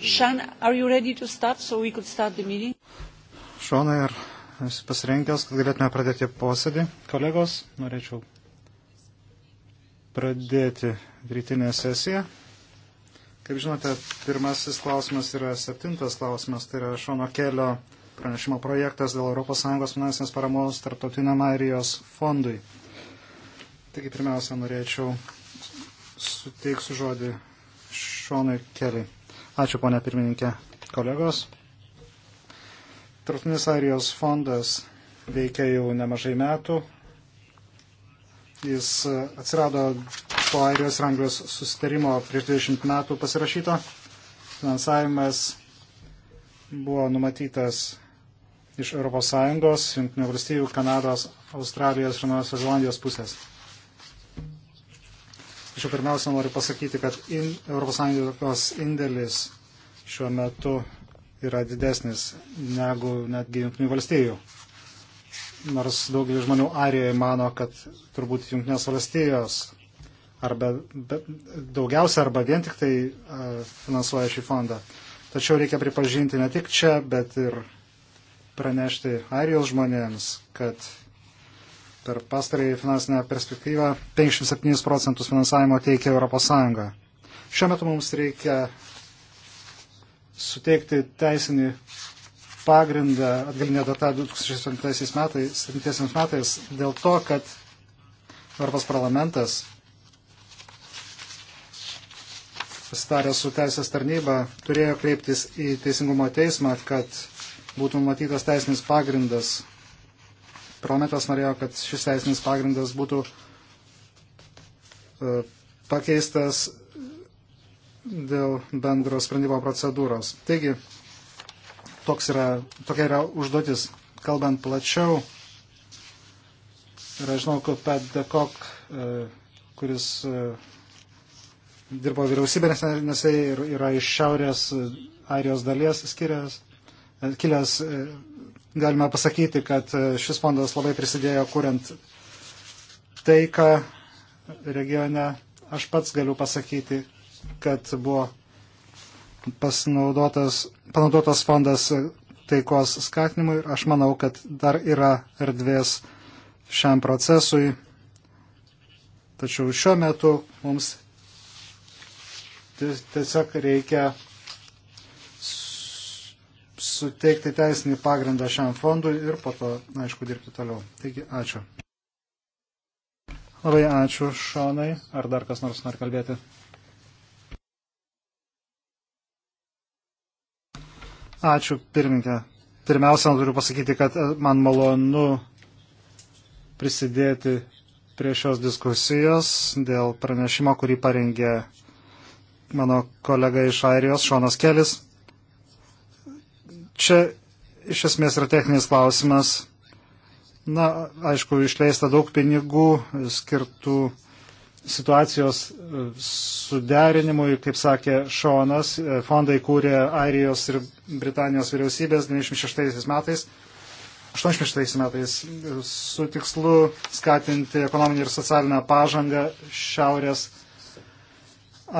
Sean, are you ready to start so we could start the meeting? Šonai, ar esi pasirengęs, kad galėtume pradėti posėdį? Kolegos, norėčiau pradėti rytinę sesiją. Kaip žinote, pirmasis klausimas yra septintas klausimas, tai yra Šono Kelio pranešimo projektas dėl ES finansinės paramos tarptautiniam Airijos fondui. Taigi pirmiausia, norėčiau suteiksiu žodį Šonui Keliai. Ačiū, ponė pirmininkė, kolegos. Tartinis Airijos fondas veikia jau nemažai metų. Jis atsirado po Airijos ir Anglijos susitarimo prieš 20 metų pasirašyto. Finansavimas buvo numatytas iš ES, Junktinių valstybių, Kanados, Australijos ir Naujosios Zelandijos pusės. Tačiau pirmiausia noriu pasakyti, kad in, ES indėlis šiuo metu yra didesnis negu netgi Junktinių valstijų. Nors daugelis žmonių Arijoje mano, kad turbūt Junktinės valstijos arba be, daugiausia arba vien tik tai a, finansuoja šį fondą. Tačiau reikia pripažinti ne tik čia, bet ir pranešti Airijos žmonėms, kad per pastarąjį finansinę perspektyvą 57 procentus finansavimo teikia ES. Šiuo metu mums reikia suteikti teisinį pagrindą atgalinę datą 2007 metais, metais dėl to, kad Europos parlamentas pasitarė su teisės tarnyba turėjo kreiptis į Teisingumo teismą, kad būtų matytas teisinis pagrindas Parlamentas norėjo, kad šis teisinis pagrindas būtų e, pakeistas dėl bendro sprendimo procedūros. Taigi, yra, tokia yra užduotis. Kalbant plačiau, ir aš žinau, kad Pat Dekok, e, kuris e, dirbo vyriausybės nesiai ir yra iš šiaurės Airijos dalies skirias, kilęs galime pasakyti, kad e, šis fondas labai prisidėjo kuriant taiką regione. Aš pats galiu pasakyti, kad buvo panaudotas fondas taikos skatinimui. Aš manau, kad dar yra erdvės šiam procesui. Tačiau šiuo metu mums tiesiog reikia suteikti teisinį pagrindą šiam fondui ir po to, aišku, dirbti toliau. Taigi, ačiū. Labai ačiū, Šonai. Ar dar kas nors nori kalbėti? Ačiū, pirmininkė. Pirmiausia, turiu pasakyti, kad man malonu prisidėti prie šios diskusijos dėl pranešimo, kurį parengė mano kolega iš Airijos, Šonas Kelis. Čia iš esmės yra techninis klausimas. Na, aišku, išleista daug pinigų skirtų situacijos e, suderinimui, kaip sakė Šonas, e, fondai kūrė Airijos ir Britanijos vyriausybės 96 metais. 86 metais e, su tikslu skatinti ekonominį ir socialinę pažangą Šiaurės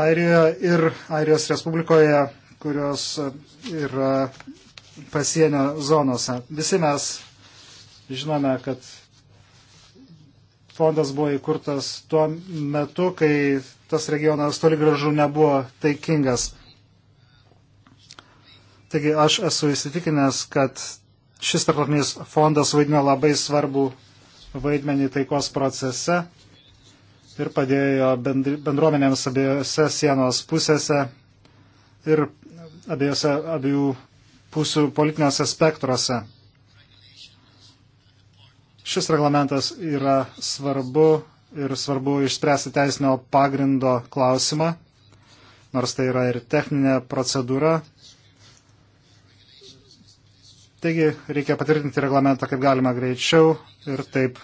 Airijoje ir Airijos Respublikoje, kurios yra pasienio zonose. Visi mes žinome, kad fondas buvo įkurtas tuo metu, kai tas regionas toli gražu nebuvo taikingas. Taigi aš esu įsitikinęs, kad šis tarptautinis fondas vaidino labai svarbu vaidmenį taikos procese ir padėjo bendruomenėms abiejose sienos pusėse ir abiejose abiejų pusių politiniuose spektruose. Šis reglamentas yra svarbu ir svarbu išspręsti teisinio pagrindo klausimą, nors tai yra ir techninė procedūra. Taigi reikia patvirtinti reglamentą kaip galima greičiau ir taip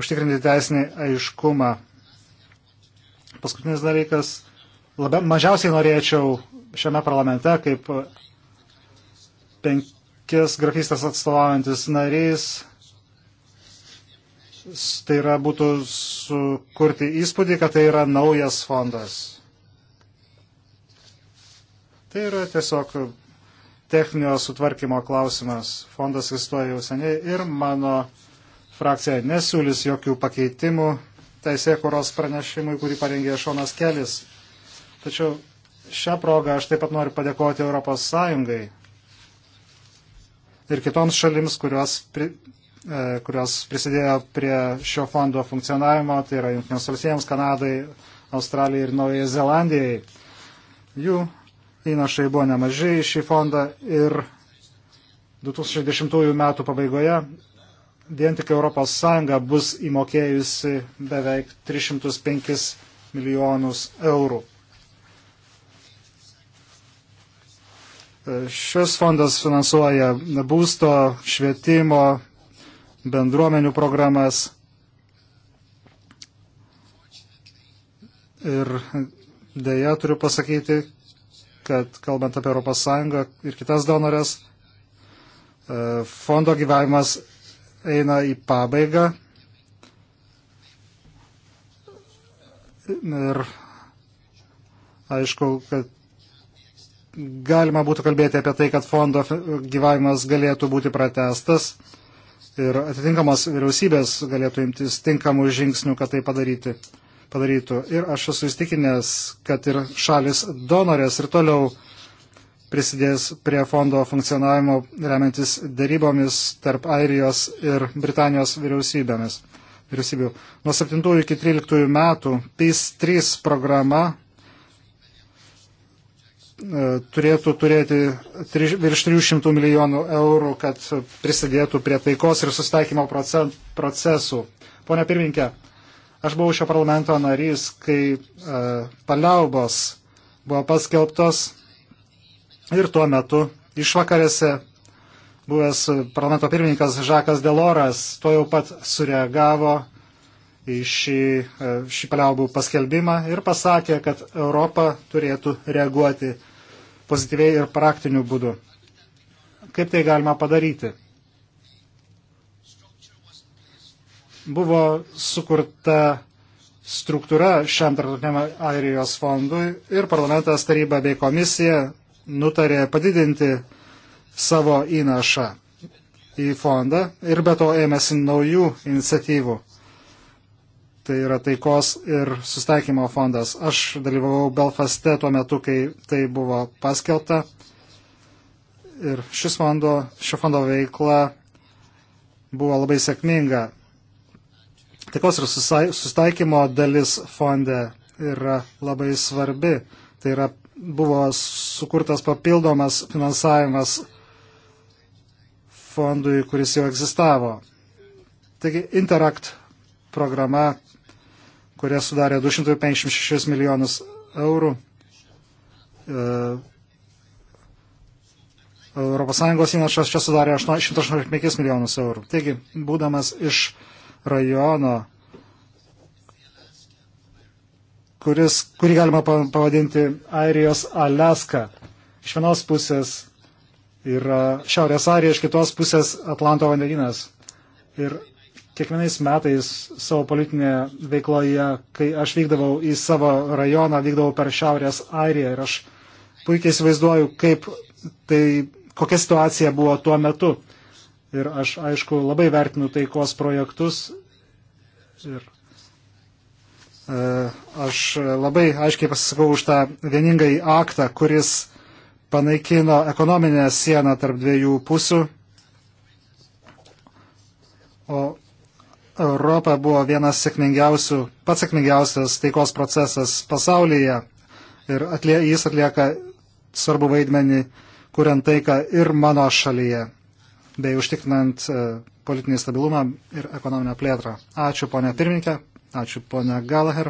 užtikrinti teisinį aiškumą. Paskutinis dalykas. Labai, mažiausiai norėčiau šiame parlamente, kaip penkias grafystės atstovaujantis narys. Tai yra būtų sukurti įspūdį, kad tai yra naujas fondas. Tai yra tiesiog techninio sutvarkymo klausimas. Fondas egzistuoja jau seniai ir mano frakcija nesiūlys jokių pakeitimų teisėkuros pranešimui, kurį parengė Šonas Kelis. Tačiau šią progą aš taip pat noriu padėkoti Europos Sąjungai ir kitoms šalims, kurios, pri, e, kurios prisidėjo prie šio fondo funkcionavimo, tai yra Junktinėms valstybėms, Kanadai, Australijai ir Naujai Zelandijai. Jų įnašai buvo nemažai į šį fondą ir 2010 m. pabaigoje vien tik ES bus įmokėjusi beveik 305 milijonus eurų. Šis fondas finansuoja būsto, švietimo, bendruomenių programas ir dėja turiu pasakyti, kad kalbant apie ES ir kitas donorės, e, fondo gyvavimas eina į pabaigą. Ir aišku, kad galima būtų kalbėti apie tai, kad fondo gyvavimas galėtų būti pratestas ir atitinkamos vyriausybės galėtų imtis tinkamų žingsnių, kad tai padaryti, padarytų. Ir aš esu įstikinęs, kad ir šalis donorės ir toliau prisidės prie fondo funkcionavimo remiantis dėrybomis tarp Airijos ir Britanijos vyriausybėmis. Vyriausybių. Nuo 7 iki 13 metų PIS 3 programa E, turėtų turėti virš 300 milijonų eurų, kad prisidėtų prie taikos ir susitaikymo procesų. Pone pirmininkė, aš buvau šio parlamento narys, kai e, paliaubos buvo paskelbtos ir tuo metu išvakarėse buvęs parlamento pirmininkas Žakas Deloras tuo jau pat sureagavo į šį, e, šį paliaubų paskelbimą ir pasakė, kad Europa turėtų reaguoti pozityviai ir praktiniu būdu. Kaip tai galima padaryti? Buvo sukurta struktūra šiam tarptautiniam Airijos fondui ir parlamentas taryba bei komisija nutarė padidinti savo įnašą į fondą ir be to ėmėsi naujų iniciatyvų tai yra taikos ir sustaikymo fondas. Aš dalyvavau Belfaste tuo metu, kai tai buvo paskelbta. Ir šis fondo, šio fondo veikla buvo labai sėkminga. Taikos ir sustaikymo dalis fonde yra labai svarbi. Tai yra, buvo sukurtas papildomas finansavimas fondui, kuris jau egzistavo. Taigi Interact programa kurie sudarė 256 milijonus eurų. ES įnašas čia sudarė 185 milijonus eurų. Taigi, būdamas iš rajono, kuris, kurį galima pavadinti Airijos Aleska, iš vienos pusės yra Šiaurės Airija, iš kitos pusės Atlanto vandenynas. Ir kiekvienais metais savo politinėje veikloje, kai aš vykdavau į savo rajoną, vykdavau per Šiaurės Airiją ir aš puikiai įsivaizduoju, kaip tai, kokia situacija buvo tuo metu. Ir aš, aišku, labai vertinu taikos projektus ir e, aš labai aiškiai pasisakau už tą vieningai aktą, kuris panaikino ekonominę sieną tarp dviejų pusių. O Europa buvo vienas sėkmingiausių, pats sėkmingiausias taikos procesas pasaulyje ir atlie, jis atlieka svarbu vaidmenį, kuriant taiką ir mano šalyje, bei užtikrinant e, politinį stabilumą ir ekonominę plėtrą. Ačiū ponia pirmininkė, ačiū ponia Galaher.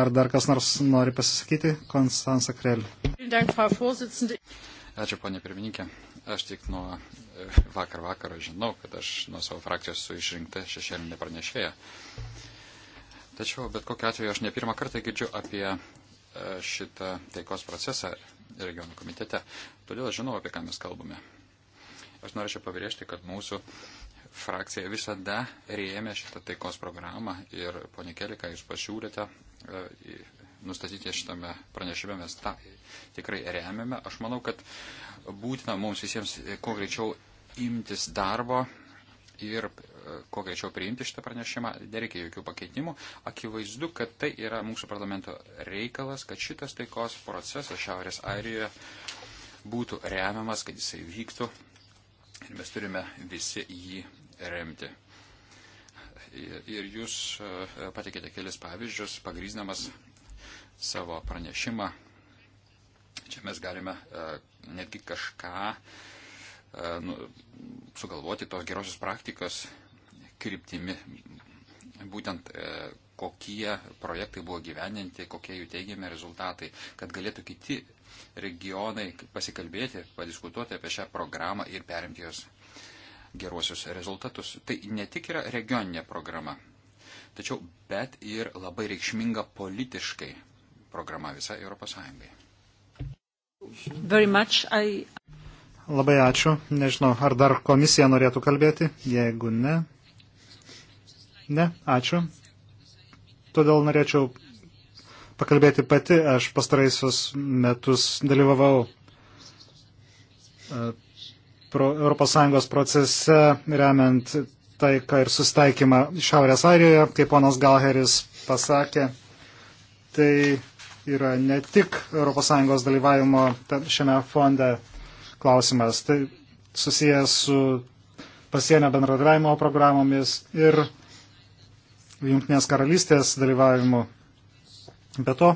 Ar dar kas nors nori pasisakyti? Konstanza Krell. Ačiū ponia pirmininkė. Aš tik nuo vakar vakarą žinau, kad aš nuo savo frakcijos esu išrinkta šešėlinė pranešėja. Tačiau bet kokiu atveju aš ne pirmą kartą girdžiu apie e, šitą taikos procesą regionų komitete. Todėl aš žinau, apie ką mes kalbame. Aš norėčiau pabrėžti, kad mūsų frakcija visada rėmė šitą taikos programą ir ponė Kelika, jūs pasiūlėte e, nustatyti šitame pranešime, mes tą tikrai remiame. Aš manau, kad būtina mums visiems kuo greičiau imtis darbo ir e, kuo greičiau priimti šitą pranešimą, nereikia jokių pakeitimų. Akivaizdu, kad tai yra mūsų parlamento reikalas, kad šitas taikos procesas Šiaurės Airijoje būtų remiamas, kad jisai vyktų ir mes turime visi jį remti. Ir jūs e, patikėte kelis pavyzdžius, pagrysdamas savo pranešimą. Čia mes galime e, netgi kažką E, nu, sugalvoti tos gerosios praktikos kryptimi, būtent e, kokie projektai buvo gyveninti, kokie jų teigiami rezultatai, kad galėtų kiti regionai pasikalbėti, padiskutuoti apie šią programą ir perimti jos geruosius rezultatus. Tai ne tik yra regioninė programa, tačiau bet ir labai reikšminga politiškai programa visai Europos Sąjungai. I... Labai ačiū. Nežinau, ar dar komisija norėtų kalbėti. Jeigu ne. Ne, ačiū. Todėl norėčiau pakalbėti pati. Aš pastaraisius metus dalyvavau e, pro ES procese remiant taiką ir sustaikymą Šiaurės Airijoje, kaip ponas Galheris pasakė. Tai yra ne tik ES dalyvavimo šiame fonde klausimas. Tai susijęs su pasienio bendradarbiavimo programomis ir Junktinės karalystės dalyvavimu. Be to,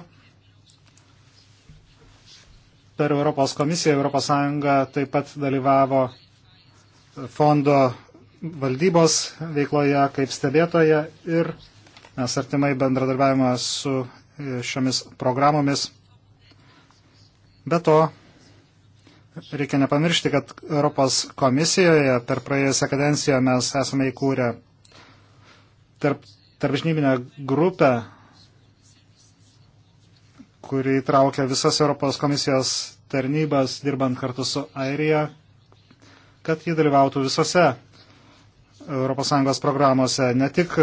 per Europos komisiją Europos Sąjunga taip pat dalyvavo fondo valdybos veikloje kaip stebėtoje ir mes artimai bendradarbiavome su šiomis programomis. Be to, reikia nepamiršti, kad Europos komisijoje per praėjusią kadenciją mes esame įkūrę tarp, tarp žnybinę grupę, kuri traukia visas Europos komisijos tarnybas, dirbant kartu su Airija, kad jį dalyvautų visose ES programuose, ne tik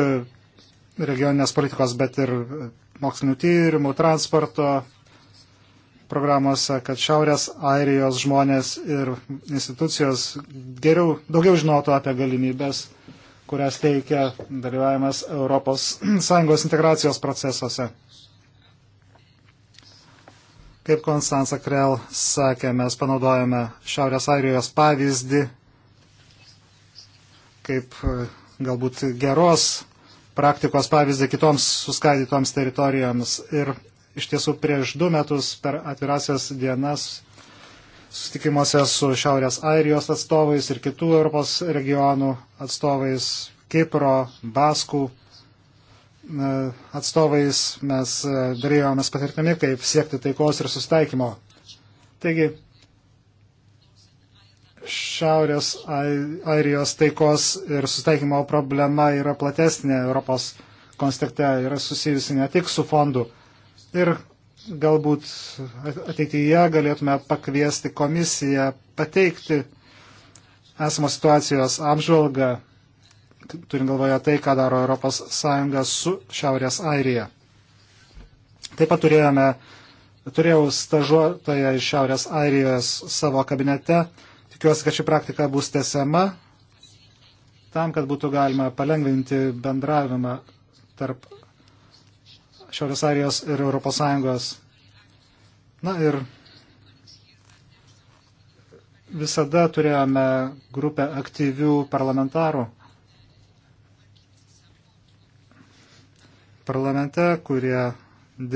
regioninės politikos, bet ir mokslinių tyrimų, transporto, programuose, kad Šiaurės Airijos žmonės ir institucijos geriau, daugiau žinotų apie galimybės, kurias teikia dalyvavimas ES integracijos procesuose. Kaip Konstanza Krell sakė, mes panaudojame Šiaurės Airijos pavyzdį kaip e, galbūt geros praktikos pavyzdį kitoms suskaidytoms teritorijoms ir iš tiesų prieš du metus per atvirasias dienas susitikimuose su Šiaurės Airijos atstovais ir kitų Europos regionų atstovais, Kipro, Baskų e, atstovais mes e, darėjomės patirtimi, kaip siekti taikos ir sustaikymo. Taigi, Šiaurės Airijos taikos ir sustaikymo problema yra platesnė Europos kontekste, yra susijusi ne tik su fondu Ir galbūt ateityje galėtume pakviesti komisiją pateikti esamos situacijos apžvalgą, turint galvoje tai, ką daro ES su Šiaurės Airija. Taip pat turėjome, turėjau stažuotoją iš Šiaurės Airijos savo kabinete. Tikiuosi, kad ši praktika bus tesiama tam, kad būtų galima palengvinti bendravimą tarp Šiaurės Airijos ir ES. Na ir visada turėjome grupę aktyvių parlamentarų parlamente, kurie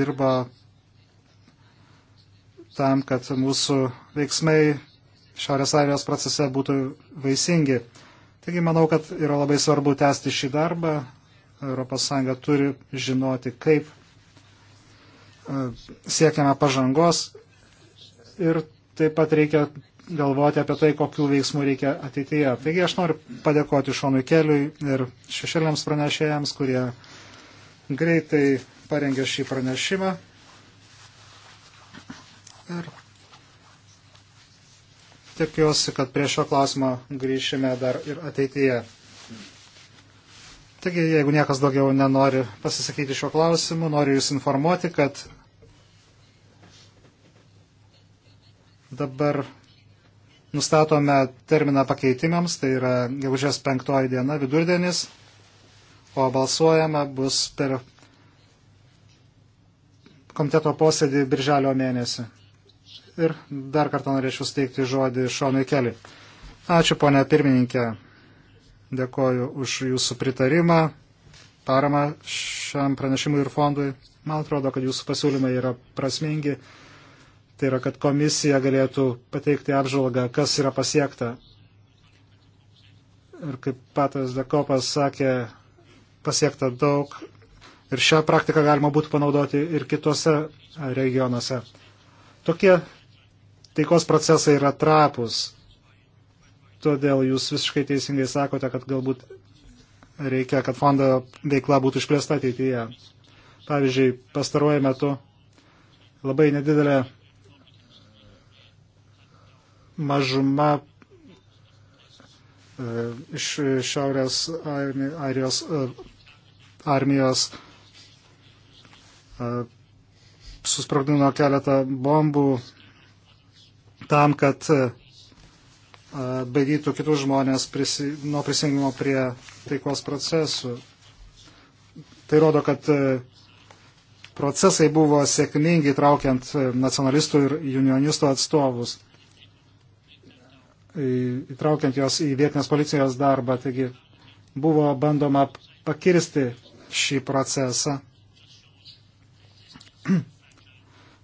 dirba tam, kad mūsų veiksmai Šiaurės Airijos procese būtų vaisingi. Taigi manau, kad yra labai svarbu tęsti šį darbą. ES turi žinoti, kaip siekiame pažangos ir taip pat reikia galvoti apie tai, kokių veiksmų reikia ateityje. Taigi aš noriu padėkoti Šonui Keliui ir šešėliams pranešėjams, kurie greitai parengė šį pranešimą. Ir tikiuosi, kad prie šio klausimo grįšime dar ir ateityje. Taigi, jeigu niekas daugiau nenori pasisakyti šio klausimu, noriu Jūs informuoti, kad Dabar nustatome terminą pakeitimams, tai yra gegužės penktoji diena vidurdienis, o balsuojama bus per komiteto posėdį birželio mėnesį. Ir dar kartą norėčiau steigti žodį Šonui Keli. Ačiū, ponė pirmininkė. Dėkoju už jūsų pritarimą, paramą šiam pranešimui ir fondui. Man atrodo, kad jūsų pasiūlymai yra prasmingi Tai yra, kad komisija galėtų pateikti apžvalgą, kas yra pasiekta. Ir kaip patas Dekopas sakė, pasiekta daug. Ir šią praktiką galima būtų panaudoti ir kitose regionuose. Tokie taikos procesai yra trapus. Todėl jūs visiškai teisingai sakote, kad galbūt reikia, kad fondo veikla būtų išplėsta ateityje. Pavyzdžiui, pastaruoju metu labai nedidelė mažuma e, iš Šiaurės Airijos e, armijos e, susprogdino keletą bombų tam, kad baigytų kitus žmonės prisi, nuo prisijungimo prie taikos procesų. Tai rodo, kad procesai buvo sėkmingi traukiant nacionalistų ir unionistų atstovus įtraukiant juos į vietinės policijos darbą. Taigi buvo bandoma pakirsti šį procesą.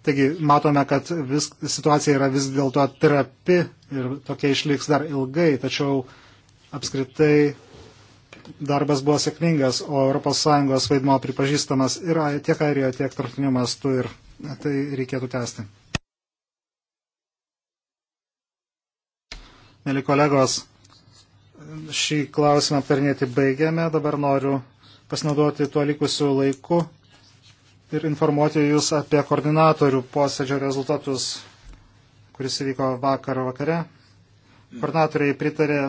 Taigi matome, kad vis, situacija yra vis dėlto trapi ir tokia išliks dar ilgai, tačiau apskritai darbas buvo sėkmingas, o ES vaidmo pripažįstamas ir tiek airijoje, tiek tarptautiniu mastu ir tai reikėtų tęsti. Mėly kolegos, šį klausimą aptarnėti baigiame. Dabar noriu pasinaudoti tuo likusiu laiku ir informuoti Jūs apie koordinatorių posėdžio rezultatus, kuris įvyko vakar vakare. Koordinatoriai pritarė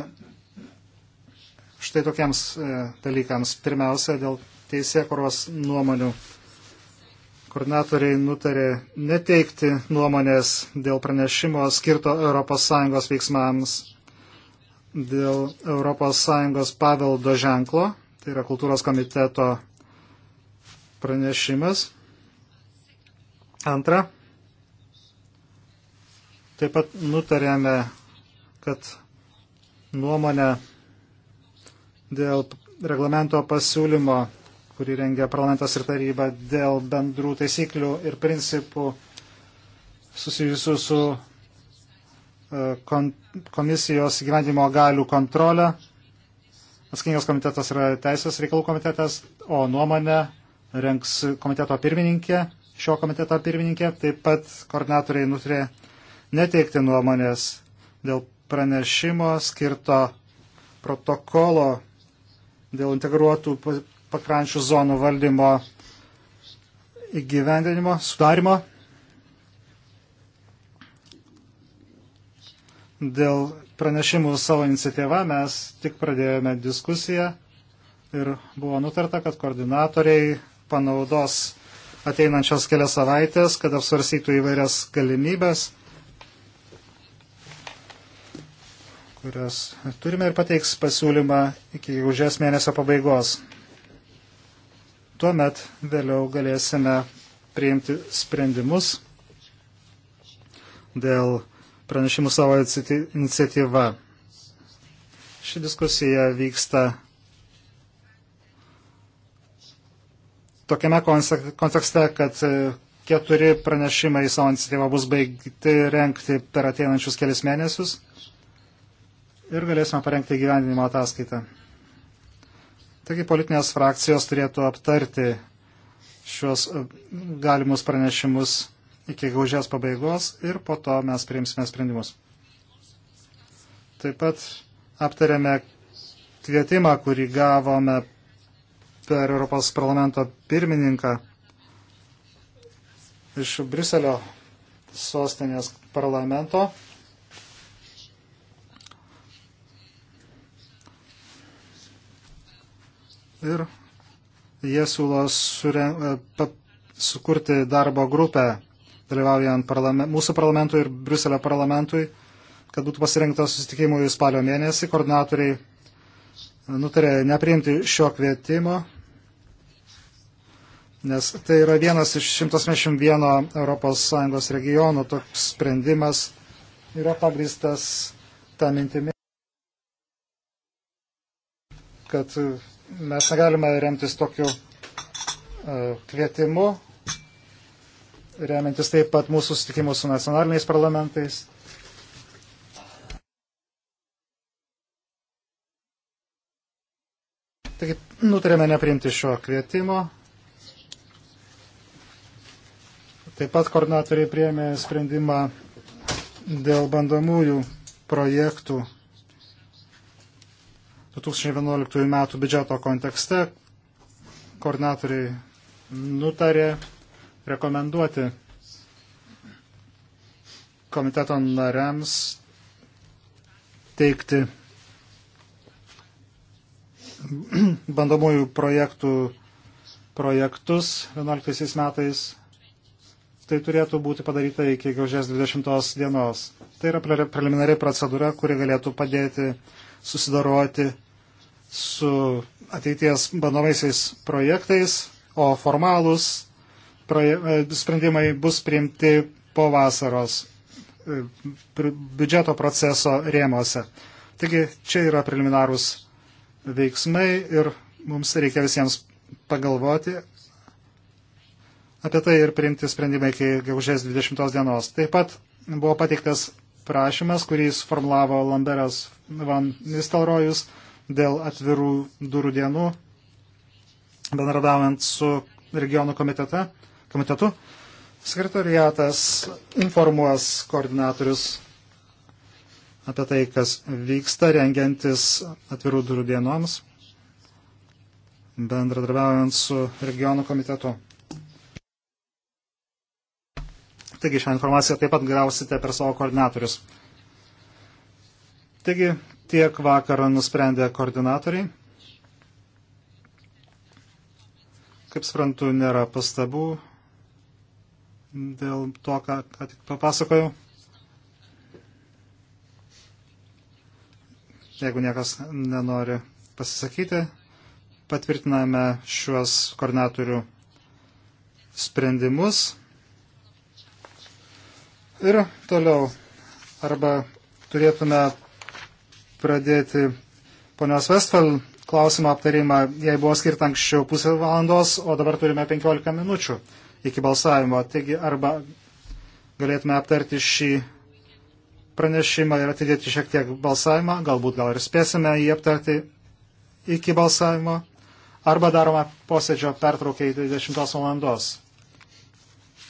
štai tokiems e, dalykams. Pirmiausia, dėl teisėkuros nuomonių koordinatoriai nutarė neteikti nuomonės dėl pranešimo skirto ES veiksmams dėl ES paveldo ženklo, tai yra kultūros komiteto pranešimas. Antra, taip pat nutarėme, kad nuomonę dėl reglamento pasiūlymo kurį rengia parlamentas ir taryba dėl bendrų taisyklių ir principų susijusių su e, komisijos gyvendimo galių kontrolę. Atsakingas komitetas yra Teisės reikalų komitetas, o nuomonę renks komiteto pirmininkė, šio komiteto pirmininkė. Taip pat koordinatoriai nutrė neteikti nuomonės dėl pranešimo skirto protokolo dėl integruotų pakrančių zonų valdymo įgyvendinimo, sudarimo dėl pranešimų savo iniciatyvą mes tik pradėjome diskusiją ir buvo nutarta, kad koordinatoriai panaudos ateinančios kelias savaitės, kad apsvarstytų įvairias galimybės, kurias turime ir pateiks pasiūlymą iki užės mėnesio pabaigos. Tuomet vėliau galėsime priimti sprendimus dėl pranešimų savo iniciatyva. Ši diskusija vyksta tokiame kontekste, kad e, keturi pranešimai savo iniciatyvą bus baigti renkti per ateinančius kelias mėnesius ir galėsime parengti gyvendinimo ataskaitą. Taigi politinės frakcijos turėtų aptarti šios e, galimus pranešimus iki gaužės pabaigos ir po to mes priimsime sprendimus. Taip pat aptarėme kvietimą, kurį gavome per Europos parlamento pirmininką iš Briuselio sostinės parlamento ir jie siūlo suren, e, pat, sukurti darbo grupę, dalyvaujant parlament, mūsų parlamentui ir Bruselio parlamentui, kad būtų pasirinktas susitikimui spalio mėnesį. Koordinatoriai e, nutarė nepriimti šio kvietimo, nes tai yra vienas iš 181 ES regionų toks sprendimas yra pagristas tą mintimį, kad mes negalime remtis tokiu e, kvietimu, remiantis taip pat mūsų susitikimu su nacionaliniais parlamentais. Taigi nutarėme neprimti šio kvietimo. Taip pat koordinatoriai priėmė sprendimą dėl bandomųjų projektų 2011 m. biudžeto kontekste koordinatoriai nutarė rekomenduoti komiteto nariams teikti bandomųjų projektų projektus 11 metais. Tai turėtų būti padaryta iki gegužės 20 dienos. Tai yra preliminari procedūra, kuri galėtų padėti susidaroti su ateities bandomaisiais projektais, o formalūs proje, e, sprendimai bus priimti po vasaros e, biudžeto proceso rėmose. Taigi čia yra preliminarūs veiksmai ir mums reikia visiems pagalvoti apie tai ir priimti sprendimą iki gegužės 20 dienos. Taip pat buvo pateiktas prašymas, kurį formulavo Lamberas Van Nistelrojus dėl atvirų durų dienų, bendradavant su regionų komitete, komitetu. Sekretariatas informuos koordinatorius apie tai, kas vyksta rengiantis atvirų durų dienoms, bendradarbiaujant su regionų komitetu. Taigi šią informaciją taip pat gausite per savo koordinatorius. Taigi tiek vakarą nusprendė koordinatoriai. Kaip suprantu, nėra pastabų dėl to, ką, ką tik papasakojau. Jeigu niekas nenori pasisakyti, patvirtiname šiuos koordinatorių sprendimus. Ir toliau, arba turėtume pradėti ponios Westfall klausimo aptarimą, jei buvo skirta anksčiau pusę valandos, o dabar turime 15 minučių iki balsavimo. Taigi, arba galėtume aptarti šį pranešimą ir atidėti šiek tiek balsavimą, galbūt gal ir spėsime jį aptarti iki balsavimo, arba daroma posėdžio pertraukiai 20 valandos.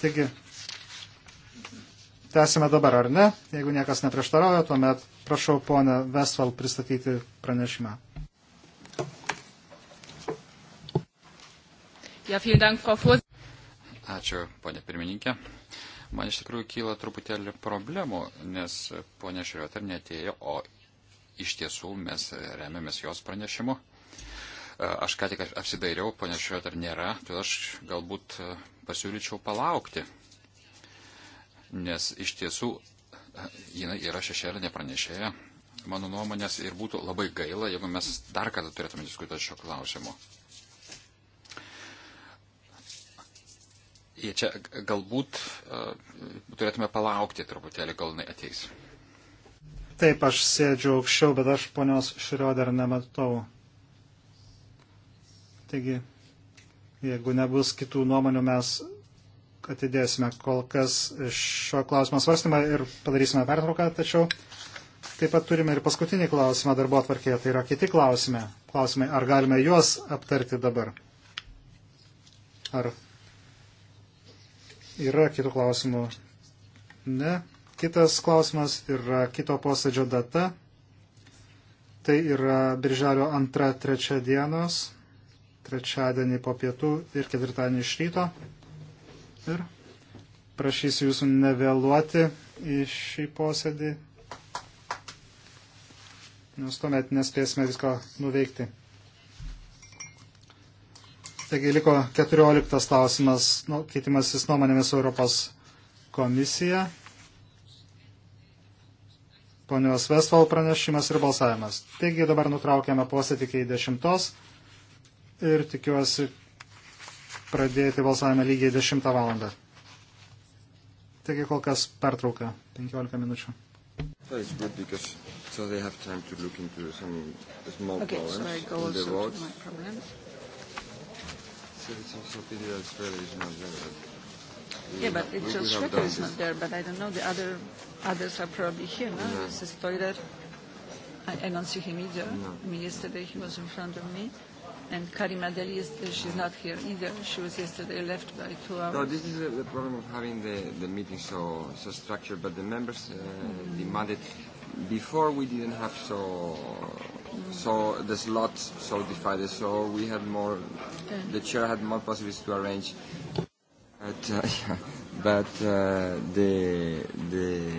Taigi, Tęsime dabar, ar ne? Jeigu niekas neprieštarauja, tuomet prašau ponę Vestval pristatyti pranešimą. Ja, dank, Ačiū, ponė pirmininkė. Man iš tikrųjų kyla truputėlį problemų, nes ponė Šriotar netėjo, o iš tiesų mes remiamės jos pranešimu. E, aš ką tik apsidairiau, ponė Šriotar nėra, tai aš galbūt e, pasiūlyčiau palaukti nes iš tiesų jinai yra šešėlinė pranešėja, mano nuomonės, ir būtų labai gaila, jeigu mes dar kartą turėtume diskutuoti šio klausimu. Ir čia galbūt uh, turėtume palaukti truputėlį, gal jinai ateis. Taip, aš sėdžiu aukščiau, bet aš ponios Šrioder nematau. Taigi, jeigu nebus kitų nuomonių, mes atidėsime kol kas šio klausimo svarstymą ir padarysime pertrauką, tačiau taip pat turime ir paskutinį klausimą darbo atvarkėje, tai yra kiti klausimai. Klausimai, ar galime juos aptarti dabar? Ar yra kitų klausimų? Ne. Kitas klausimas yra kito posėdžio data. Tai yra birželio 2-3 dienos, trečiadienį po pietų ir ketvirtadienį iš ryto ir prašysiu jūsų nevėluoti į šį posėdį, nes tuomet nespėsime visko nuveikti. Taigi liko 14 klausimas, nu, keitimasis nuomonėmis Europos komisija. Ponios Vesval pranešimas ir balsavimas. Taigi dabar nutraukėme posėdį iki 10 ir tikiuosi, pradėti balsavimą lygiai 10 valandą. Taigi kol kas pertrauka 15 minučių. That is good because so they have time to look into some small okay, problems so I go in the roads. So it's also a pity that Australia is not there. But yeah, but it's Australia is not there, but I don't know. The other others are probably here, no? Yeah. This is Toiler. I, I don't see him either. No. I mean, yesterday he was in front of me. Yeah. And Karima Deli, is, she's not here either. She was yesterday left by two hours. No, this is uh, the problem of having the, the meeting so, so structured, but the members uh, mm. demanded. Before we didn't have so mm. so the slots so divided, so we had more, okay. the chair had more possibilities to arrange. But, uh, yeah, but uh, the, the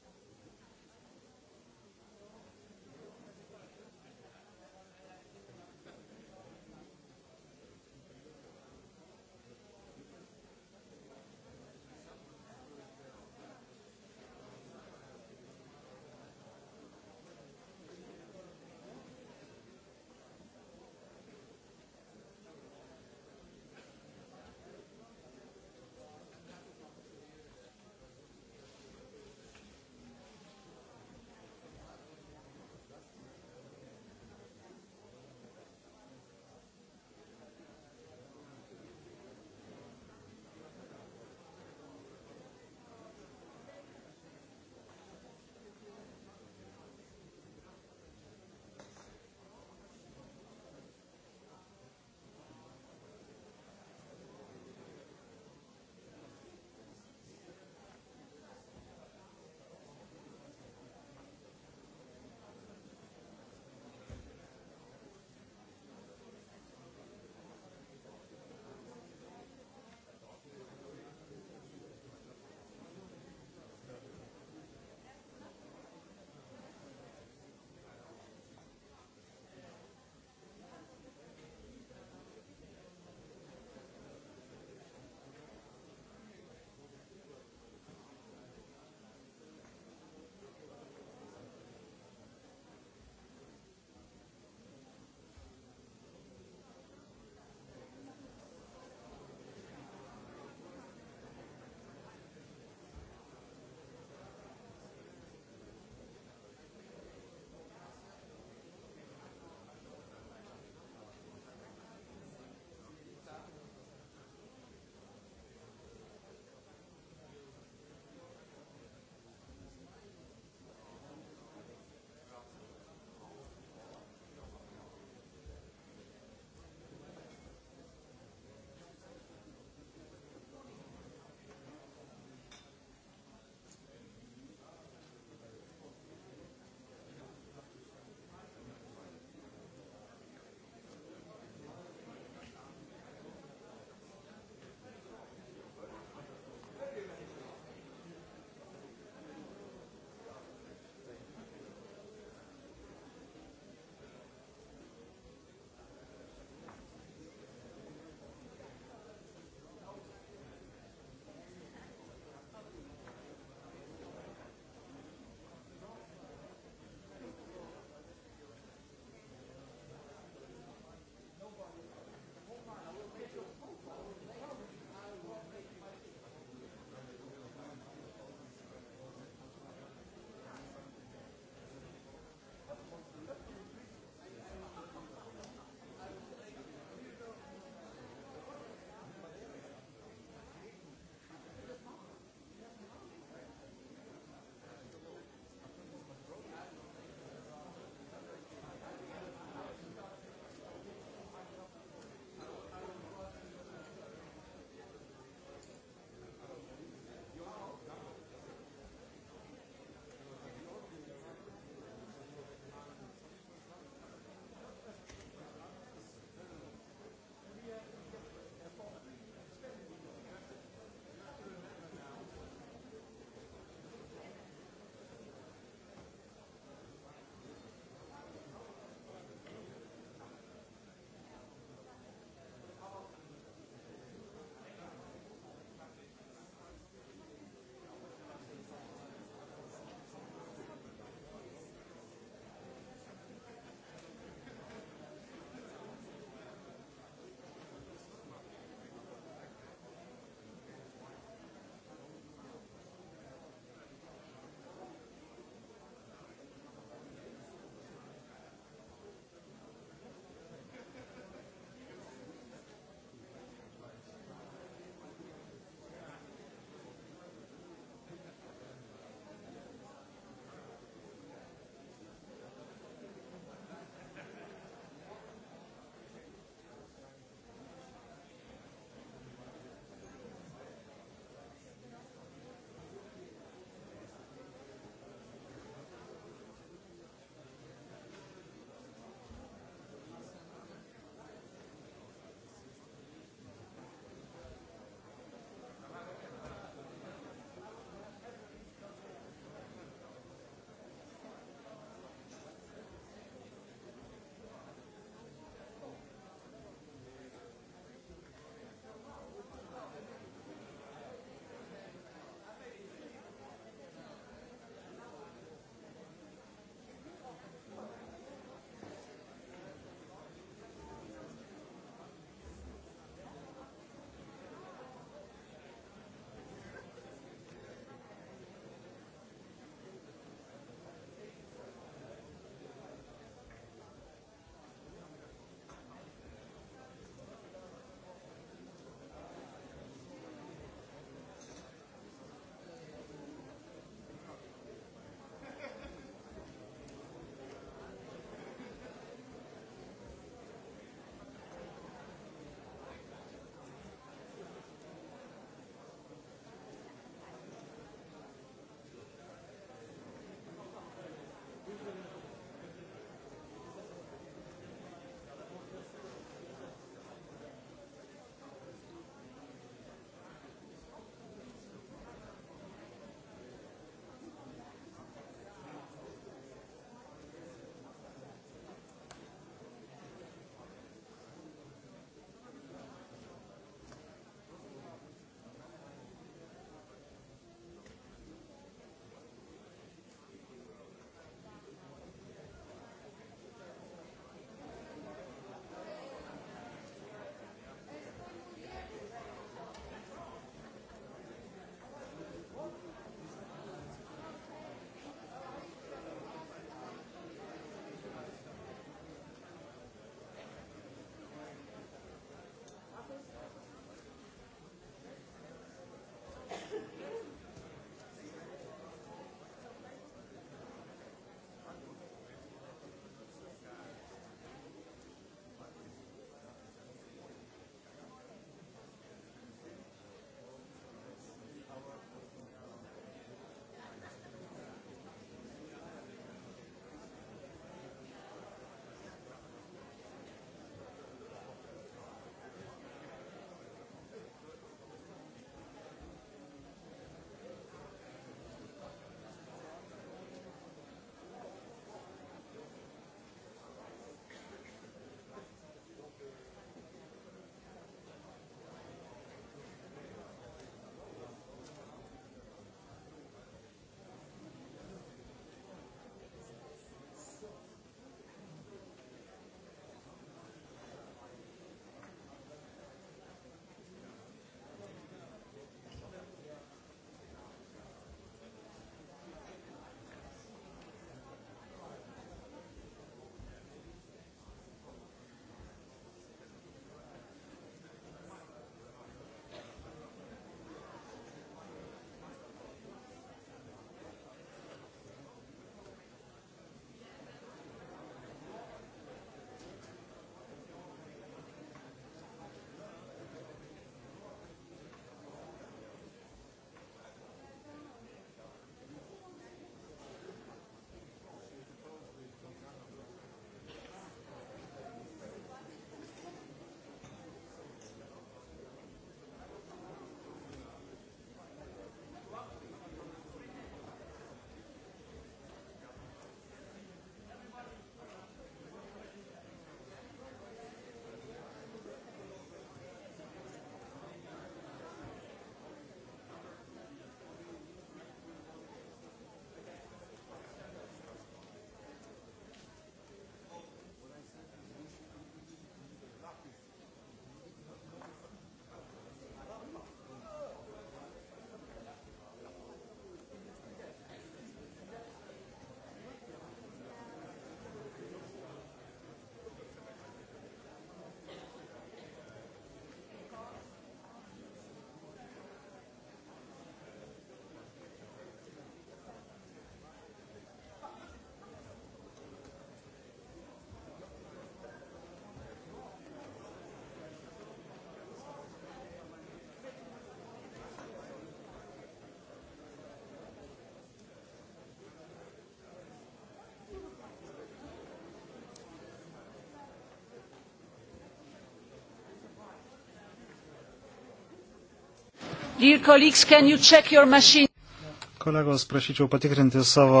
Kolegos, prašyčiau patikrinti savo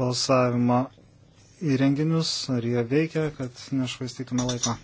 balsavimo įrenginius, ar jie veikia, kad nešvaistytume laiko.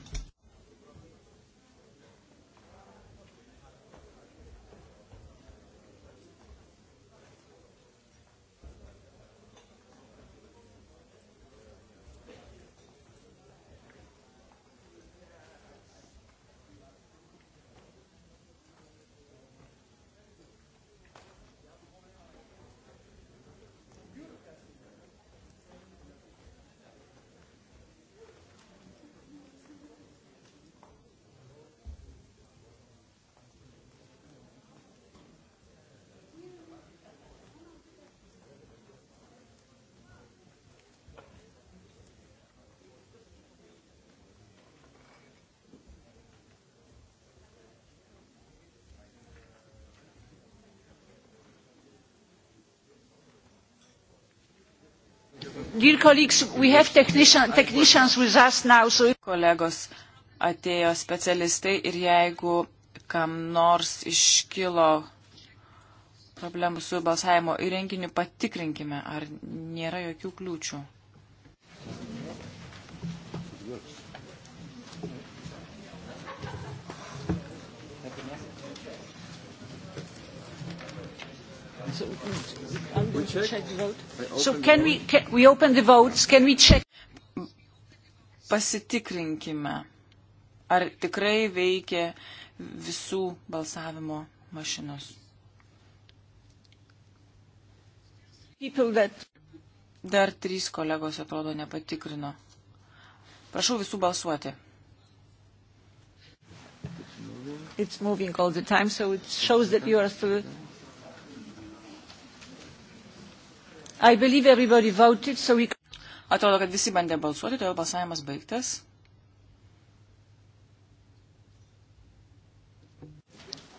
Dear colleagues, we have technician, technicians with us now, so... Kolegos, atėjo specialistai ir jeigu kam nors iškilo problemų su balsavimo įrenginiu, patikrinkime, ar nėra jokių kliūčių. Yes. Are we check? check the vote? So can we, can we open the votes? Can we check? Pasitikrinkime, ar tikrai veikia visų balsavimo mašinos. Dar trys kolegos, atrodo, nepatikrino. Prašau visų balsuoti. It's moving all the time, so it shows that you are still Voted, so we... Atrodo, kad visi bandė balsuoti, todėl balsavimas baigtas.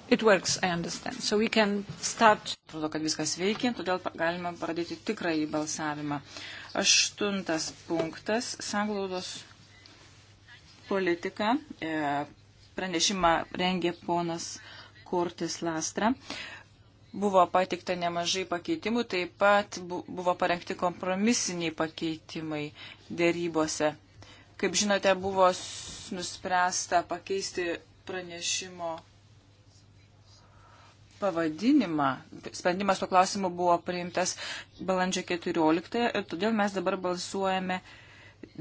It works, I understand. So we can start. Atrodo, kad viskas veikia, todėl galime pradėti tikrąjį balsavimą. Aštuntas punktas - sanglaudos politika. E, pranešimą rengė ponas Kortis Lastra. Buvo patikta nemažai pakeitimų, taip pat buvo parengti kompromisiniai pakeitimai dėrybose. Kaip žinote, buvo nuspręsta pakeisti pranešimo pavadinimą. Sprendimas tuo klausimu buvo priimtas balandžio 14 ir todėl mes dabar balsuojame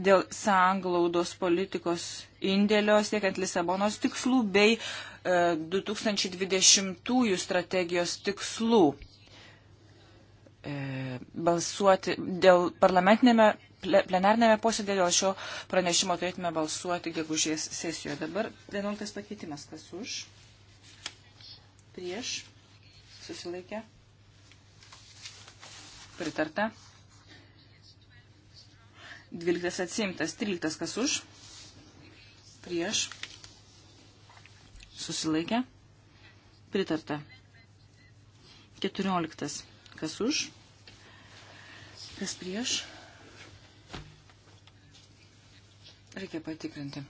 dėl sanglaudos politikos indėlio siekiant Lisabonos tikslų bei 2020 e, strategijos tikslų e, balsuoti dėl parlamentinėme plenarnėme posėdėje dėl šio pranešimo turėtume balsuoti gegužės sesijoje. Dabar 11 pakeitimas. Kas už? Prieš? Susilaikę? Pritarta? 12 atsimtas. 13 kas už? Prieš? susilaikė, pritarta. 14. Kas už, kas prieš, reikia patikrinti.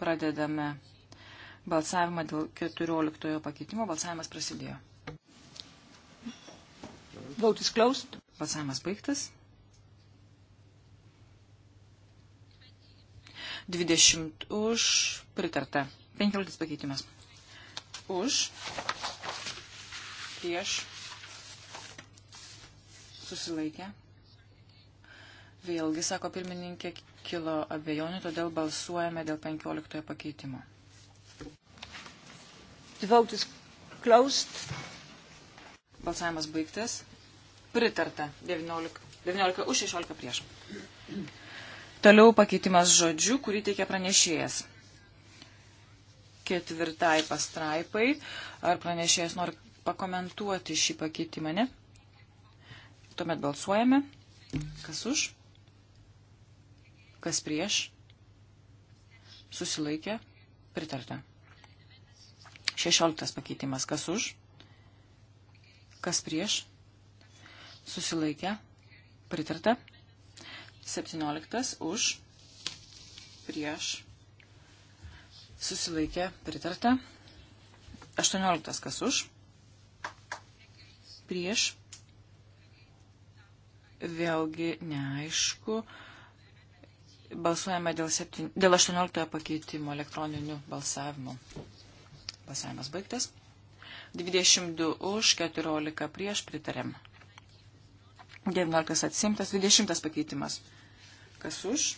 Pradedame balsavimą dėl 14 pakeitimo. Balsavimas prasidėjo. Vote is closed. Balsavimas baigtas. 20 už, pritarta. 15 pakeitimas. Už, prieš, susilaikė. Vėlgi, sako pirmininkė, kilo abejonių, todėl balsuojame dėl 15 pakeitimo. The vote is closed. Balsavimas baigtas. Pritarta 19, 19 už 16 prieš. Toliau pakeitimas žodžių, kurį teikia pranešėjas. Ketvirtai pastraipai. Ar pranešėjas nori pakomentuoti šį pakeitimą, ne? Tuomet balsuojame. Kas už? Kas prieš? Susilaikė? Pritarta. Šešioliktas pakeitimas. Kas už? Kas prieš? Susilaikė? Pritarta. 17 už, prieš, susilaikė, pritarta. 18 kas už, prieš, vėlgi neaišku. Balsuojame dėl, 7, dėl 18 pakeitimo elektroninių balsavimų. Balsavimas baigtas. 22 už, 14 prieš pritarėm. 19 atsimtas, 20 pakeitimas. Kas už?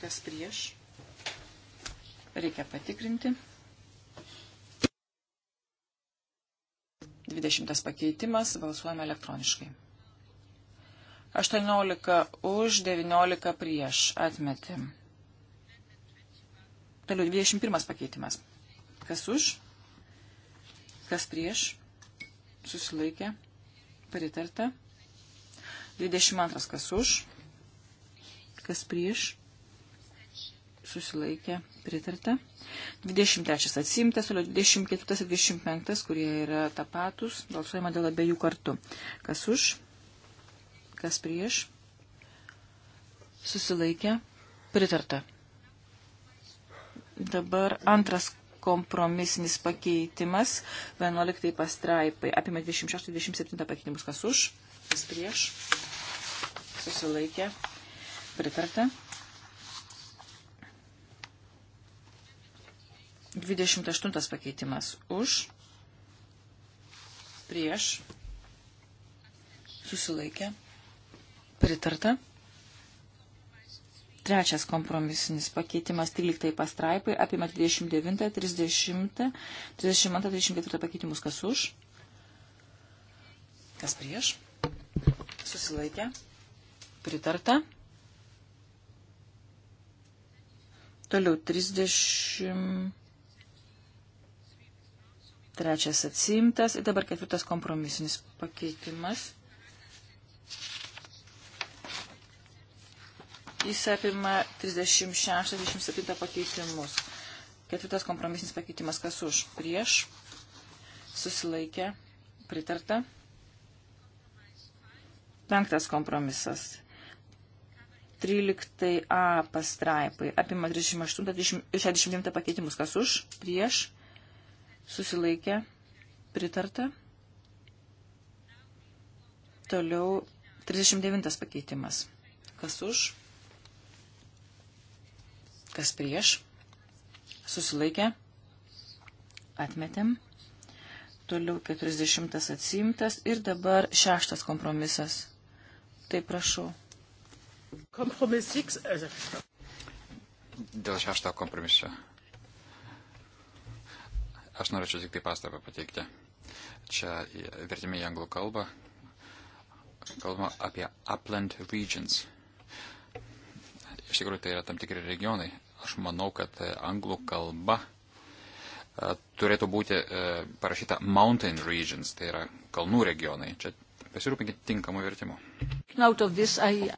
Kas prieš? Reikia patikrinti. 20 pakeitimas, balsuojame elektroniškai. 18 už, 19 prieš, atmetėm. Toliau 21 pakeitimas. Kas už, kas prieš, susilaikė, Pritarta. 22 kas už, kas prieš, susilaikė, pritarta. 23 atsimtas, toliau 24 ir 25, kurie yra tapatus, balsuojama dėl abiejų kartų. Kas už, kas prieš, susilaikė, pritarta. Dabar antras kompromisinis pakeitimas 11 pastraipai. Apima 26-27 pakeitimus. Kas už? Kas prieš? Susilaikė. Pritarta. 28 pakeitimas už, prieš, susilaikė, pritarta. Trečias kompromisinis pakeitimas 13 pastraipai apima 29, 30, 32, 34 pakeitimus kas už, kas prieš, susilaikė, pritarta. Toliau 30. Trečias atsimtas ir dabar ketvirtas kompromisinis pakeitimas. Jis apima 36-37 pakeitimus. Ketvirtas kompromisinis pakeitimas kas už? Prieš. Susilaikė. Pritarta. Penktas kompromisas. 13a pastraipai apima 38-69 pakeitimus. Kas už? Prieš. Susilaikė. Pritarta. Toliau 39 pakeitimas. Kas už? Kas prieš? Susilaikė. Atmetėm. Toliau 40 atsimtas ir dabar šeštas kompromisas. Tai prašau. Kompromis 6. E, Dėl šešto kompromiso. Aš norėčiau tik tai pastabą pateikti. Čia vertime į anglų kalbą. Kalbama apie upland regions. Iš tikrųjų, tai yra tam tikri regionai. Aš manau, kad e, anglų kalba e, turėtų būti e, parašyta mountain regions, tai yra kalnų regionai. Čia pasirūpinkit tinkamu vertimu. I...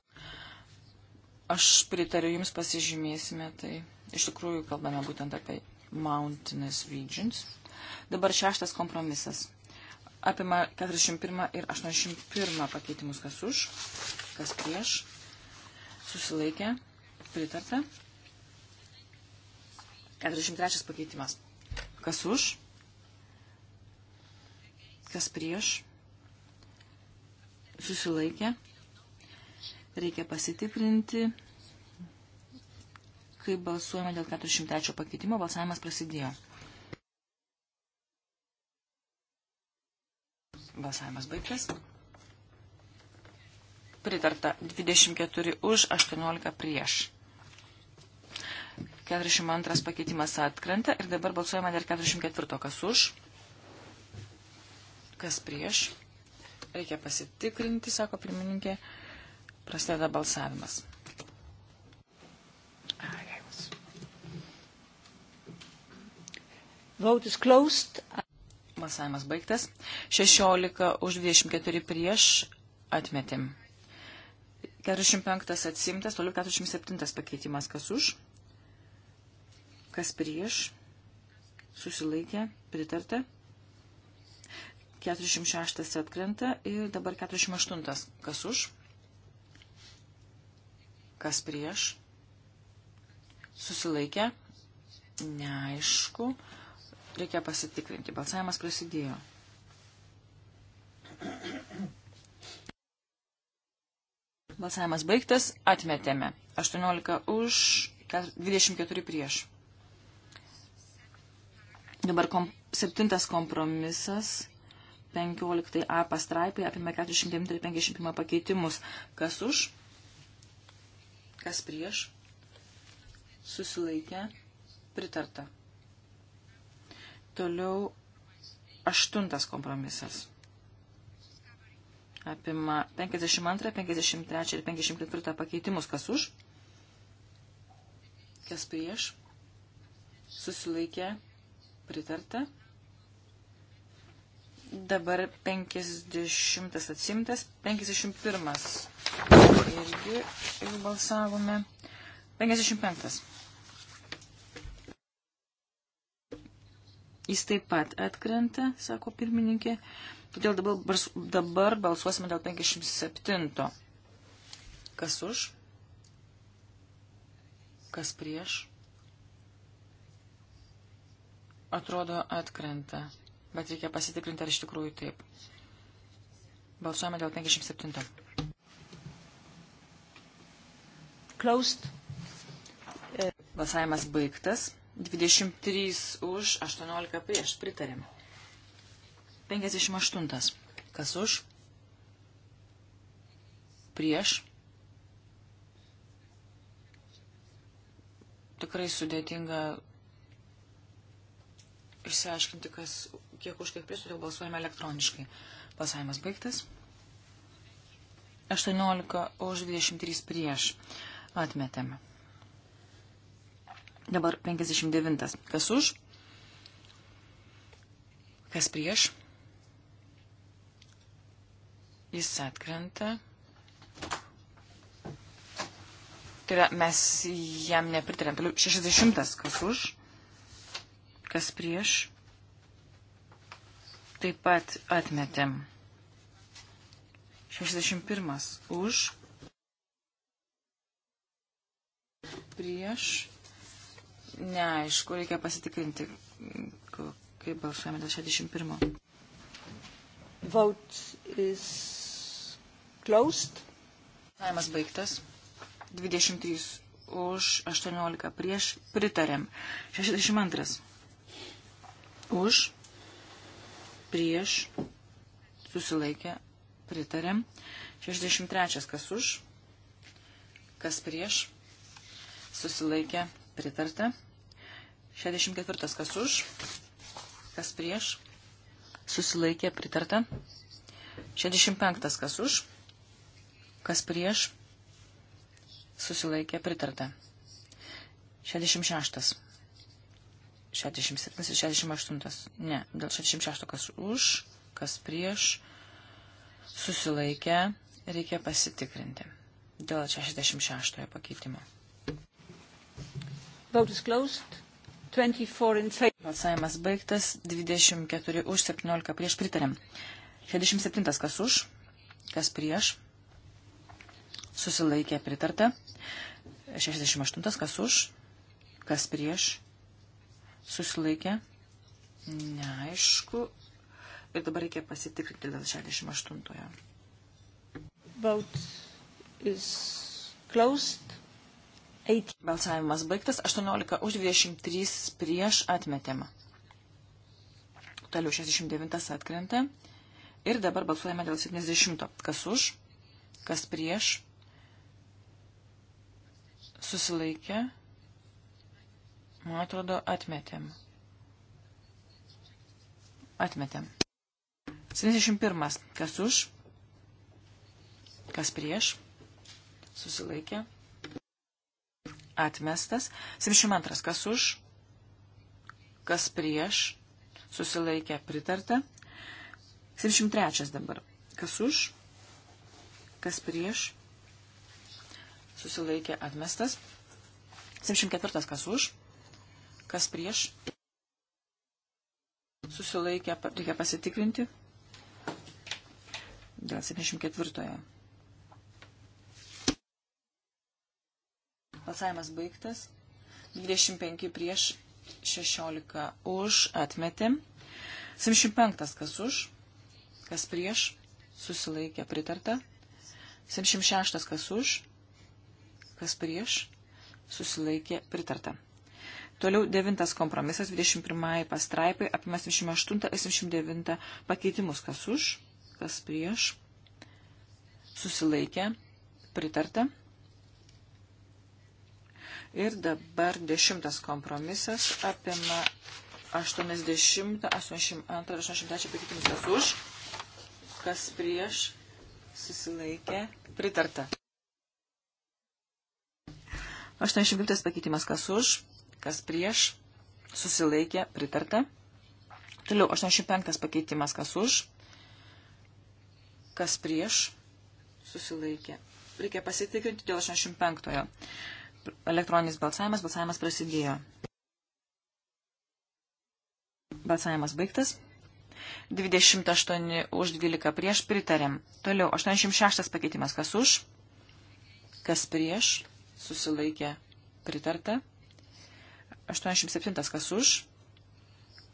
Aš pritariu Jums, pasižymėsime tai. Iš tikrųjų, kalbame būtent apie mountainous regions. Dabar šeštas kompromisas. Apima 41 ir 81 pakeitimus, kas už, kas prieš, susilaikė, Pritarta. 43 pakeitimas. Kas už? Kas prieš? Susilaikė. Reikia pasitikrinti. Kai balsuojame dėl 403 pakeitimo, balsavimas prasidėjo. Balsavimas baigtas. Pritarta 24 už, 18 prieš. 42 pakeitimas atkrenta ir dabar balsuojama dėl 44. Kas už? Kas prieš? Reikia pasitikrinti, sako pirmininkė. Prasideda balsavimas. Vote is closed. Balsavimas baigtas. 16 už 24 prieš atmetim. 45 atsimtas, toliau 47 pakeitimas kas už, Kas prieš? Susilaikė. Pritarta. 46 atkrenta ir dabar 48. Kas už? Kas prieš? Susilaikė. Neaišku. Reikia pasitikrinti. Balsavimas prasidėjo. Balsavimas baigtas, atmetėme. 18 už, 24 prieš. Dabar kom, septintas kompromisas. 15a pastraipai apima 409 ir 51 pakeitimus. Kas už? Kas prieš? Susilaikė? Pritarta. Toliau aštuntas kompromisas. Apima 52, 53 ir 54 pakeitimus. Kas už? Kas prieš? Susilaikė? Pritarta. Dabar 50 atsimtas, 51 irgi išbalsavome. 55. Jis taip pat atkrenta, sako pirmininkė. Todėl dabar, dabar balsuosime dėl 57. Kas už? Kas prieš? atrodo atkrenta, bet reikia pasitikrinti, ar iš tikrųjų taip. Balsuojame dėl 57. Closed. Balsavimas baigtas. 23 už, 18 prieš. Pritarėm. 58. Kas už? Prieš. Tikrai sudėtinga išsiaiškinti, kas, kiek už kiek prieš, todėl balsuojame elektroniškai. Balsavimas baigtas. 18 už 23 prieš. Atmetėme. Dabar 59. Kas už? Kas prieš? Jis atkrenta. Tai yra, mes jam nepritarėm. Toliau 60. Kas už? kas prieš, taip pat atmetėm. 61 už, prieš, neaišku, reikia pasitikrinti, kaip balsuojame dėl 61. Vote is closed. Saimas baigtas. 23 už 18 prieš pritarėm. 62 už, prieš, susilaikė, pritarė. 63 kas už, kas prieš, susilaikė, pritarta. 64 kas už, kas prieš, susilaikė, pritarta. 65 kas už, kas prieš, susilaikė, pritarta. 66. 67 ir 68. Ne, dėl 66 kas už, kas prieš, susilaikę, reikia pasitikrinti. Dėl 66 pakeitimo. Vote is closed. 24 in favor. Balsavimas baigtas, 24 už, 17 prieš pritarėm. 67 kas už, kas prieš, susilaikė pritarta. 68 kas už, kas prieš, Susilaikė? Neaišku. Ir dabar reikia pasitikrinti dėl 68-ojo. Vote is closed. 8. Balsavimas baigtas. 18 už 23 prieš atmetėma. Toliau 69 atkrenta. Ir dabar balsuojame dėl 70. Kas už, kas prieš, susilaikė, Man atrodo, atmetėm. Atmetėm. 71. Kas už? Kas prieš? Susilaikė. Atmestas. 72. Kas už? Kas prieš? Susilaikė. Pritarta. 73. Dabar. Kas už? Kas prieš? Susilaikė. Atmestas. 74. Kas už? kas prieš. Susilaikę, reikia pasitikrinti. Dėl 74-ojo. Balsavimas baigtas. 25 prieš 16 už atmetė. 75 kas už, kas prieš, susilaikė pritarta. 76 kas už, kas prieš, susilaikė pritarta. Toliau devintas kompromisas 21 pastraipai apimas 28 ir 29 pakeitimus. Kas už, kas prieš, susilaikė, pritarta. Ir dabar dešimtas kompromisas apima 80, 82, 83 pakeitimus. Kas už, kas prieš, susilaikė, pritarta. 85 pakeitimas kas už, kas prieš, susilaikė, pritarta. Toliau 85 pakeitimas, kas už, kas prieš, susilaikė. Reikia pasitikrinti dėl 85-ojo. Elektroninis balsavimas, balsavimas prasidėjo. Balsavimas baigtas. 28 už 12 prieš pritarėm. Toliau 86 pakeitimas, kas už, kas prieš, susilaikė pritarta. 87 kas už,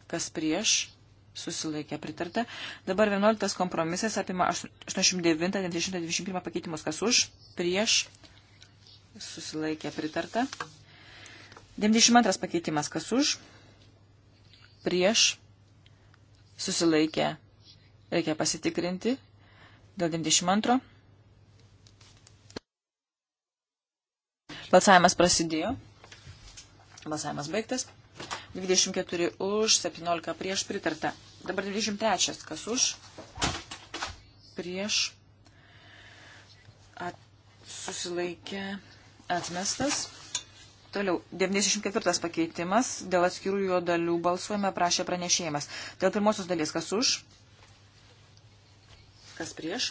kas prieš, susilaikė pritarta. Dabar 11 kompromisas apima 89-91 pakeitimus kas už, prieš, susilaikė pritarta. 92 pakeitimas kas už, prieš, susilaikė, reikia pasitikrinti dėl 92. Balsavimas prasidėjo. Balsavimas baigtas. 24 už, 17 prieš pritarta. Dabar 23. Kas už? Prieš. At, susilaikė atmestas. Toliau, 94 pakeitimas. Dėl atskirų jo dalių balsuojame prašė pranešėjimas. Dėl pirmosios dalies kas už? Kas prieš?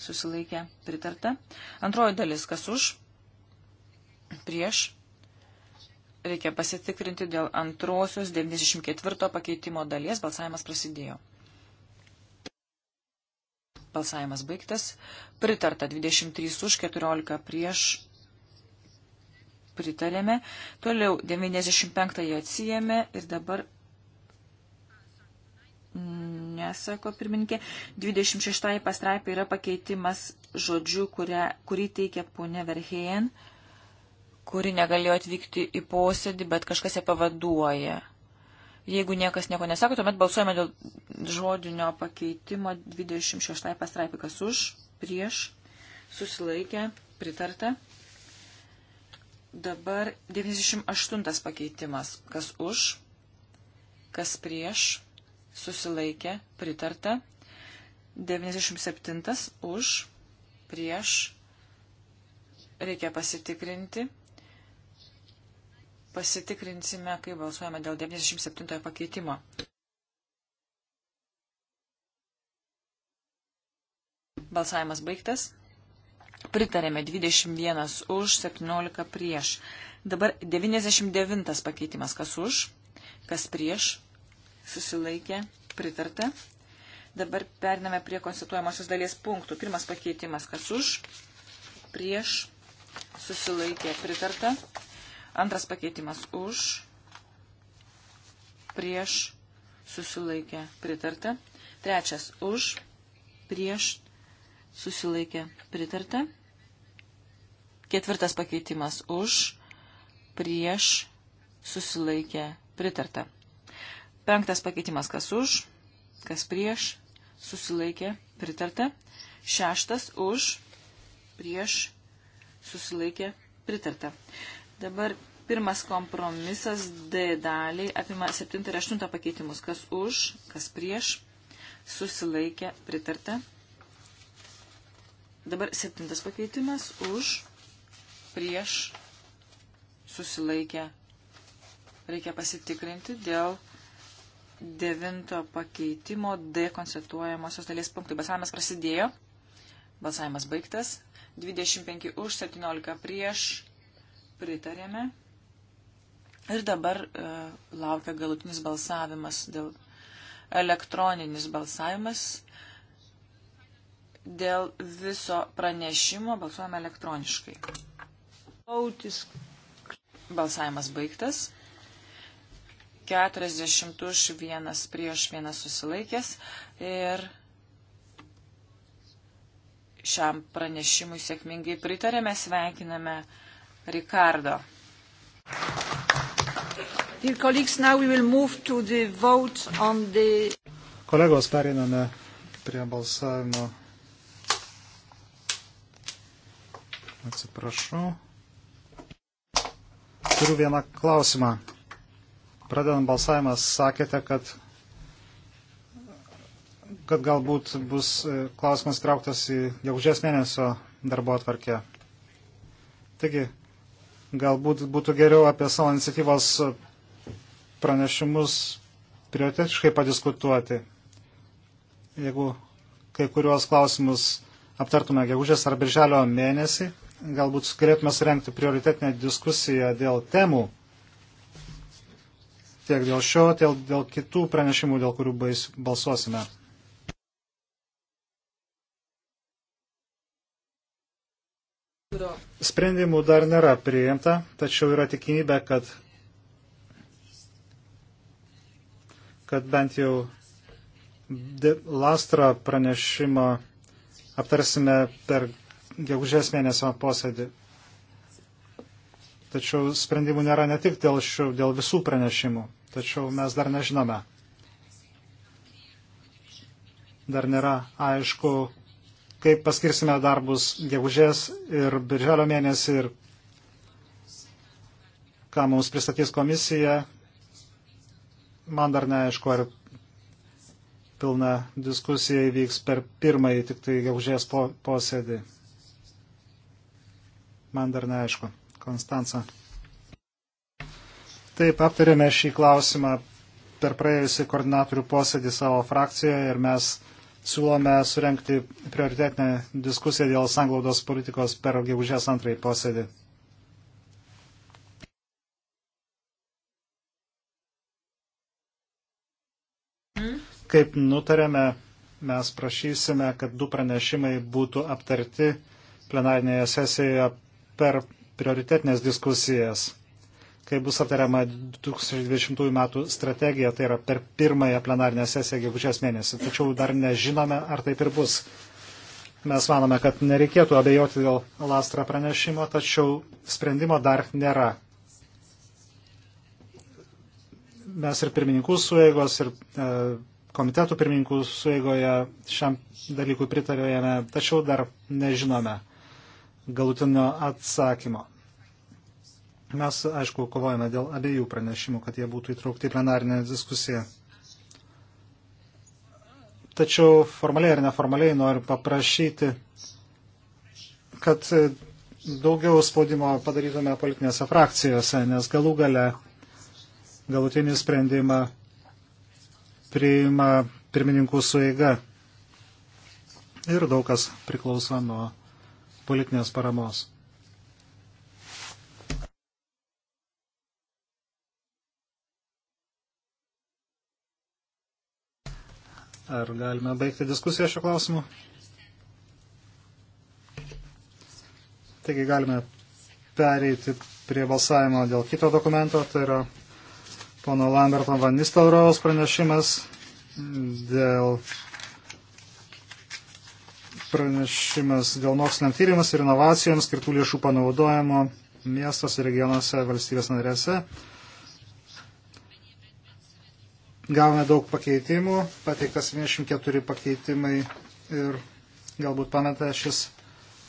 Susilaikė pritarta. Antroji dalis kas už? Prieš Reikia pasitikrinti dėl antrosios 94 pakeitimo dalies. Balsavimas prasidėjo. Balsavimas baigtas. Pritarta 23 už 14 prieš. Pritarėme. Toliau 95-ąjį atsijėme ir dabar nesako pirmininkė, 26 pastraipė yra pakeitimas žodžių, kurią, kurį teikia ponė Verhejen. Uh, kuri negalėjo atvykti į posėdį, bet kažkas ją pavaduoja. Jeigu niekas nieko nesako, tuomet balsuojame dėl žodinio pakeitimo 26 pastraipikas už, prieš, susilaikę, pritarta. Dabar 98 pakeitimas. Kas už, kas prieš, susilaikė, pritarta. 97 už, prieš, reikia pasitikrinti. Pasitikrinsime, kai balsuojame dėl 97 pakeitimo. Balsavimas baigtas. Pritarėme 21 už, 17 prieš. Dabar 99 pakeitimas. Kas už, kas prieš, susilaikė, pritarta. Dabar periname prie konstituojamosios dalies punktų. Pirmas pakeitimas, kas už, prieš, susilaikė, pritarta. Antras pakeitimas už, prieš, susilaikė, pritarta. Trečias už, prieš, susilaikė, pritarta. Ketvirtas pakeitimas už, prieš, susilaikė, pritarta. Penktas pakeitimas kas už, kas prieš, susilaikė, pritarta. Šeštas už, prieš, susilaikė, pritarta. Dabar pirmas kompromisas D daliai apima 7 ir 8 pakeitimus. Kas už, kas prieš, susilaikė, pritarta. Dabar septintas pakeitimas už, prieš, susilaikė. Reikia pasitikrinti dėl devinto pakeitimo D konstatuojamosios dalies punktų. Balsavimas prasidėjo. Balsavimas baigtas. 25 už, 17 prieš, pritarėme. Ir dabar e, laukia galutinis balsavimas, dėl, elektroninis balsavimas dėl viso pranešimo balsuojame elektroniškai. Autis. Balsavimas baigtas. 40 už vienas prieš vienas susilaikęs ir šiam pranešimui sėkmingai pritarėme, sveikiname Ricardo. The... Kolegos, periname prie balsavimo. Atsiprašau. Turiu vieną klausimą. Pradedant balsavimą, sakėte, kad, kad galbūt bus e, klausimas trauktas į gegužės mėnesio darbo atvarkę. Taigi, Galbūt būtų geriau apie savo iniciatyvos pranešimus prioritetiškai padiskutuoti. Jeigu kai kuriuos klausimus aptartume gegužės ar birželio mėnesį, galbūt galėtume surenkti prioritetinę diskusiją dėl temų, tiek dėl šio, tiek dėl kitų pranešimų, dėl kurių balsuosime. Sprendimų dar nėra priimta, tačiau yra tikimybė, kad, kad bent jau Lastra pranešimą aptarsime per gegužės mėnesio posėdį. Tačiau sprendimų nėra ne tik dėl, šių, dėl visų pranešimų, tačiau mes dar nežinome. Dar nėra aišku, kaip paskirsime darbus gegužės ir birželio mėnesį ir ką mums pristatys komisija. Man dar neaišku, ar pilna diskusija įvyks per pirmąjį tik tai gegužės po, posėdį. Man dar neaišku. Konstanca. Taip, aptarėme šį klausimą per praėjusią koordinatorių posėdį savo frakcijoje ir mes siūlome surenkti prioritetinę diskusiją dėl sanglaudos politikos per gegužės antrąjį posėdį. Kaip nutarėme, mes prašysime, kad du pranešimai būtų aptarti plenarinėje sesijoje per prioritetinės diskusijas kai bus aptariama 2020 metų strategija, tai yra per pirmąją plenarinę sesiją gegužės mėnesį. Tačiau dar nežinome, ar taip ir bus. Mes manome, kad nereikėtų abejoti dėl Lastra pranešimo, tačiau sprendimo dar nėra. Mes ir pirmininkų suėgos, ir e, komitetų pirmininkų suėgoje šiam dalykui pritarėjome, tačiau dar nežinome galutinio atsakymo. Mes, aišku, kovojame dėl abiejų pranešimų, kad jie būtų įtraukti į plenarinę diskusiją. Tačiau formaliai ar neformaliai noriu paprašyti, kad daugiau spaudimo padarytume politinėse frakcijose, nes galų gale galutinį sprendimą priima pirmininkų sueiga. Ir daug kas priklauso nuo politinės paramos. Ar galime baigti diskusiją šio klausimu? Taigi galime pereiti prie balsavimo dėl kito dokumento, tai yra pono Lamberto Van Nistelrojaus pranešimas dėl pranešimas dėl moksliniam tyrimas ir inovacijoms skirtų lėšų panaudojimo miestuose ir regionuose valstybės narėse. Gavome daug pakeitimų, pateiktas 24 pakeitimai ir galbūt pameta šis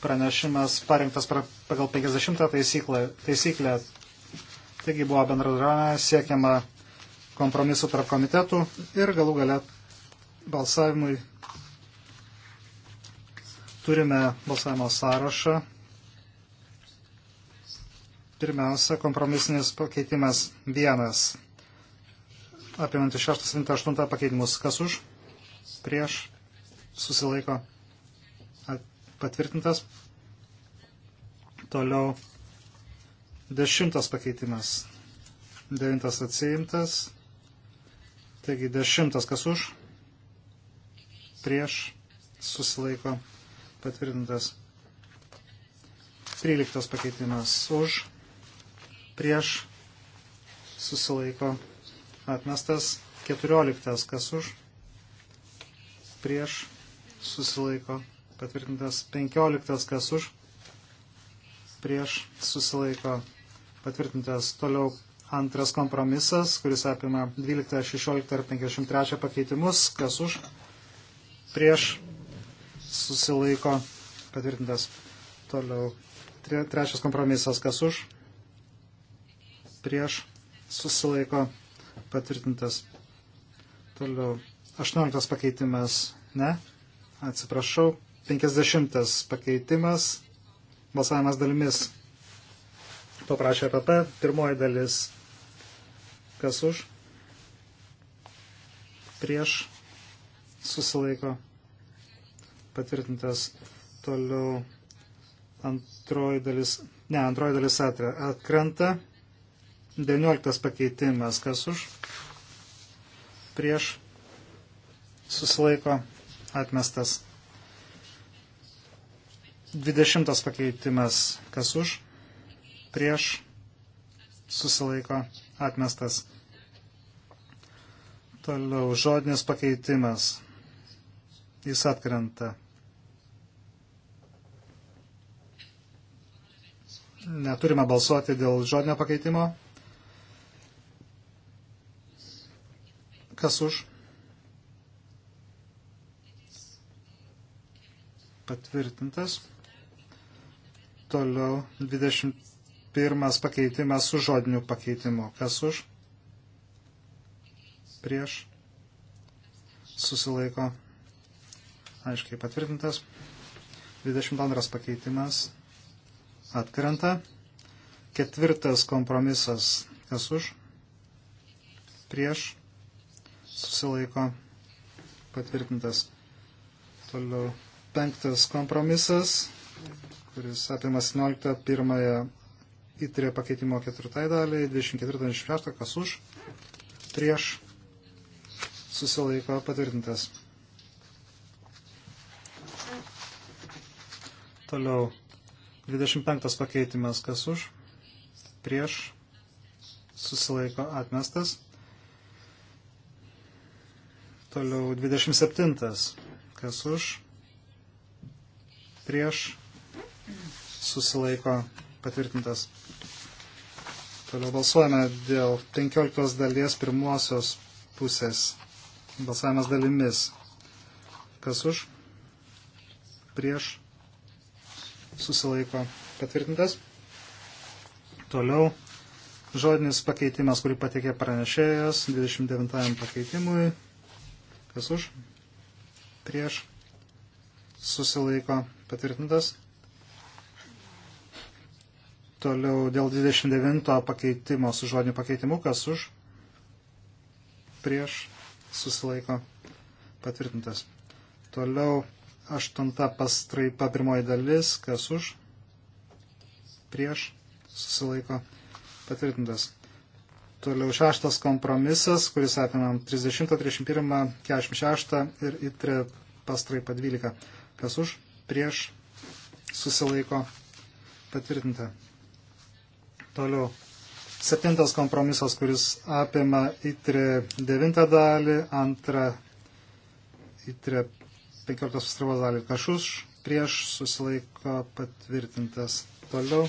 pranešimas parengtas pagal 50 taisyklę. taisyklę. Taigi buvo bendradarbiavime siekiama kompromisų tarp komitetų ir galų gale balsavimui turime balsavimo sąrašą. Pirmiausia, kompromisinis pakeitimas vienas apimanti 6-8 pakeitimus. Kas už? Prieš? Susilaiko? Patvirtintas. Toliau 10 pakeitimas. 9 atsiimtas. Taigi 10 kas už? Prieš? Susilaiko? Patvirtintas. 13 pakeitimas už, prieš, susilaiko, atmestas 14, kas už, prieš, susilaiko, patvirtintas 15, kas už, prieš, susilaiko, patvirtintas toliau antras kompromisas, kuris apima 12, 16 ir 53 pakeitimus, kas už, prieš, susilaiko, patvirtintas toliau trečias kompromisas, kas už, prieš, susilaiko, patvirtintas. Toliau 18 pakeitimas ne. Atsiprašau. 50 pakeitimas. Balsavimas dalimis. Paprašė PP. E Pirmoji dalis. Kas už? Prieš. Susilaiko. Patvirtintas. Toliau antroji dalis. Ne, antroji dalis atrė. atkrenta. 19 pakeitimas. Kas už? prieš susilaiko atmestas. 20 pakeitimas kas už, prieš susilaiko atmestas. Toliau žodinis pakeitimas. Jis atkrenta. Neturime balsuoti dėl žodinio pakeitimo. Kas už? Patvirtintas. Toliau 21 pakeitimas su žodiniu pakeitimu. Kas už? Prieš. Susilaiko. Aiškiai patvirtintas. 22 pakeitimas atkrenta. Ketvirtas kompromisas. Kas už? Prieš susilaiko patvirtintas. Toliau penktas kompromisas, kuris apima 17 pirmąją įtrė pakeitimo ketvirtai daliai, 24-26, kas už, prieš, susilaiko patvirtintas. Toliau 25 pakeitimas, kas už, prieš, susilaiko atmestas. Toliau 27. Kas už? Prieš susilaiko patvirtintas. Toliau balsuojame dėl 15 dalies pirmosios pusės. Balsavimas dalimis. Kas už? Prieš susilaiko patvirtintas. Toliau žodinis pakeitimas, kurį patikė pranešėjas 29 pakeitimui. Kas už? Prieš. Susilaiko patvirtintas. Toliau dėl 29 pakeitimo su žodiniu pakeitimu. Kas už? Prieš. Susilaiko patvirtintas. Toliau aštunta pastraipa pirmoji dalis, kas už, prieš, susilaiko, patvirtintas. Toliau šeštas kompromisas, kuris apima 30, 31, 46 ir įtrė pastraipą 12. Kas už, prieš, susilaiko, patvirtinta. Toliau septintas kompromisas, kuris apima įtrė 9 dalį, antrą įtrė 15 pastraipos dalį. Kas už, prieš, susilaiko, patvirtintas. Toliau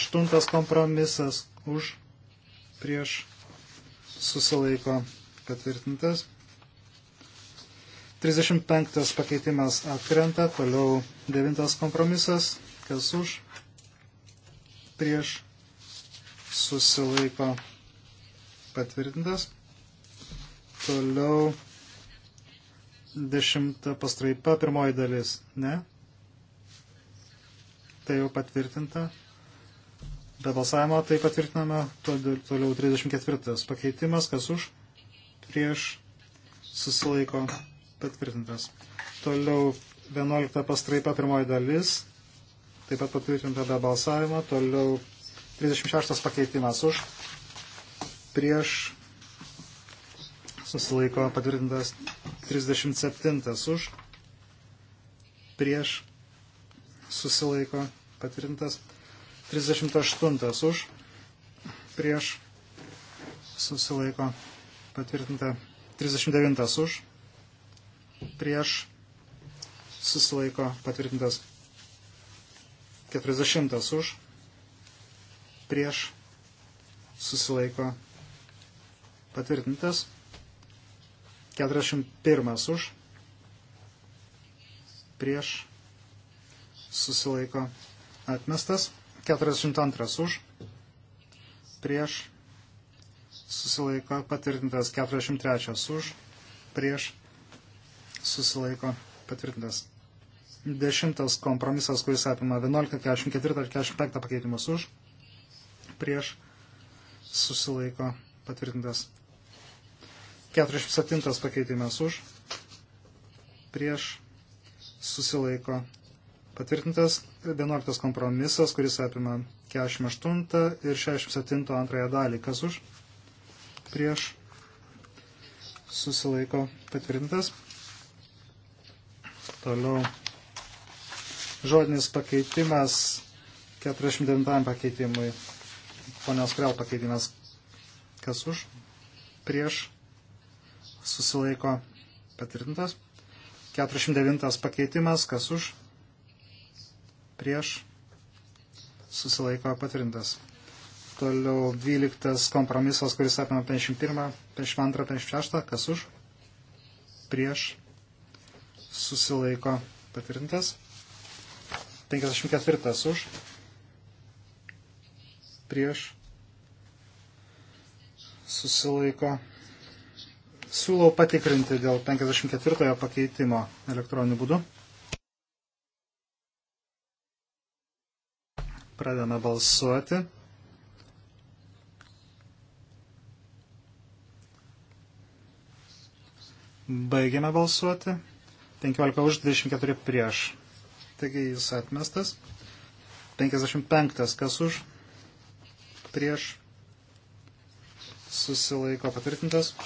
aštuntas kompromisas už prieš susilaiko patvirtintas. 35 pakeitimas atkrenta, toliau 9 kompromisas, kas už, prieš susilaiko patvirtintas. Toliau 10 pastraipa, pirmoji dalis, ne? Tai jau patvirtinta. Be balsavimo tai patvirtiname. Toliau 34 pakeitimas. Kas už? Prieš susilaiko patvirtintas. Toliau 11 pastraipa pirmoji dalis. Taip pat patvirtinta be balsavimo. Toliau 36 pakeitimas už. Prieš susilaiko patvirtintas 37 už. Prieš susilaiko patvirtintas 37 38 už, prieš, susilaiko, patvirtinta. 39 už, prieš, susilaiko, patvirtintas. 40 už, prieš, susilaiko, patvirtintas. 41 už, prieš, susilaiko, atmestas. 42 už, prieš, susilaiko patvirtintas 43 už, prieš, susilaiko patvirtintas. Dešimtas kompromisas, kuris apima 11, 44 ir 45 pakeitimus už, prieš, susilaiko patvirtintas. 47 pakeitimas už, prieš, susilaiko patvirtintas 11 kompromisas, kuris apima 48 ir 67 antrąją dalį. Kas už? Prieš susilaiko patvirtintas. Toliau žodinis pakeitimas 49 pakeitimui. Ponios Krel pakeitimas. Kas už? Prieš susilaiko patvirtintas. 49 pakeitimas. Kas už? prieš susilaiko patvirtintas. Toliau 12 kompromisas, kuris apima 51, 52, 56, kas už, prieš susilaiko patvirtintas. 54 už, prieš susilaiko. Siūlau patikrinti dėl 54 pakeitimo elektroniniu būdu. Pradame balsuoti. Baigiame balsuoti. 15 už 24 prieš. Taigi jis atmestas. 55 kas už prieš. Susilaiko patvirtintas.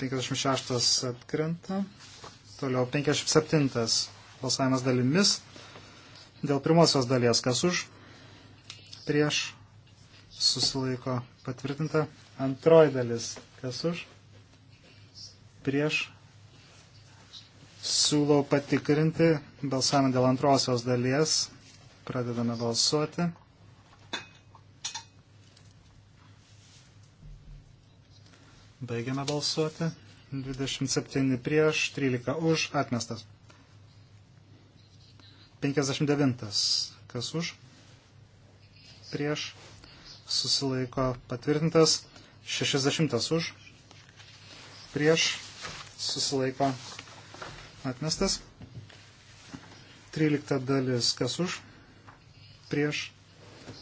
56 atkrenta. Toliau 57 balsavimas dalimis. Dėl pirmosios dalies, kas už, prieš, susilaiko patvirtinta. Antroji dalis, kas už, prieš, siūlau patikrinti balsavimą dėl antrosios dalies. Pradedame balsuoti. Baigiame balsuoti. 27 prieš, 13 už, atmestas. 59. Kas už? Prieš. Susilaiko patvirtintas. 60 už. Prieš. Susilaiko atmestas. 13 dalis. Kas už? Prieš.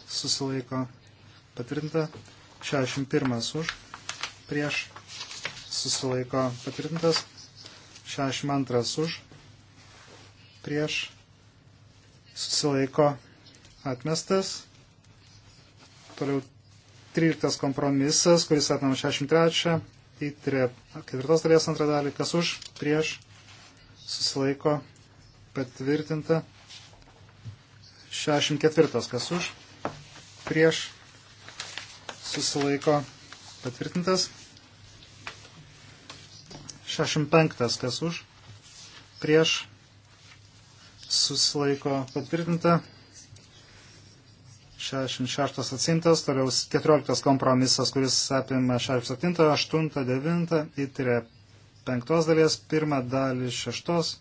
Susilaiko patvirtinta. 61 už. Prieš. Susilaiko patvirtintas. 62 už. Prieš susilaiko atmestas. Toliau 13 kompromisas, kuris atnam 63, į 3, ketvirtos dalies antrą dalį, kas už, prieš, susilaiko patvirtinta. 64, kas už, prieš, susilaiko patvirtintas. 65, kas už, prieš, susilaiko patvirtinta. 66 atsimtas, toliau 14 kompromisas, kuris apima 67, 8, 9, įtrė 5 dalies, 1 dalį 6,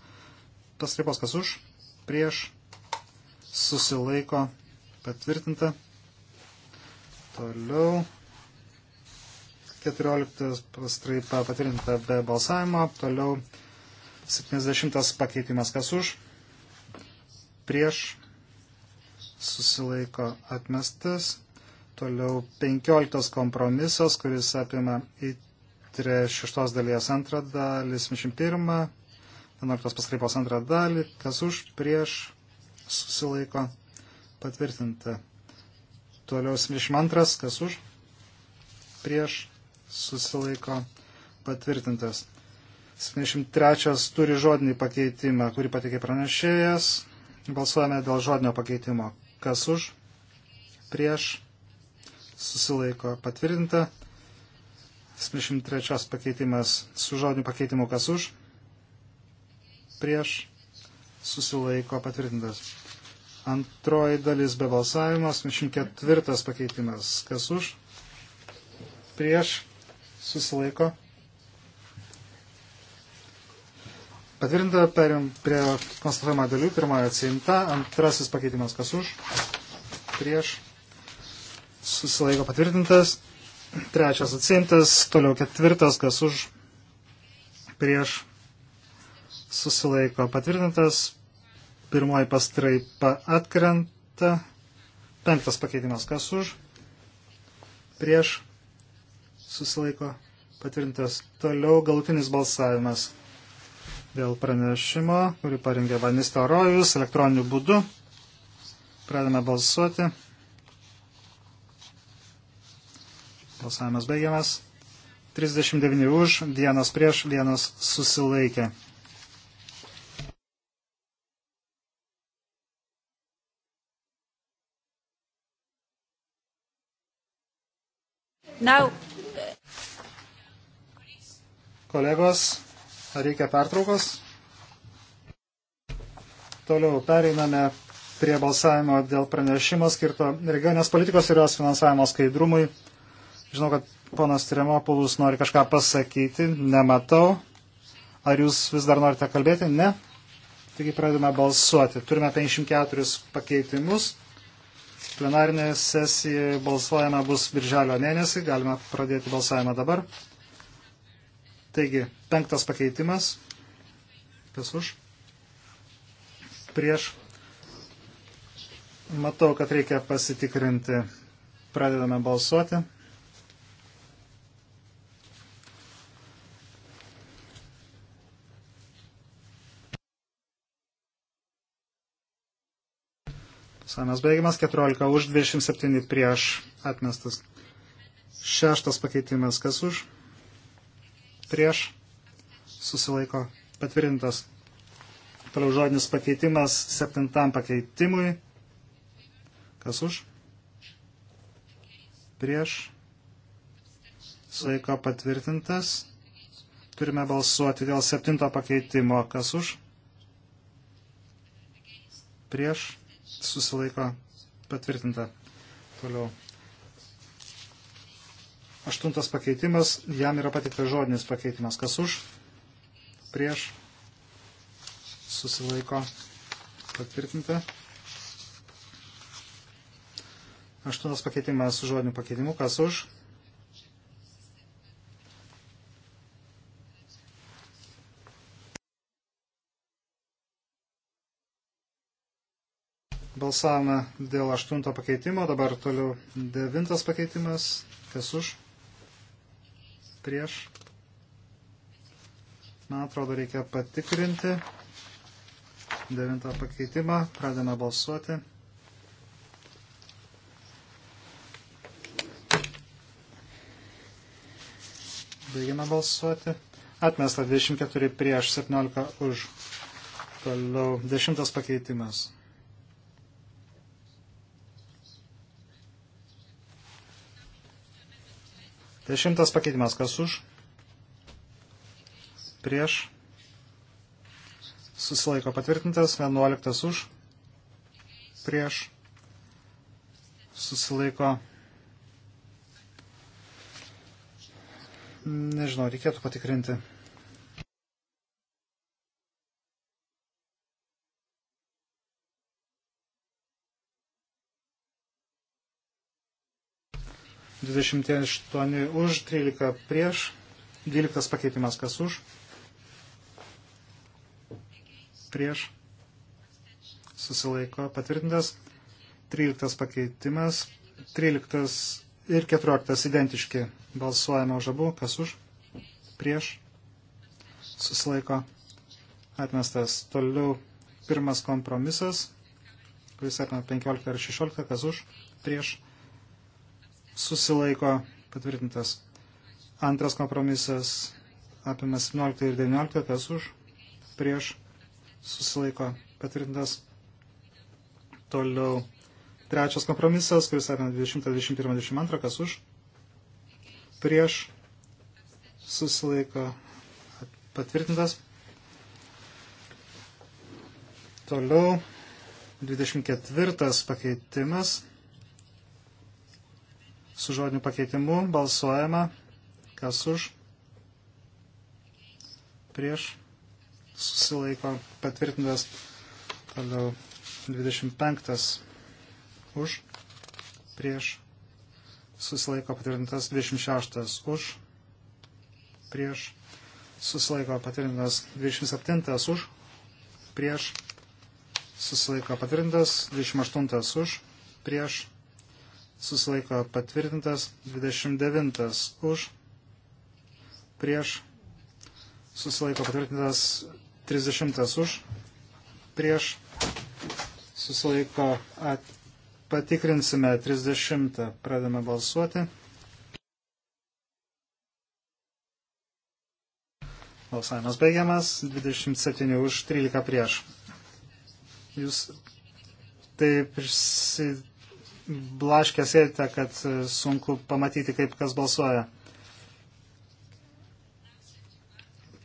pastraipos kas už, prieš, susilaiko patvirtinta. Toliau 14 pastraipa patvirtinta be balsavimo, toliau 70 pakeitimas kas už, prieš susilaiko atmestas. Toliau 15 kompromisas, kuris apima į 6 dalies antrą dalį, 71, 11 paskraipos antrą dalį, kas už prieš susilaiko patvirtinta. Toliau 72, kas už prieš susilaiko patvirtintas. 73 turi žodinį pakeitimą, kurį pateikė pranešėjas. Balsuojame dėl žodinio pakeitimo. Kas už? Prieš? Susilaiko patvirtinta. 73 pakeitimas su žodiniu pakeitimu. Kas už? Prieš? Susilaiko patvirtintas. Antroji dalis be balsavimo. 74 pakeitimas. Kas už? Prieš? Susilaiko patvirtintas Patvirtinta, perim prie konstatuojama dalių, pirmoji atsiimta, antrasis pakeitimas kas už, prieš, susilaiko patvirtintas, trečias atsiimtas, toliau ketvirtas kas už, prieš, susilaiko patvirtintas, pirmoji pastraipa atkrenta, penktas pakeitimas kas už, prieš, susilaiko patvirtintas, toliau galutinis balsavimas dėl pranešimo, kurį parengė Vanisto Rojus elektroniniu būdu. Pradame balsuoti. Balsavimas baigiamas. 39 už, vienas prieš, vienas susilaikė. Now. Kolegos, Ar reikia pertraukos? Toliau pereiname prie balsavimo dėl pranešimo skirto regionės politikos ir jos finansavimo skaidrumui. Žinau, kad ponas Tremopulus nori kažką pasakyti, nematau. Ar jūs vis dar norite kalbėti? Ne. Taigi pradedame balsuoti. Turime 54 pakeitimus. Plenarinė sesija balsuojama bus birželio mėnesį. Galime pradėti balsavimą dabar. Taigi, penktas pakeitimas. Kas už? Prieš. Matau, kad reikia pasitikrinti. Pradedame balsuoti. Sanas baigimas 14 už 27 prieš atmestas. Šeštas pakeitimas. Kas už? prieš susilaiko patvirtintas. Toliau žodinis pakeitimas septintam pakeitimui. Kas už? Prieš. Susilaiko patvirtintas. Turime balsuoti dėl septinto pakeitimo. Kas už? Prieš. Susilaiko patvirtinta. Toliau. Aštuntas pakeitimas, jam yra patiktas žodinis pakeitimas. Kas už? Prieš? Susilaiko? Patvirtinta. Aštuntas pakeitimas su žodiniu pakeitimu. Kas už? Balsavome dėl aštunto pakeitimo, dabar toliau devintas pakeitimas. Kas už? prieš. Man atrodo, reikia patikrinti. Devintą pakeitimą. Pradame balsuoti. Baigiame balsuoti. Atmesta 24 prieš 17 už. Toliau dešimtas pakeitimas. Tai šimtas pakeitimas, kas už, prieš, susilaiko patvirtintas, vienuoliktas už, prieš, susilaiko, nežinau, reikėtų patikrinti. 28 už, 13 prieš, 12 pakeitimas kas už, prieš, susilaiko patvirtintas, 13 pakeitimas, 13 ir 14 identiški, balsuojame už abu, kas už, prieš, susilaiko atmestas, toliau pirmas kompromisas, kuris apima 15 ar 16, kas už, prieš, susilaiko patvirtintas. Antras kompromisas apima 17 ir 19, kas už, prieš, susilaiko patvirtintas. Toliau trečias kompromisas, kuris apima 20, 21, 22, kas už, prieš, susilaiko patvirtintas. Toliau 24 pakeitimas su žodiniu pakeitimu. Balsuojama. Kas už? Prieš. Susilaiko patvirtintas. Toliau 25. Už. Prieš. Susilaiko patvirtintas 26. Už. Prieš. Susilaiko patvirtintas 27. Už. Prieš. Susilaiko patvirtintas 28. Už. Prieš susilaiko patvirtintas, 29 už, prieš, susilaiko patvirtintas, 30 už, prieš, susilaiko at... patikrinsime 30, pradame balsuoti. Balsavimas baigiamas, 27 už, 13 prieš. Jūs taip išsitikėjote blaškę sėdite, kad e, sunku pamatyti, kaip kas balsuoja.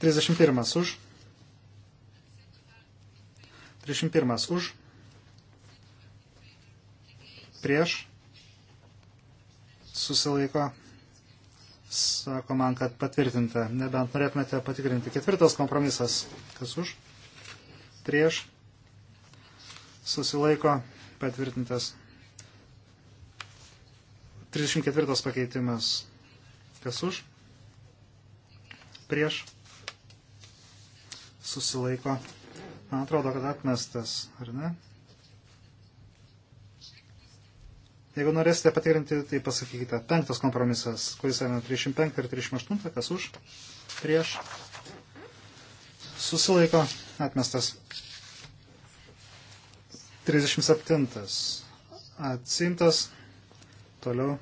31 už. 31 už. Prieš. Susilaiko. Sako man, kad patvirtinta. Nebent norėtumėte patikrinti. Ketvirtas kompromisas. Kas už? Prieš. Susilaiko. Patvirtintas. 34 pakeitimas. Kas už? Prieš? Susilaiko. Man atrodo, kad atmestas, ar ne? Jeigu norėsite patikrinti, tai pasakykite. Penktas kompromisas, kuris yra 35 ir 38, kas už, prieš, susilaiko, atmestas. 37. Atsimtas, Toliau.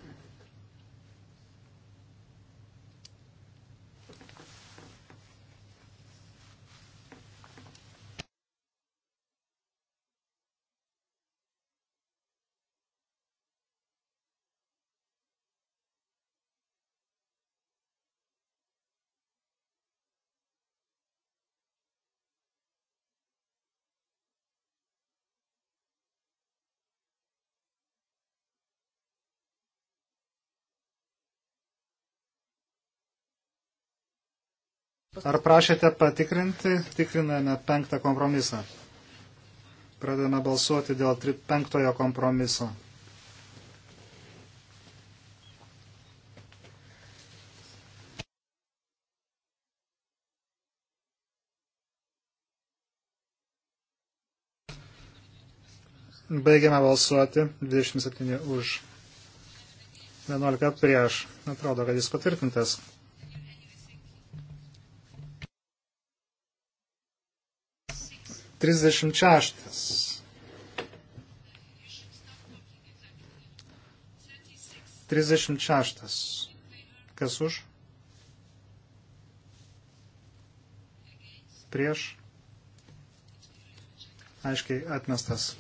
Ar prašėte patikrinti? Tikriname penktą kompromisą. Pradedame balsuoti dėl penktojo kompromiso. Baigiame balsuoti 27 už 11 prieš. Atrodo, kad jis patvirtintas. 36. 36. Kas už? Prieš. Aiškiai atmestas.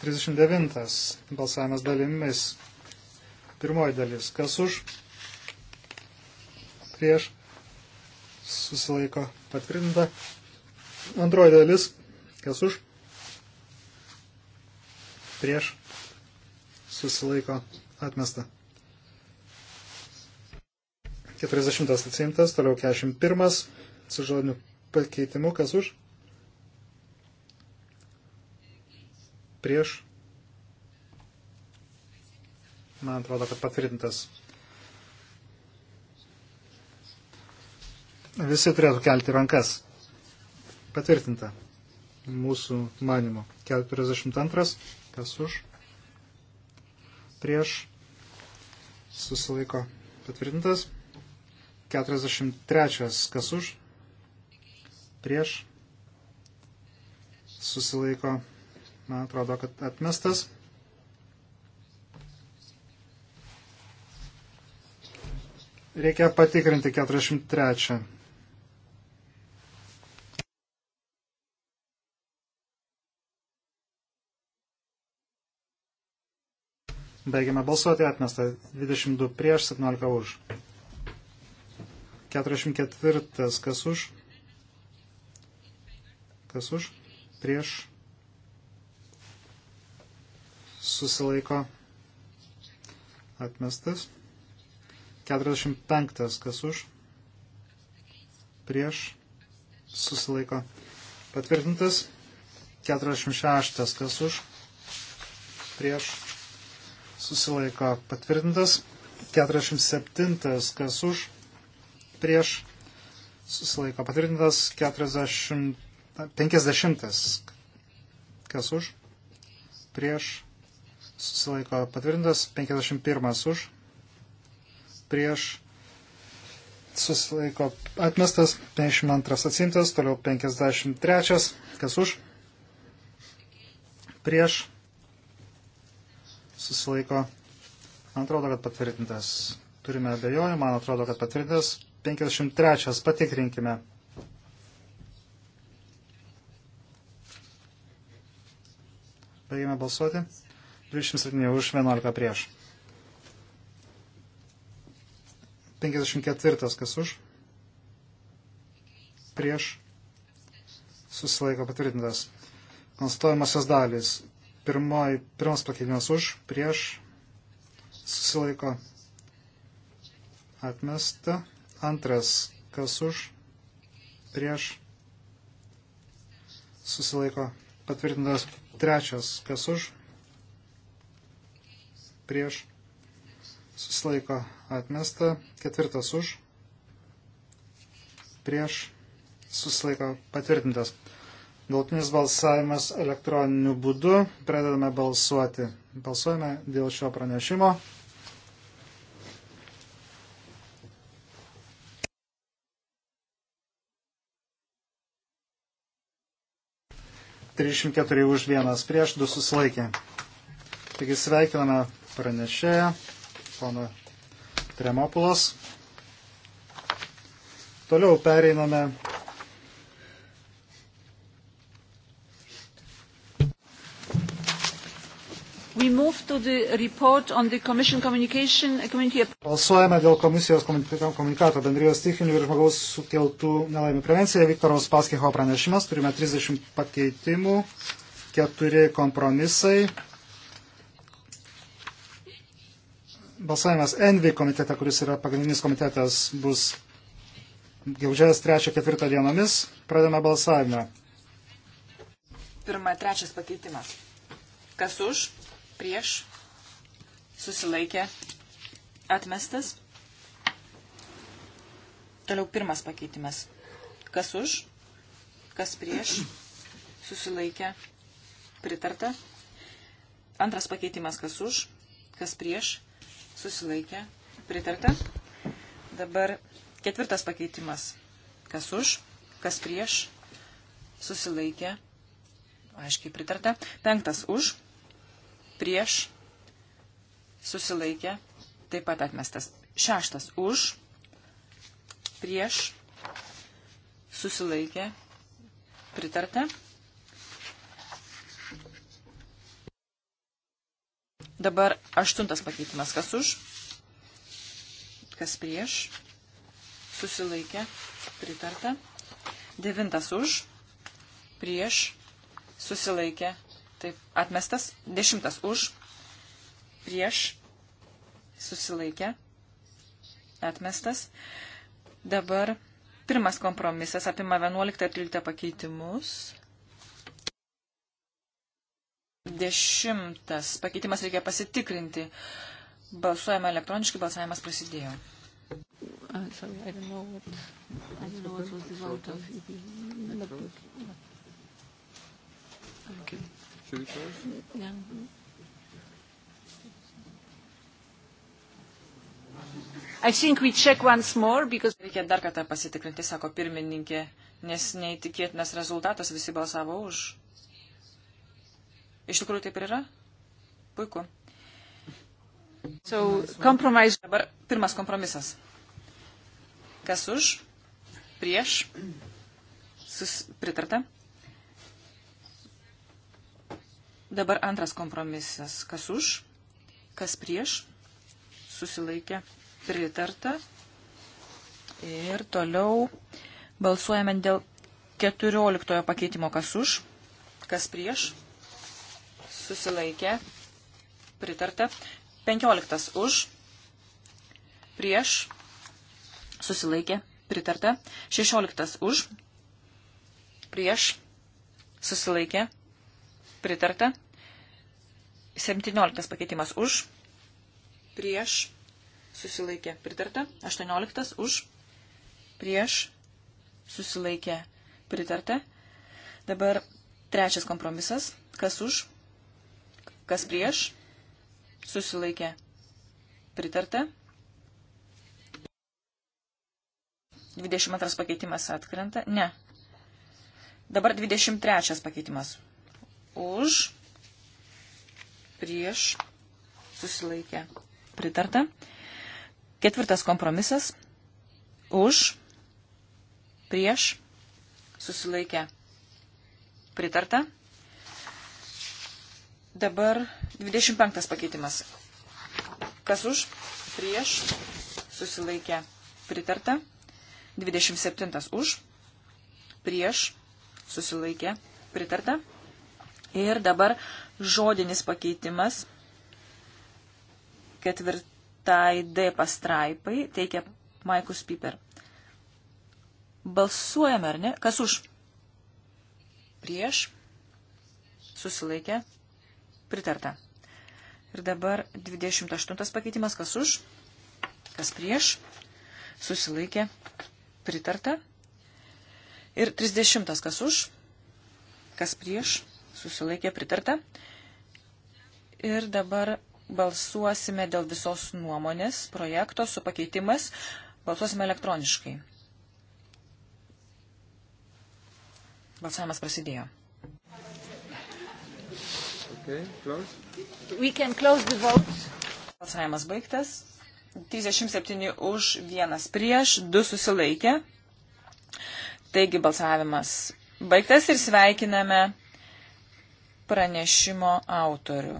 39. Balsavimas dalimis. Pirmoji dalis. Kas už? Prieš. Susilaiko patvirtinta. Antroji dalis, kas už, prieš, susilaiko, atmesta. 40 atsimtas, toliau 41 su žodiniu pakeitimu, kas už, prieš, man atrodo, kad patvirtintas. Visi turėtų kelti rankas. Patvirtinta. Mūsų manimo. 42. Kas už? Prieš. Susilaiko. Patvirtintas. 43. Kas už? Prieš. Susilaiko. Man atrodo, kad atmestas. Reikia patikrinti 43. Baigiame balsuoti, atmesta 22 prieš, 17 už. 44 kas už? Kas už? Prieš. Susilaiko. Atmestas. 45 kas už? Prieš. Susilaiko. Patvirtintas. 46 kas už? Prieš susilaiko patvirtintas, 47 kas už, prieš susilaiko patvirtintas, 40, 50 kas už, prieš susilaiko patvirtintas, 51 už, prieš susilaiko atmestas, 52 atsimtas, toliau 53 kas už, prieš susilaiko. Man atrodo, kad patvirtintas. Turime abejonių, man atrodo, kad patvirtintas. 53. Patikrinkime. Baigime balsuoti. 27 už 11 prieš. 54. Kas už? Prieš. Susilaiko patvirtintas. Konstatuojamasios dalys. Pirmoj, pirmas pakeitimas už, prieš, susilaiko atmesta. Antras, kas už, prieš, susilaiko patvirtintas. Trečias, kas už, prieš, susilaiko atmesta. Ketvirtas už, prieš, susilaiko patvirtintas. Galtinis balsavimas elektroniniu būdu. Pradedame balsuoti. Balsuojame dėl šio pranešimo. Trisdešimt keturi už vienas prieš du susilaikė. Taigi sveikiname pranešėją, poną Tremopulos. Toliau pereiname Uh, Balsuojame dėl komisijos komunikato bendrijos stichinių ir žmogaus sukeltų nelaimių prevencija. Viktoros Paskiho pranešimas. Turime 30 pakeitimų, 4 kompromisai. Balsavimas Envi komitete, kuris yra pagrindinis komitetas, bus gegužės 3-4 dienomis. Pradame balsavimą. Pirma, trečias pakeitimas. Kas už? prieš, susilaikė, atmestas. Toliau pirmas pakeitimas. Kas už, kas prieš, susilaikė, pritarta. Antras pakeitimas, kas už, kas prieš, susilaikė, pritarta. Dabar ketvirtas pakeitimas. Kas už, kas prieš, susilaikė, aiškiai pritarta. Penktas už, prieš, susilaikė, taip pat atmestas. Šeštas už, prieš, susilaikė, pritarta. Dabar aštuntas pakeitimas, kas už, kas prieš, susilaikė, pritarta. Devintas už, prieš, susilaikė, Taip, atmestas. Dešimtas už. Prieš. Susilaikė. Atmestas. Dabar pirmas kompromisas apima 11 ir 13 pakeitimus. Dešimtas pakeitimas reikia pasitikrinti. Balsuojama elektroniškai, balsavimas prasidėjo. Uh, sorry, I don't know what, I don't know what was the vote of. Okay. Should we close? Yeah. I think we check once more, because... Reikia dar kartą pasitikrinti, sako pirmininkė, nes neįtikėtinas rezultatas visi balsavo už. Iš tikrųjų taip ir yra? Puiku. So, compromise. Dabar pirmas kompromisas. Kas už? Prieš? Sus, pritarta? Dabar antras kompromisas. Kas už, kas prieš, susilaikė pritarta. Ir toliau balsuojame dėl 14 pakeitimo. Kas už, kas prieš, susilaikė pritarta. 15 už, prieš, susilaikė pritarta. 16 už, prieš, susilaikė pritarta. 17 pakeitimas už, prieš, susilaikė pritarta, 18 už, prieš, susilaikė pritarta. Dabar trečias kompromisas, kas už, kas prieš, susilaikė pritarta. 22 pakeitimas atkrenta, ne. Dabar 23 pakeitimas už, prieš susilaikė pritarta. Ketvirtas kompromisas už prieš susilaikė pritarta. Dabar 25 pakeitimas. Kas už prieš susilaikė pritarta. 27 už prieš susilaikė pritarta. Ir dabar žodinis pakeitimas ketvirtai D pastraipai teikia Maikus Piper. Balsuojame, ar ne? Kas už? Prieš? Susilaikė? Pritarta. Ir dabar 28 pakeitimas. Kas už? Kas prieš? Susilaikė? Pritarta. Ir 30 kas už? Kas prieš? susilaikė pritarta. Ir dabar balsuosime dėl visos nuomonės projekto su pakeitimas. Balsuosime elektroniškai. Balsavimas prasidėjo. Okay, Balsavimas baigtas. 37 už, 1 prieš, 2 susilaikė. Taigi balsavimas baigtas ir sveikiname pranešimo autorių.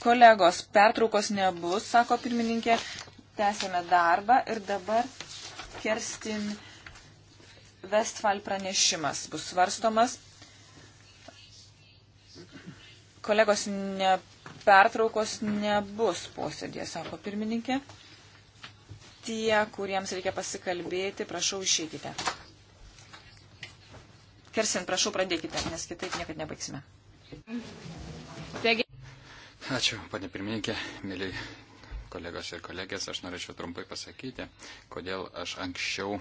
Kolegos, pertraukos nebus, sako pirmininkė, tęsėme darbą ir dabar Kerstin Westfal pranešimas bus svarstomas. Kolegos, ne, pertraukos nebus posėdė, sako pirmininkė. Tie, kuriems reikia pasikalbėti, prašau išeikite. Kersin, prašau pradėkite, nes kitaip niekad nebaigsime. Ačiū, panė pirmininkė, mėly kolegos ir kolegės, aš norėčiau trumpai pasakyti, kodėl aš anksčiau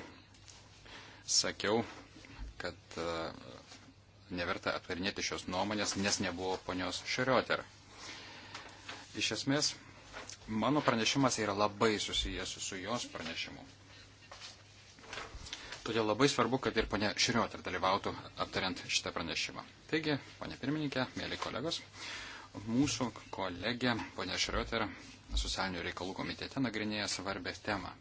sakiau, kad e, neverta aptarinėti šios nuomonės, nes nebuvo ponios Širioter. Iš esmės, mano pranešimas yra labai susijęs su jos pranešimu. Todėl labai svarbu, kad ir ponia Širiotar dalyvautų aptariant šitą pranešimą. Taigi, ponia pirmininkė, mėly kolegos, mūsų kolegė ponia Širiotar socialinių reikalų komitete nagrinėja svarbę temą.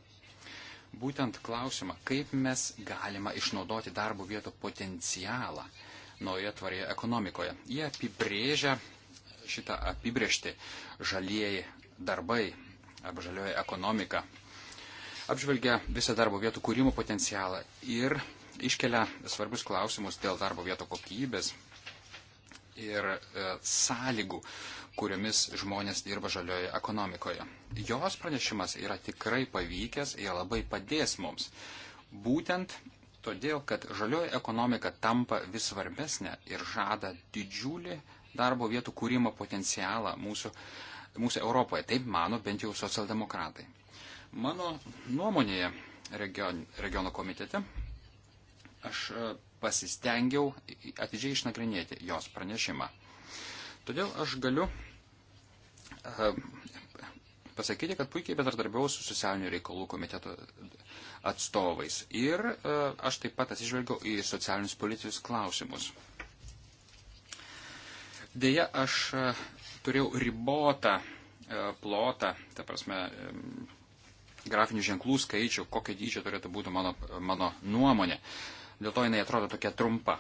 Būtent klausimą, kaip mes galima išnaudoti darbo vietų potencialą naujoje tvarėje ekonomikoje. Jie apibrėžia šitą apibrėžti žalieji darbai arba žalioji ekonomika apžvelgia visą darbo vietų kūrimo potencialą ir iškelia svarbius klausimus dėl darbo vietų kokybės ir e, sąlygų, kuriomis žmonės dirba žalioje ekonomikoje. Jos pranešimas yra tikrai pavykęs ir labai padės mums. Būtent todėl, kad žalioji ekonomika tampa vis svarbesnė ir žada didžiulį darbo vietų kūrimo potencialą mūsų mūsų Europoje. Taip mano bent jau socialdemokratai. Mano nuomonėje region, regiono komitete aš e, pasistengiau atidžiai išnagrinėti jos pranešimą. Todėl aš galiu e, pasakyti, kad puikiai bendradarbiavau su socialinių reikalų komiteto atstovais. Ir e, aš taip pat atsižvelgiau į socialinius politinius klausimus. Deja, aš turėjau ribotą e, plotą, ta prasme, grafinių ženklų skaičių, kokio dydžio turėtų būti mano, mano nuomonė. Dėl to jinai atrodo tokia trumpa.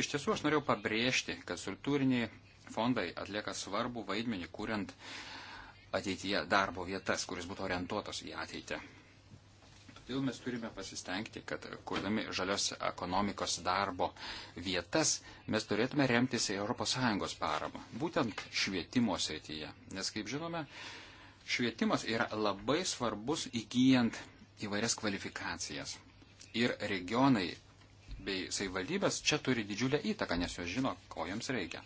Iš tiesų aš norėjau pabrėžti, kad struktūriniai fondai atlieka svarbų vaidmenį, kuriant ateityje darbo vietas, kuris būtų orientuotas į ateitį. Todėl mes turime pasistengti, kad kurdami žalios ekonomikos darbo vietas, mes turėtume remtis į ES paramą, būtent švietimo srityje. Nes, kaip žinome, švietimas yra labai svarbus įgyjant įvairias kvalifikacijas. Ir regionai bei savivaldybės čia turi didžiulę įtaką, nes jos žino, ko jiems reikia.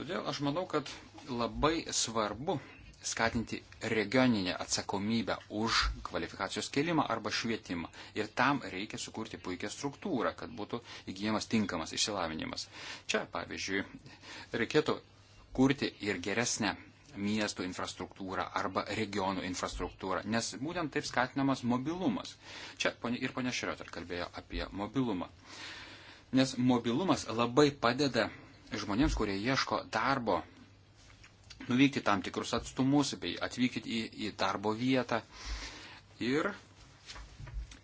Todėl aš manau, kad labai svarbu skatinti regioninę atsakomybę už kvalifikacijos kelimą arba švietimą. Ir tam reikia sukurti puikią struktūrą, kad būtų įgyjamas tinkamas išsilavinimas. Čia, pavyzdžiui, reikėtų kurti ir geresnę miestų infrastruktūrą arba regionų infrastruktūrą, nes būtent taip skatinamas mobilumas. Čia ir ponia Širiotar kalbėjo apie mobilumą. Nes mobilumas labai padeda žmonėms, kurie ieško darbo nuvykti tam tikrus atstumus, bei atvykti į, į darbo vietą. Ir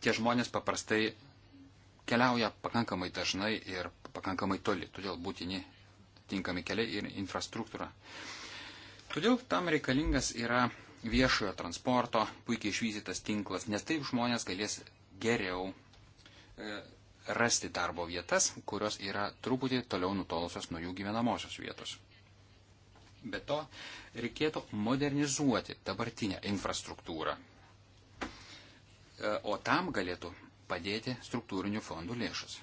tie žmonės paprastai keliauja pakankamai dažnai ir pakankamai toli, todėl būtini tinkami keliai ir infrastruktūra. Todėl tam reikalingas yra viešojo transporto, puikiai išvystytas tinklas, nes taip žmonės galės geriau e, rasti darbo vietas, kurios yra truputį toliau nutolusios nuo jų gyvenamosios vietos. Be to, reikėtų modernizuoti dabartinę infrastruktūrą. E, o tam galėtų padėti struktūrinių fondų lėšas.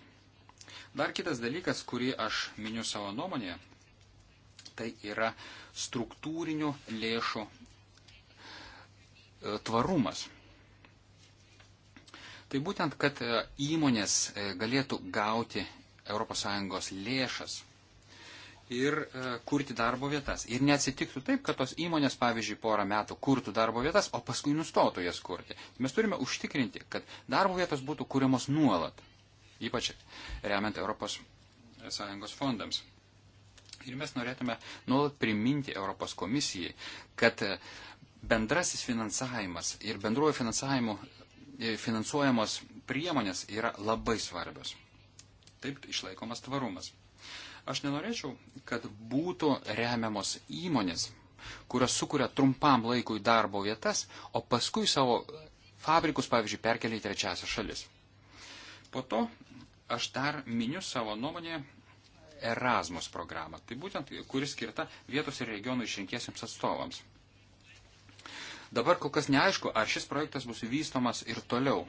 Dar kitas dalykas, kurį aš miniu savo nuomonėje, tai yra struktūrinių lėšų e, tvarumas. Tai būtent, kad e, įmonės galėtų gauti ES lėšas ir e, kurti darbo vietas. Ir neatsitiktų taip, kad tos įmonės, pavyzdžiui, porą metų kurtų darbo vietas, o paskui nustotų jas kurti. Mes turime užtikrinti, kad darbo vietos būtų kūriamos nuolat, ypač remiant ES fondams. Ir mes norėtume nuolat priminti Europos komisijai, kad e, bendrasis finansavimas ir bendruoju finansavimu e, finansuojamos priemonės yra labai svarbios. Taip išlaikomas tvarumas. Aš nenorėčiau, kad būtų remiamos įmonės, kurios sukuria trumpam laikui darbo vietas, o paskui savo fabrikus, pavyzdžiui, perkelia į trečiasią šalis. Po to aš dar miniu savo nuomonę Erasmus programą, tai būtent kuris skirta vietos ir regionų išrinkiesiams atstovams. Dabar kol kas neaišku, ar šis projektas bus vystomas ir toliau.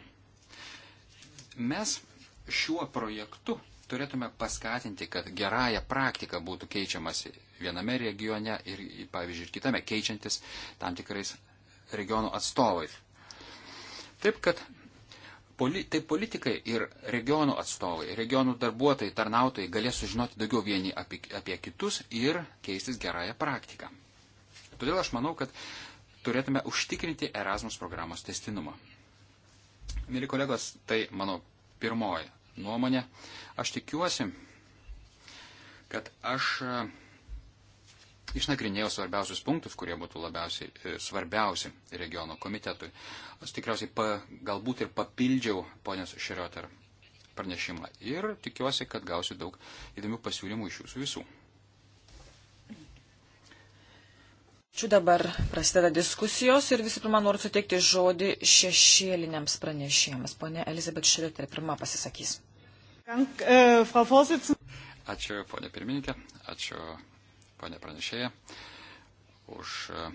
Mes šiuo projektu turėtume paskatinti, kad gerąją praktiką būtų keičiamasi viename regione ir, pavyzdžiui, ir kitame keičiantis tam tikrais regionų atstovais. Taip, kad poli, tai politikai ir regionų atstovai, regionų darbuotojai, tarnautojai galės sužinoti daugiau vieni apie, apie kitus ir keistis gerąją praktiką. Todėl aš manau, kad turėtume užtikrinti Erasmus programos testinumą. Mili kolegos, tai mano pirmoji nuomonę. Aš tikiuosi, kad aš e, išnagrinėjau svarbiausius punktus, kurie būtų labiausiai e, svarbiausi regiono komitetui. Aš tikriausiai pa, galbūt ir papildžiau ponios Šerioter pranešimą ir tikiuosi, kad gausiu daug įdomių pasiūlymų iš jūsų visų. Čia dabar prasideda diskusijos ir visų pirma noriu suteikti žodį šešėliniams pranešėjams. Pone Elizabet Šrioter pirma pasisakys. Äh, ačiū, ponė pirmininkė, ačiū, ponė pranešėja, už e,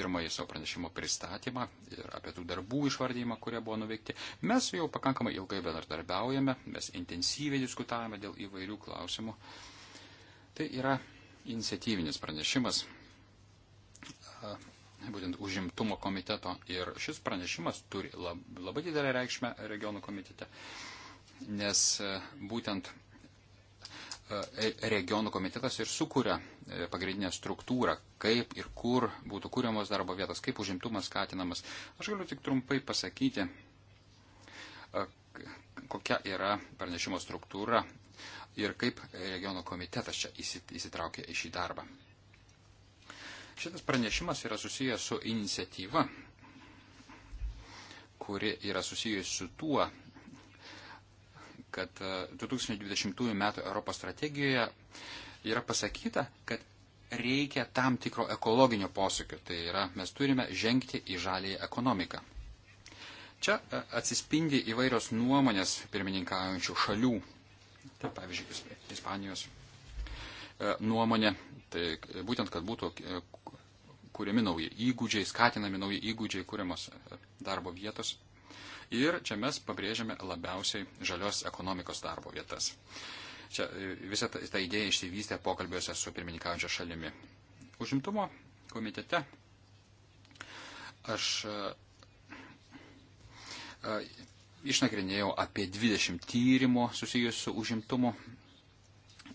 pirmąjį savo pranešimo pristatymą ir apie tų darbų išvardyjimą, kurie buvo nuveikti. Mes jau pakankamai ilgai bendradarbiaujame, mes intensyviai diskutavome dėl įvairių klausimų. Tai yra iniciatyvinis pranešimas, E, būtent užimtumo komiteto ir šis pranešimas turi labai didelę reikšmę regionų komitete, nes e, būtent e, regionų komitetas ir sukuria pagrindinę struktūrą, kaip ir kur būtų kūriamos darbo vietos, kaip užimtumas skatinamas. Aš galiu tik trumpai pasakyti, kokia yra pranešimo struktūra ir kaip regionų komitetas čia įsitraukia į šį darbą. Šitas pranešimas yra susijęs su iniciatyva, kuri yra susijęs su tuo, kad 2020 e, m. Europos strategijoje yra pasakyta, kad reikia tam tikro ekologinio posūkio. Tai yra, mes turime žengti į žalį ekonomiką. Čia e, atsispindi įvairios nuomonės pirmininkaujančių šalių. Tai pavyzdžiui, Ispanijos, E, nuomonė, tai būtent, kad būtų e, kūrėmi nauji įgūdžiai, skatinami nauji įgūdžiai, kūriamos e, darbo vietos. Ir čia mes pabrėžiame labiausiai žalios ekonomikos darbo vietas. Čia visą tą, tą idėją išsivystė pokalbiuose su pirmininkaujančia šalimi. Užimtumo komitete aš išnagrinėjau apie 20 tyrimų susijusių su užimtumu.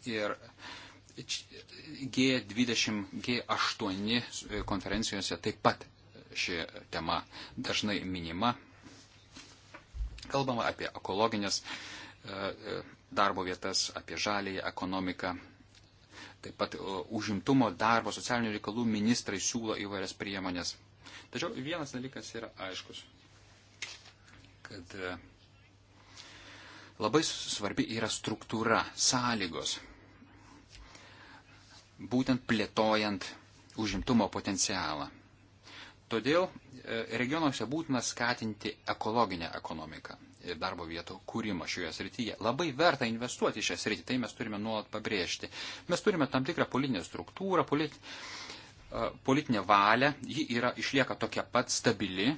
Ir G20, G8 konferencijose taip pat ši tema dažnai minima. Kalbama apie ekologinės e, e, darbo vietas, apie žalį ekonomiką. Taip pat e, užimtumo darbo, socialinių reikalų ministrai siūlo įvairias priemonės. Tačiau vienas dalykas yra aiškus, kad labai svarbi yra struktūra, sąlygos, būtent plėtojant užimtumo potencialą. Todėl e, regionuose būtina skatinti ekologinę ekonomiką ir e, darbo vietų kūrimą šioje srityje. Labai verta investuoti į šią sritį, tai mes turime nuolat pabrėžti. Mes turime tam tikrą politinę struktūrą, polit, e, politinę valią, ji yra, išlieka tokia pat stabili.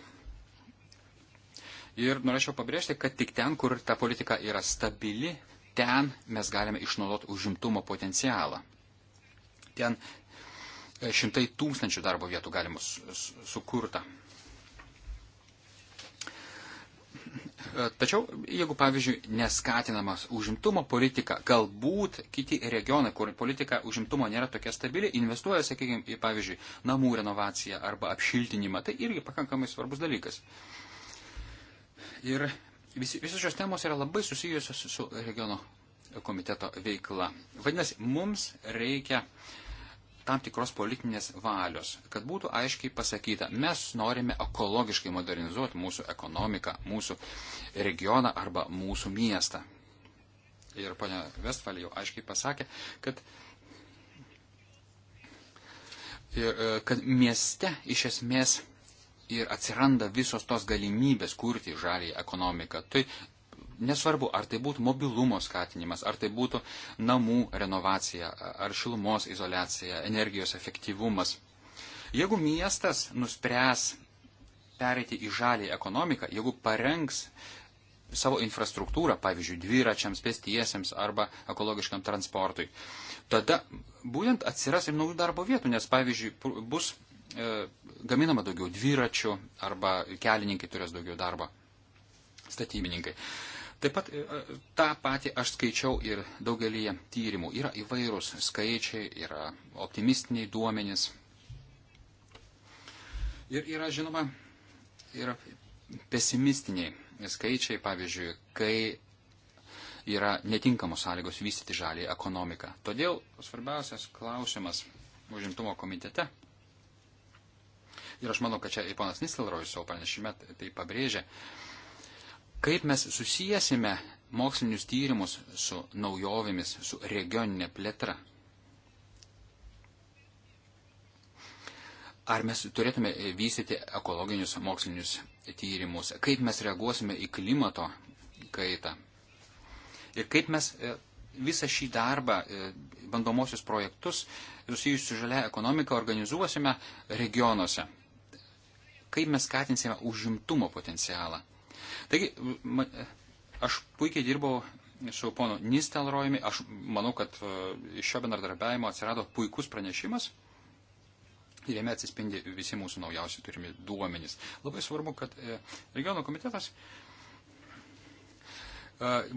Ir norėčiau pabrėžti, kad tik ten, kur ta politika yra stabili, ten mes galime išnaudoti užimtumo potencialą ten e, šimtai tūkstančių darbo vietų galima sukurta. E, tačiau, jeigu, pavyzdžiui, neskatinamas užimtumo politika, galbūt kiti regionai, kur politika užimtumo nėra tokia stabili, investuoja, sakykime, į, pavyzdžiui, namų renovaciją arba apšiltinimą, tai irgi pakankamai svarbus dalykas. Ir visi, visos šios temos yra labai susijusios su regiono komiteto veikla. Vadinasi, mums reikia uh, tam tikros politinės valios, kad būtų aiškiai pasakyta, mes norime ekologiškai modernizuoti mūsų ekonomiką, mūsų regioną arba mūsų miestą. Ir ponia Vestfalė jau aiškiai pasakė, kad, ir, e, kad mieste iš esmės ir atsiranda visos tos galimybės kurti žalį ekonomiką. Tai Nesvarbu, ar tai būtų mobilumo skatinimas, ar tai būtų namų renovacija, ar šilumos izolacija, energijos efektyvumas. Jeigu miestas nuspręs pereiti į žalį ekonomiką, jeigu parengs savo infrastruktūrą, pavyzdžiui, dviračiams, pėstiesiems arba ekologiškam transportui, tada būtent atsiras ir naujų darbo vietų, nes, pavyzdžiui, bus e, gaminama daugiau dviračių arba kelininkai turės daugiau darbo, statybininkai. E, Taip pat e, e, tą patį aš skaičiau ir daugelį tyrimų. Yra įvairūs skaičiai, yra optimistiniai duomenys. Ir yra, žinoma, yra pesimistiniai skaičiai, pavyzdžiui, kai yra netinkamos sąlygos vystyti žalį ekonomiką. Todėl svarbiausias klausimas užimtumo komitete. Ir aš manau, kad čia ir ponas Nistelrojus savo pranešime tai pabrėžė. Uh, kaip mes susijęsime mokslinius tyrimus su naujovėmis, su regioninė plėtra. Ar mes turėtume vystyti ekologinius mokslinius tyrimus, kaip mes reaguosime į klimato kaitą ir kaip mes e, visą šį darbą, e, bandomosius projektus susijusius su žalia ekonomika organizuosime regionuose, kaip mes skatinsime užimtumo potencialą. Taigi, ma, aš puikiai dirbau su ponu Nistelrojumi, aš manau, kad e, iš šio bendradarbiavimo atsirado puikus pranešimas. Ir jame atsispindi visi mūsų naujausi turimi duomenys. Labai svarbu, kad e, regiono komitetas e,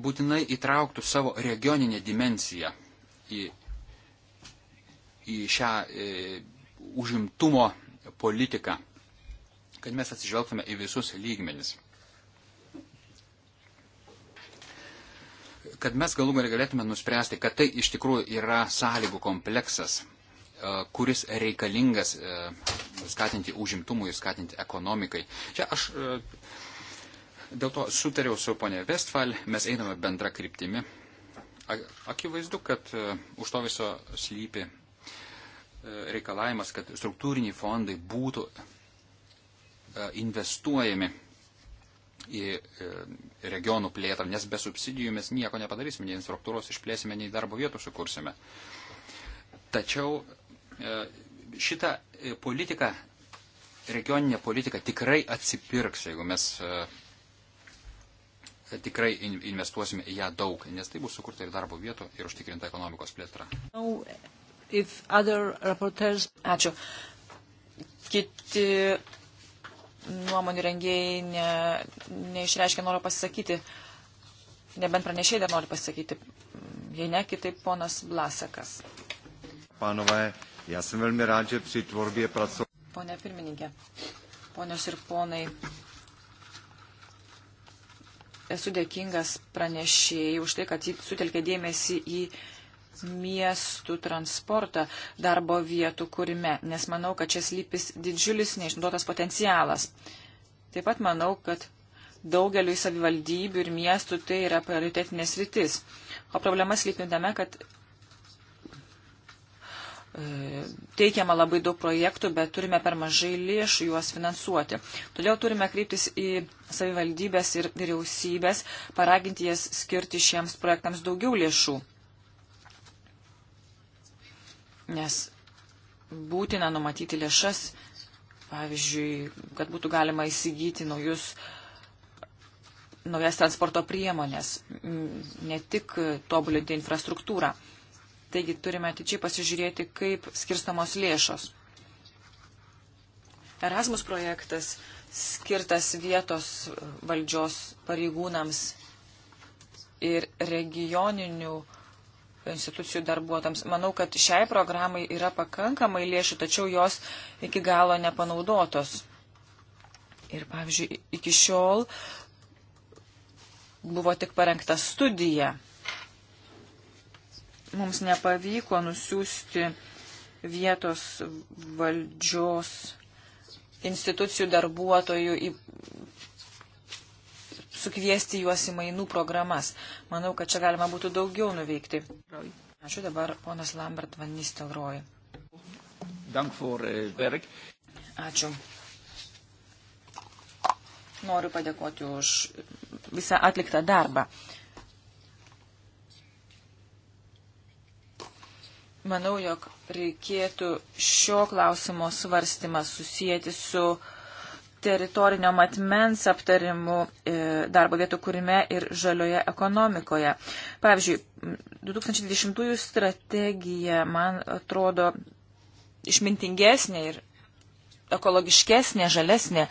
būtinai įtrauktų savo regioninę dimenciją į, į šią į, užimtumo politiką, kad mes atsižvelgtume į visus lygmenis. kad mes galų galę galėtume nuspręsti, kad tai iš tikrųjų yra sąlygų kompleksas, e, kuris reikalingas e, skatinti užimtumui, skatinti ekonomikai. Čia aš e, dėl to sutariau su ponė Vestfal, mes einame bendra kryptimi. Akivaizdu, kad už to viso slypi reikalavimas, kad struktūriniai fondai būtų investuojami į e, regionų plėtrą, nes be subsidijų mes nieko nepadarysime, nei infrastruktūros išplėsime, nei darbo vietų sukursime. Tačiau e, šitą e, politiką, regioninę politiką tikrai atsipirks, jeigu mes tikrai investuosime į ją daug, nes tai bus sukurta ir darbo vietų ir užtikrinta ekonomikos plėtra. Ačiū. Kiti nuomonių rengėjai ne, neišreiškia noro pasisakyti, nebent pranešėjai dar nori pasisakyti. Jei ne, kitaip ponas Blasekas. Panové, ja jsem velmi rád, že při tvorbě pracoval. Pone pirmininkė, ponios ir ponai, esu dėkingas pranešėjai už tai, kad jį sutelkė dėmesį į miestų transportą darbo vietų kūrime, nes manau, kad čia slypis didžiulis neišnaudotas potencialas. Taip pat manau, kad daugeliu savivaldybių ir miestų tai yra prioritetinės rytis. O problema slypintame, kad e, teikiama labai daug projektų, bet turime per mažai lėšų juos finansuoti. Todėl turime kreiptis į savivaldybės ir vyriausybės, paraginti jas skirti šiems projektams daugiau lėšų nes būtina numatyti lėšas, pavyzdžiui, kad būtų galima įsigyti naujus, naujas transporto priemonės, ne tik tobulinti infrastruktūrą. Taigi turime atidžiai pasižiūrėti, kaip skirstamos lėšos. Erasmus projektas skirtas vietos valdžios pareigūnams ir regioninių institucijų darbuotams. Manau, kad šiai programai yra pakankamai lėšų, tačiau jos iki galo nepanaudotos. Ir pavyzdžiui, iki šiol buvo tik parengta studija. Mums nepavyko nusiųsti vietos valdžios institucijų darbuotojų į sukviesti juos į mainų programas. Manau, kad čia galima būtų daugiau nuveikti. Ačiū dabar ponas Lambert Van Nistelrooy. Eh, Ačiū. Noriu padėkoti už visą atliktą darbą. Manau, jog reikėtų šio klausimo svarstymą susijęti su uh, teritorinio matmens aptarimu e, darbo vietų kūrime ir žalioje ekonomikoje. Pavyzdžiui, 2020 strategija man atrodo išmintingesnė ir ekologiškesnė, žalesnė,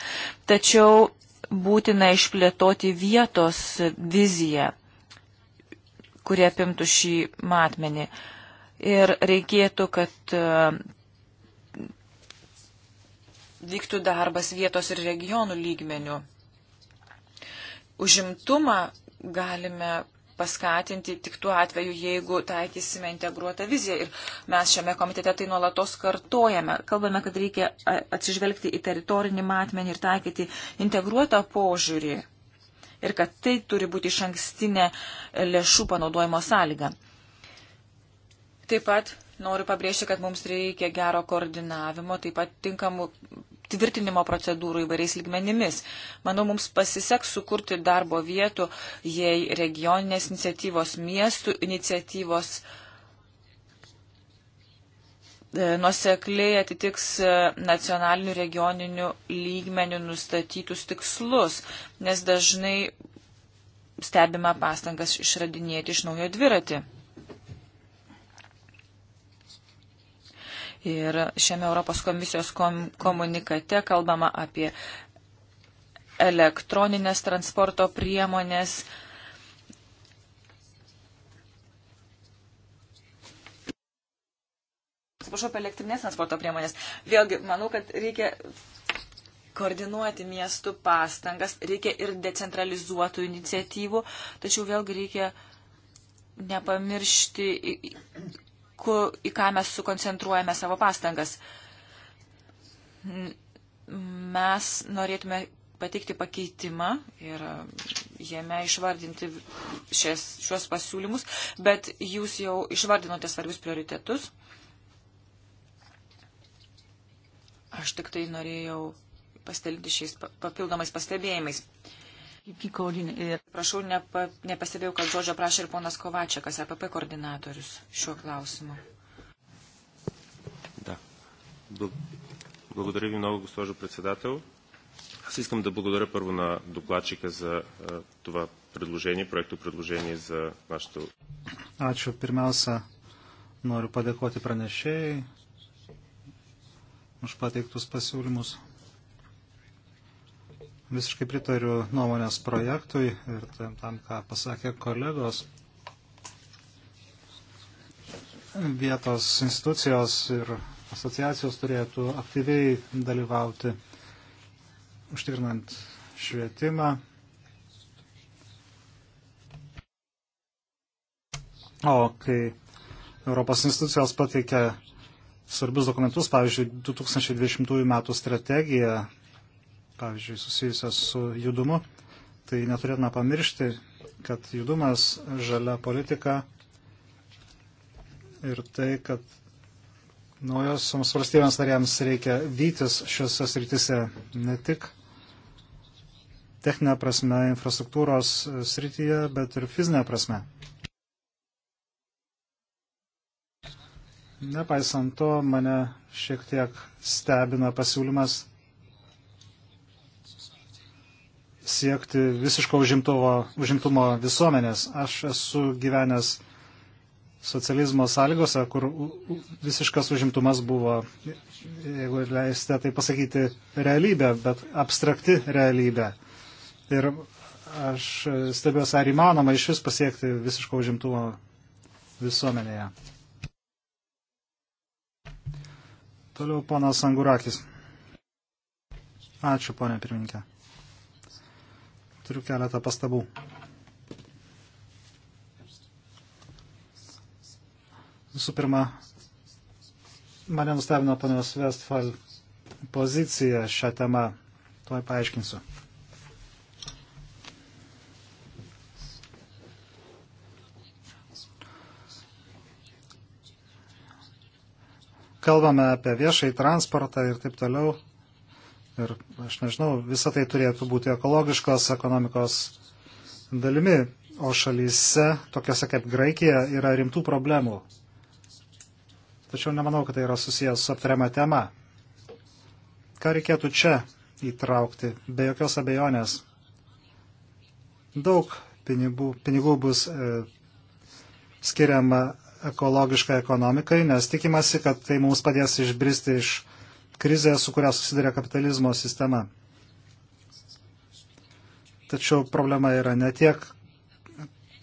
tačiau būtina išplėtoti vietos viziją, kurie apimtų šį matmenį. Ir reikėtų, kad e, vyktų darbas vietos ir regionų lygmenių. Užimtumą galime paskatinti tik tuo atveju, jeigu taikysime integruotą viziją. Ir mes šiame komitete tai nuolatos kartojame. Kalbame, kad reikia atsižvelgti į teritorinį matmenį ir taikyti integruotą požiūrį. Ir kad tai turi būti iš ankstinė lėšų panaudojimo sąlyga. Taip pat Noriu pabrėžti, kad mums reikia gero koordinavimo, taip pat tinkamų tvirtinimo procedūrų įvairiais lygmenimis. Manau, mums pasiseks sukurti darbo vietų, jei regioninės iniciatyvos, miestų iniciatyvos e, nusekliai atitiks e, nacionalinių regioninių lygmenių nustatytus tikslus, nes dažnai stebime pastangas išradinėti iš naujo dviratį. Ir šiame Europos komisijos kom komunikate kalbama apie elektroninės transporto priemonės. Atsiprašau, apie elektrinės transporto priemonės. Vėlgi, manau, kad reikia koordinuoti miestų pastangas, reikia ir decentralizuotų iniciatyvų, tačiau vėlgi reikia nepamiršti ku, į ką mes sukoncentruojame savo pastangas. Mes norėtume pateikti pakeitimą ir e, jame išvardinti šias, šios pasiūlymus, bet jūs jau išvardinote svarbius prioritetus. Aš tik tai norėjau pasidalinti šiais papildomais pastebėjimais. Uh, Prašau, nepa, nepastebėjau, kad žodžio prašė ir ponas Kovačiakas, APP e koordinatorius šiuo klausimu. Да. Благодаря ви много, госпожо председател. Аз искам да благодаря първо на докладчика за това предложение, проекто предложение за нашето. Ačiū. Pirmiausia, noriu padėkoti pranešėjai už pateiktus pasiūlymus. Visiškai pritariu nuomonės projektui ir tam, ką pasakė kolegos. Vietos institucijos ir asociacijos turėtų aktyviai dalyvauti, užtikrinant švietimą. O kai Europos institucijos pateikia svarbius dokumentus, pavyzdžiui, 2020 m. strategiją, pavyzdžiui, susijusias su judumu, tai neturėtume pamiršti, kad judumas, žalia politika ir tai, kad naujosioms valstybėms narėms reikia vytis šiuose srityse ne tik techninė prasme infrastruktūros srityje, bet ir fizinė prasme. Nepaisant to, mane šiek tiek stebina pasiūlymas siekti visiško užimtumo, užimtumo visuomenės. Aš esu gyvenęs socializmo sąlygose, kur visiškas užimtumas buvo, jeigu leisite tai pasakyti, realybė, bet abstrakti realybė. Ir aš stebiuosi, ar įmanoma iš vis pasiekti visiško užimtumo visuomenėje. Toliau ponas Angurakis. Ačiū, ponė pirminkė. Turiu keletą pastabų. Visų pirma, mane nustebino ponios Westfall pozicija šią temą. Tuoj paaiškinsiu. Kalbame apie viešai transportą ir taip toliau. Ir aš nežinau, visa tai turėtų būti ekologiškos ekonomikos dalimi, o šalyse, tokiuose kaip Graikija, yra rimtų problemų. Tačiau nemanau, kad tai yra susijęs su aptariama tema. Ką reikėtų čia įtraukti, be jokios abejonės? Daug pinigų, pinigų bus e, skiriama ekologiškai ekonomikai, nes tikimasi, kad tai mums padės išbristi iš krizė, su kuria susiduria kapitalizmo sistema. Tačiau problema yra ne tiek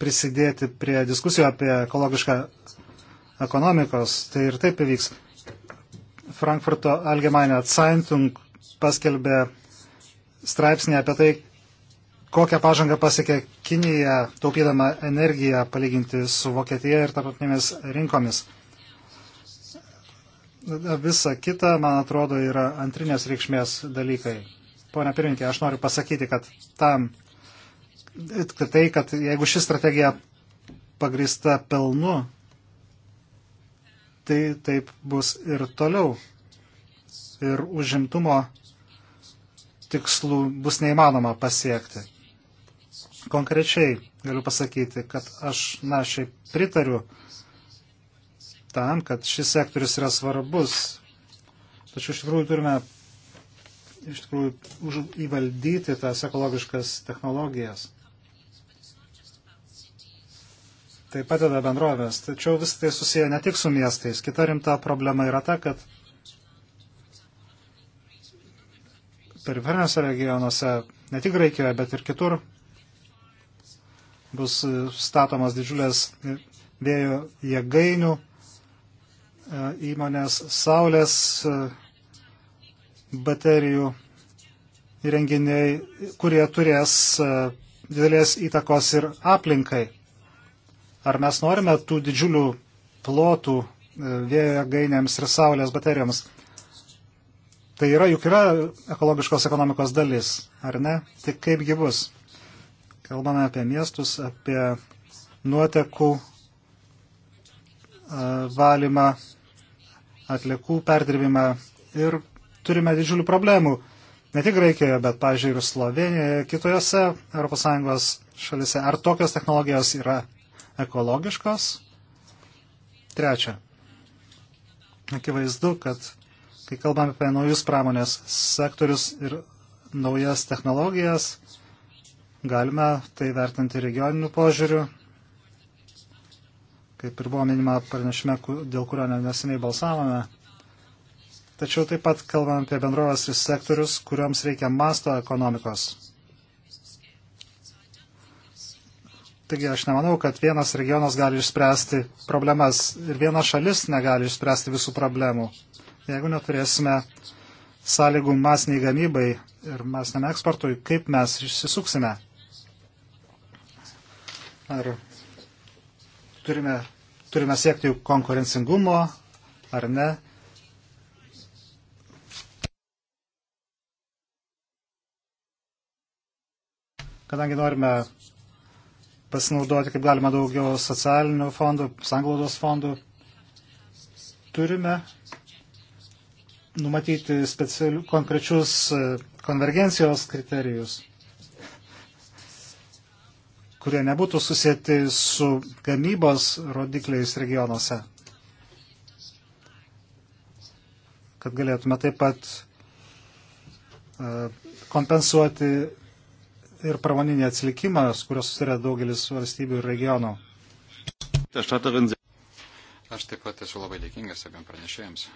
prisidėti prie diskusijų apie ekologišką ekonomikos, tai ir taip įvyks. Frankfurto Allgemeine Zeitung paskelbė straipsnį apie tai, kokią pažangą pasiekė Kinija, taupydama energiją palyginti su Vokietija ir tarptautinėmis rinkomis visa kita, man atrodo, yra antrinės reikšmės dalykai. Pone Pirinkė, aš noriu pasakyti, kad tam, kad tai, kad jeigu ši strategija pagrįsta pelnu, tai taip bus ir toliau. Ir užimtumo tikslų bus neįmanoma pasiekti. Konkrečiai galiu pasakyti, kad aš, na, šiaip pritariu uh, tam, kad šis sektorius yra svarbus. Tačiau iš tikrųjų turime iš tikrųjų už, įvaldyti tas ekologiškas technologijas. Tai padeda bendrovės. Tačiau vis tai susiję ne tik su miestais. Kita rimta problema yra ta, kad periferiniuose regionuose, ne tik Graikijoje, bet ir kitur, bus statomas didžiulės vėjo jėgainių E, įmonės saulės e, baterijų įrenginiai, kurie turės e, didelės įtakos ir aplinkai. Ar mes norime tų didžiulių plotų vėjo gainėms ir saulės baterijoms? Tai yra, juk yra ekologiškos ekonomikos dalis, ar ne? Tik kaipgi bus? Kalbame apie miestus, apie nuotekų valymą atliekų perdirbimą ir turime didžiulių problemų. Ne tik Graikijoje, bet, pažiūrėjau, ir Slovenijoje, kitose ES šalise. Ar tokios technologijos yra ekologiškos? Trečia. Akivaizdu, kad kai kalbame apie naujus pramonės sektorius ir naujas technologijas, galime tai vertinti regioniniu požiūriu, kaip ir buvo minima pranešime, dėl kurio neseniai balsavome. Tačiau taip pat kalbam apie bendrovės ir sektorius, kuriuoms reikia masto ekonomikos. Taigi aš nemanau, kad vienas regionas gali išspręsti problemas ir viena šalis negali išspręsti visų problemų. Jeigu neturėsime sąlygų masiniai gamybai ir masiniam eksportui, kaip mes išsisuksime? Ar turime, turime siekti jų konkurencingumo ar ne. Kadangi norime pasinaudoti kaip galima daugiau socialinių fondų, sanglaudos fondų, turime numatyti specialių, konkrečius e, konvergencijos kriterijus kurie nebūtų susijęti su gamybos rodikliais regionuose. Kad galėtume taip pat e, kompensuoti ir pramoninį atsilikimą, su kurio susiduria daugelis valstybių ir regionų. Aš taip pat esu labai dėkingas abiem pranešėjams,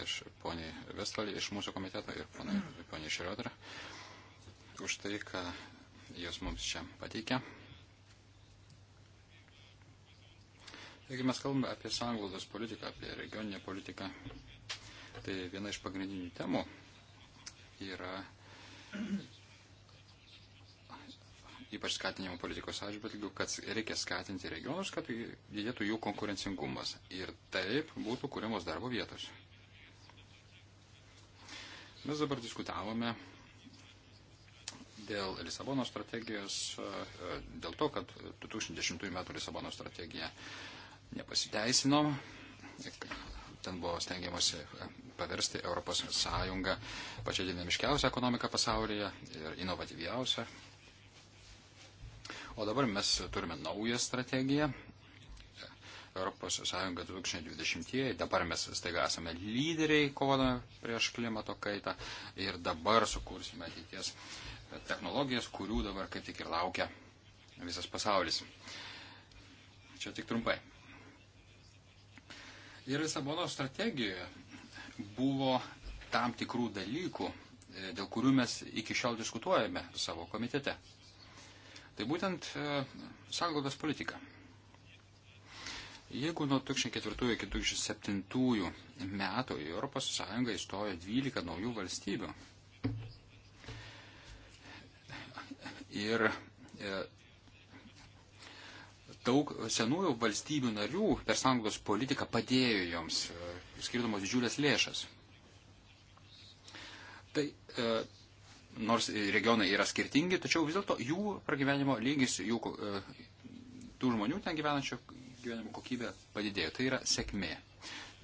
iš poniai Vestalį, iš mūsų komiteto ir poniai Širiodarą, už tai, ką jos mums čia pateikia. Jeigu mes kalbame apie sanglaudos politiką, apie regioninę politiką, tai viena iš pagrindinių temų yra ypač skatinimo politikos atžvilgių, kad reikia skatinti regionus, kad didėtų jų konkurencingumas ir taip būtų kūrimos darbo vietos. Mes dabar diskutavome dėl Lisabono strategijos, e, dėl to, kad 2010 m. Lisabono strategija nepasiteisino, ten buvo stengiamasi e, paversti Europos Sąjungą pačią dinamiškiausią ekonomiką pasaulyje ir inovatyviausią. O dabar mes turime naują strategiją. Europos Sąjunga 2020-ieji, dabar mes staiga esame lyderiai kovodami prieš klimato kaitą ir dabar sukursime ateities uh, technologijas, kurių dabar kaip tik ir laukia visas pasaulis. Čia tik trumpai. Ir Lisabono strategijoje buvo tam tikrų dalykų, e, dėl kurių mes iki šiol diskutuojame savo komitete. Tai būtent e, sanglaudos politika. Jeigu nuo 2004 iki 2007 metų į ES įstojo 12 naujų valstybių, Ir e, daug senųjų valstybių narių per sąjungos politiką padėjo joms, e, skirdamos didžiulės lėšas. Tai e, nors regionai yra skirtingi, tačiau vis dėlto jų pragyvenimo lygis, jų e, tų žmonių ten gyvenančių gyvenimo kokybė padidėjo. Tai yra sėkmė.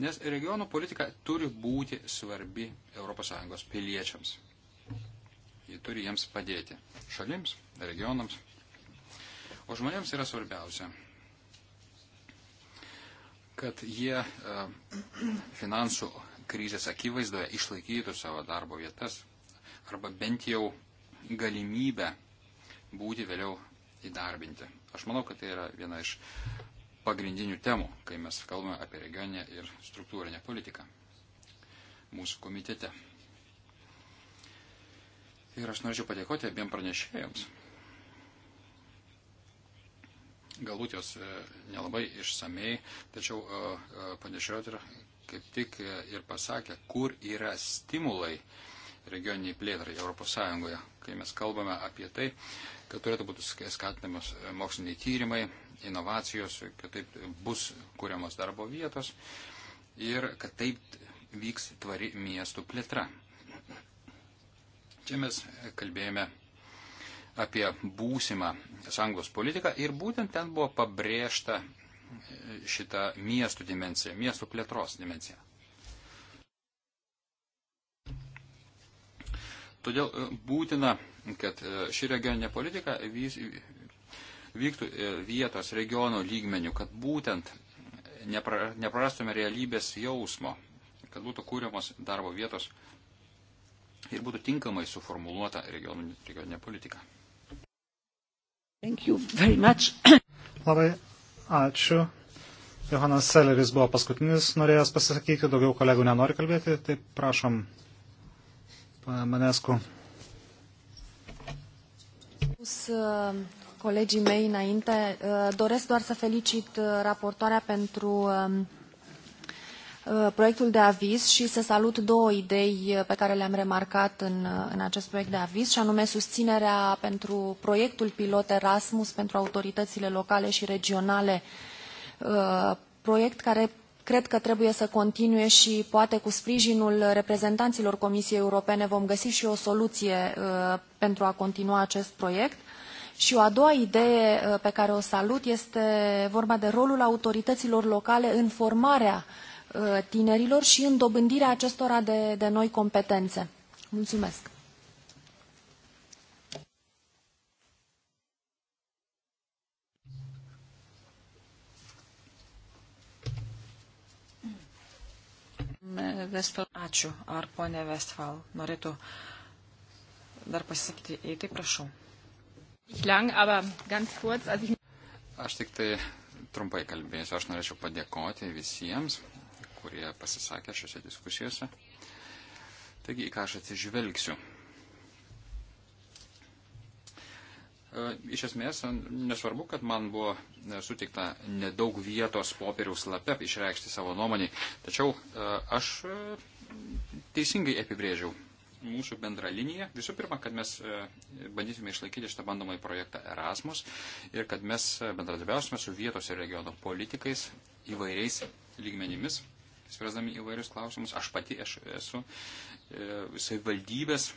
Nes regionų politika turi būti svarbi ES piliečiams turi jiems padėti šalims, regionams. O žmonėms yra svarbiausia, kad jie e, finansų krizės akivaizdoje išlaikytų savo darbo vietas arba bent jau galimybę būti vėliau įdarbinti. Aš manau, kad tai yra viena iš pagrindinių temų, kai mes kalbame apie regioninę ir struktūrinę politiką mūsų komitete. Ir aš norėčiau padėkoti abiem pranešėjams. Galbūt jos e, nelabai išsamei, tačiau e, e, panešėjot ir kaip tik ir pasakė, kur yra stimulai regioniniai plėtrai ES, kai mes kalbame apie tai, kad turėtų būti skatinamas moksliniai tyrimai, inovacijos, kad taip bus kuriamos darbo vietos ir kad taip vyks tvari miestų plėtra. Čia mes kalbėjome apie būsimą sąjungos politiką ir būtent ten buvo pabrėžta šita miestų dimencija, miestų plėtros dimencija. Todėl e, būtina, kad e, ši regioninė politika vyktų e, vietos regionų lygmenių, kad būtent nepra, neprarastume realybės jausmo, kad būtų kūriamos darbo vietos ir būtų tinkamai suformuoluota regioninė politika. Labai ačiū. Johanas Seleris buvo paskutinis, norėjęs pasisakyti, daugiau kolegų nenori kalbėti, tai prašom, Manesku. Uh, colegii mei înainte, uh, doresc doar să felicit uh, raportoarea pentru um, Uh, proiectul de aviz și să salut două idei uh, pe care le-am remarcat în, uh, în acest proiect de aviz, și anume susținerea pentru proiectul pilot Erasmus pentru autoritățile locale și regionale, proiect care cred că trebuie să continue și poate cu sprijinul reprezentanților Comisiei Europene vom găsi și o soluție pentru a continua acest proiect. Și o a doua idee pe care o salut este vorba de rolul autorităților locale în formarea uh, Uh, tinerilor și în dobândirea acestora de, de noi competențe. Mulțumesc! Vestfal. Ačiū. Ar ponė Vestfal norėtų dar pasisakyti? Jei tai prašau. Aš tik tai trumpai kalbėsiu. Aš norėčiau padėkoti visiems kurie pasisakė šiuose diskusijose. Taigi, į ką aš atsižvelgsiu. E, iš esmės, nesvarbu, kad man buvo sutikta nedaug vietos popieriaus lape išreikšti savo nuomonį, tačiau e, aš e, teisingai apibrėžiau mūsų bendrą liniją. Visų pirma, kad mes bandysime išlaikyti šitą bandomąjį projektą Erasmus ir kad mes bendradarbiausime su vietos ir regiono politikais įvairiais lygmenimis spręsdami įvairius klausimus. Aš pati aš esu e, savivaldybės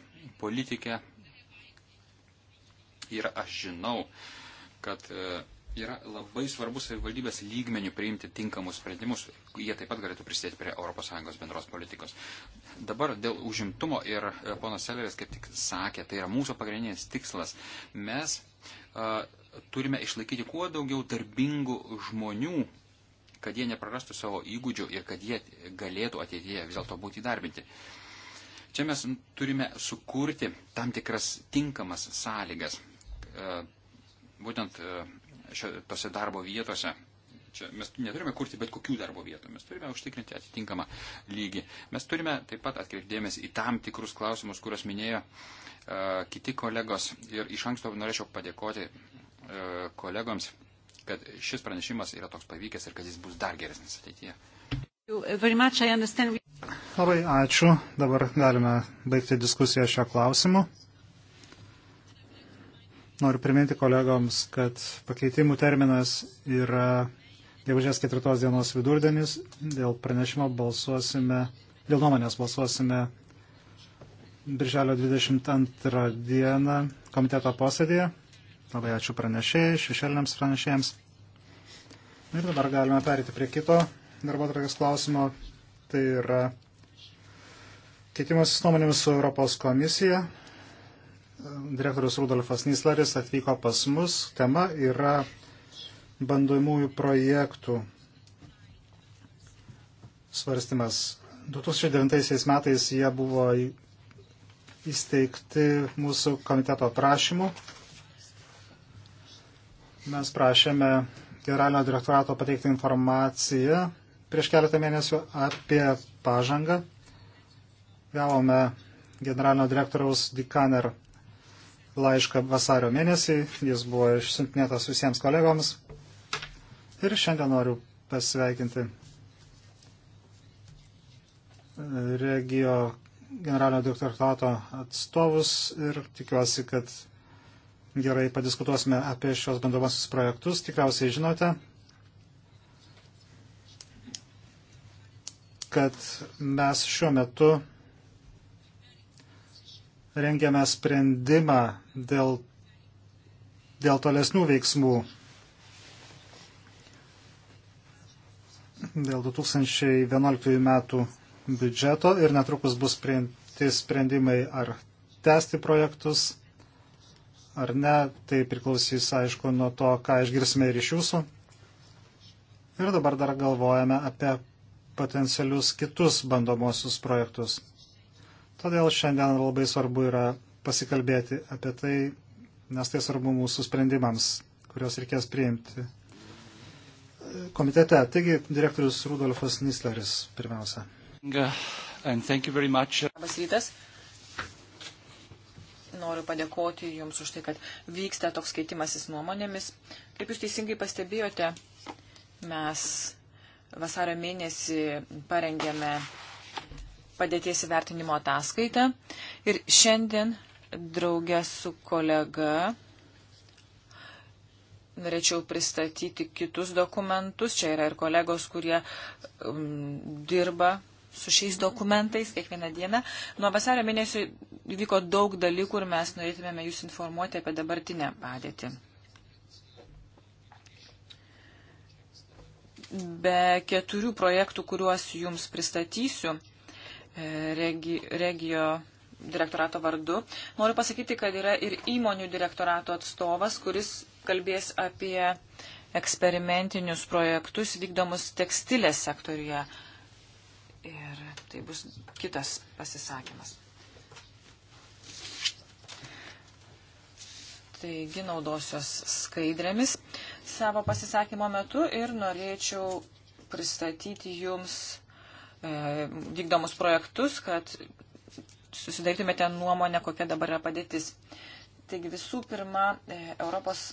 politikė ir aš žinau, kad e, yra labai svarbu savivaldybės lygmenių priimti tinkamus sprendimus. Jie taip pat galėtų prisidėti prie ES bendros politikos. Dabar dėl užimtumo ir e, ponas Seleris kaip tik sakė, tai yra mūsų pagrindinis tikslas. Mes a, e, turime išlaikyti kuo daugiau darbingų žmonių kad jie neprarastų savo įgūdžių ir kad jie galėtų ateityje vis dėlto būti įdarbinti. Čia mes turime sukurti tam tikras tinkamas sąlygas, e, būtent e, šio, tose darbo vietose. Čia mes neturime kurti bet kokių darbo vietų, mes turime užtikrinti atitinkamą lygį. Mes turime taip pat atkreipdėmės į tam tikrus klausimus, kuriuos minėjo uh, kiti kolegos. Ir iš anksto norėčiau padėkoti uh, kolegoms kad šis pranešimas yra toks pavykęs ir kad jis bus dar geresnis ateityje. Labai ačiū. Dabar galime baigti diskusiją šio klausimu. Noriu priminti kolegoms, kad pakeitimų terminas yra gegužės ketvirtos dienos vidurdienis. Dėl pranešimo balsuosime, dėl nuomonės balsuosime birželio 22 dieną komiteto posėdėje. Labai ačiū pranešėjai, šešėliniams pranešėjams. Ir dabar galime perėti prie kito darbo atrakės klausimo. Tai yra keitimasis nuomonėmis su Europos komisija. Direktorius Rudolfas Nisleris atvyko pas mus. Tema yra bandomųjų projektų svarstymas. 2009 metais jie buvo įsteigti mūsų komiteto prašymu Mes prašėme generalinio direktorato pateikti informaciją prieš keletą mėnesių apie pažangą. Gavome generalinio direktoriaus Dikaner laišką vasario mėnesį, jis buvo išsintinėtas visiems kolegoms. Ir šiandien noriu pasveikinti regio generalinio direktorato atstovus ir tikiuosi, kad gerai padiskutuosime apie šios bandomasius projektus. Tikriausiai žinote, kad mes šiuo metu rengiame sprendimą dėl, dėl tolesnių veiksmų. Dėl 2011 metų biudžeto ir netrukus bus priimti sprendimai ar tęsti projektus ar ne, tai priklausys, aišku, nuo to, ką išgirsime ir iš jūsų. Ir dabar dar galvojame apie potencialius kitus bandomosius projektus. Todėl šiandien labai svarbu yra pasikalbėti apie tai, nes tai svarbu mūsų sprendimams, kuriuos reikės priimti komitete. Taigi, direktorius Rudolfas Nisleris pirmiausia. Labas rytas noriu padėkoti Jums už tai, kad vyksta toks keitimasis nuomonėmis. Kaip Jūs teisingai pastebėjote, mes vasario mėnesį parengėme padėties įvertinimo ataskaitą ir šiandien draugė su kolega norėčiau pristatyti kitus dokumentus. Čia yra ir kolegos, kurie um, dirba su šiais dokumentais kiekvieną dieną. Nuo vasario mėnesio vyko daug dalykų ir mes norėtumėme jūs informuoti apie dabartinę padėtį. Be keturių projektų, kuriuos jums pristatysiu e, regi, regio direktorato vardu, noriu pasakyti, kad yra ir įmonių direktorato atstovas, kuris kalbės apie eksperimentinius projektus vykdomus tekstilės sektoriuje. Ir tai bus kitas pasisakymas. Taigi naudosios skaidrėmis savo pasisakymo metu ir norėčiau pristatyti jums e, vykdomus projektus, kad susidarytumėte nuomonę, kokia dabar yra padėtis. Taigi visų pirma, e, Europos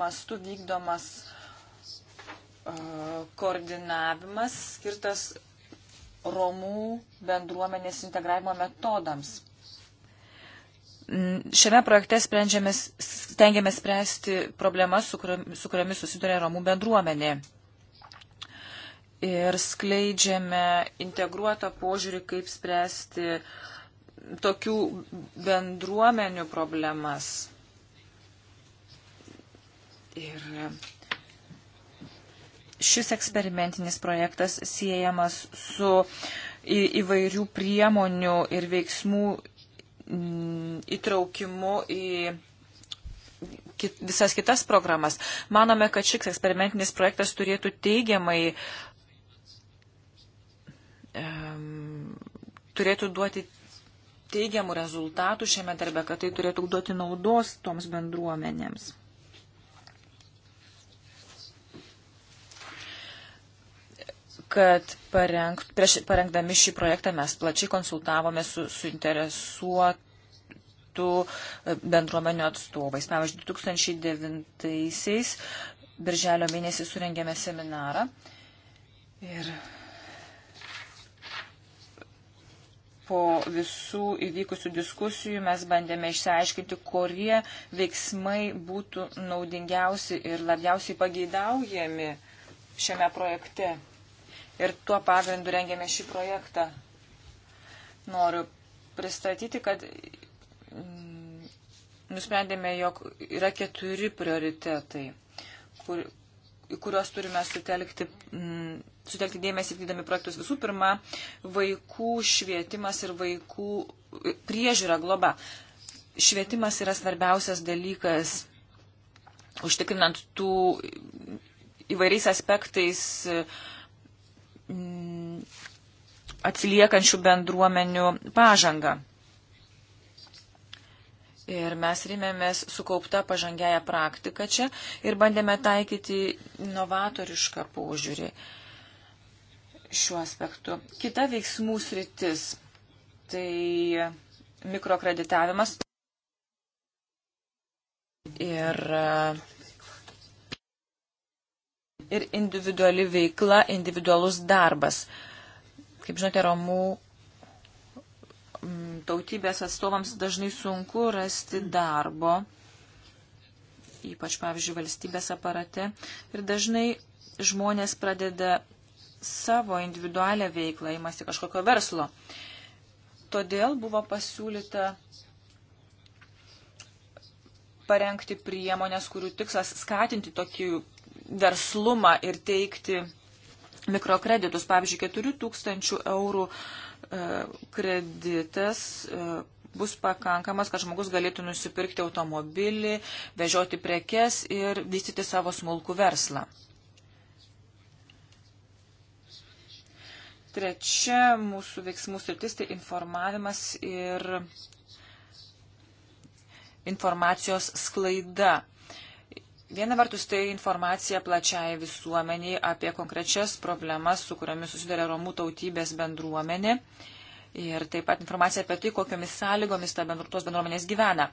mastu vykdomas e, koordinavimas skirtas Romų bendruomenės integravimo metodams. Šiame projekte stengiamės spręsti problemas, su, kuriam, su kuriamis susiduria Romų bendruomenė. Ir skleidžiame integruotą požiūrį, kaip spręsti tokių bendruomenių problemas. Ir šis eksperimentinis projektas siejamas su įvairių priemonių ir veiksmų mm, įtraukimu į kit, visas kitas programas. Manome, kad šis eksperimentinis projektas turėtų teigiamai um, turėtų duoti teigiamų rezultatų šiame darbe, kad tai turėtų duoti naudos toms bendruomenėms. kad parengt, prieš parengdami šį projektą mes plačiai konsultavome su suinteresuotų e, bendruomenių atstovais. Pavyzdžiui, 2009-aisiais birželio mėnesį surengėme seminarą ir po visų įvykusių diskusijų mes bandėme išsiaiškinti, kurie veiksmai būtų naudingiausi ir labiausiai pageidaujami šiame projekte ir tuo pagrindu rengėme šį projektą. Noriu pristatyti, kad mm, nusprendėme, jog yra keturi prioritetai, kur, į kuriuos turime sutelkti, m, mm, sutelkti dėmesį vykdydami projektus. Visų pirma, vaikų švietimas ir vaikų priežiūra globa. Švietimas yra svarbiausias dalykas, užtikrinant tų įvairiais aspektais uh, Mm, atsiliekančių bendruomenių pažangą. Ir mes rėmėmės sukaupta pažangiaja praktika čia ir bandėme taikyti novatorišką požiūrį šiuo aspektu. Kita veiksmų sritis - tai mikrokreditavimas ir ir individuali veikla, individualus darbas. Kaip žinote, Romų mm, tautybės atstovams dažnai sunku rasti darbo, ypač, pavyzdžiui, valstybės aparate. Ir dažnai žmonės pradeda savo individualią veiklą, įmasi kažkokio verslo. Todėl buvo pasiūlyta parengti priemonės, kurių tikslas skatinti tokių verslumą ir teikti mikrokreditus. Pavyzdžiui, 4000 eurų e, kreditas e, bus pakankamas, kad žmogus galėtų nusipirkti automobilį, vežioti prekes ir vystyti savo smulkų verslą. Trečia mūsų veiksmų sritis tai informavimas ir informacijos sklaida. Viena vertus tai informacija plačiai visuomeniai apie konkrečias problemas, su kuriamis susiduria Romų tautybės bendruomenė. Ir taip pat informacija apie tai, kokiomis sąlygomis ta bendru, tos bendruomenės gyvena.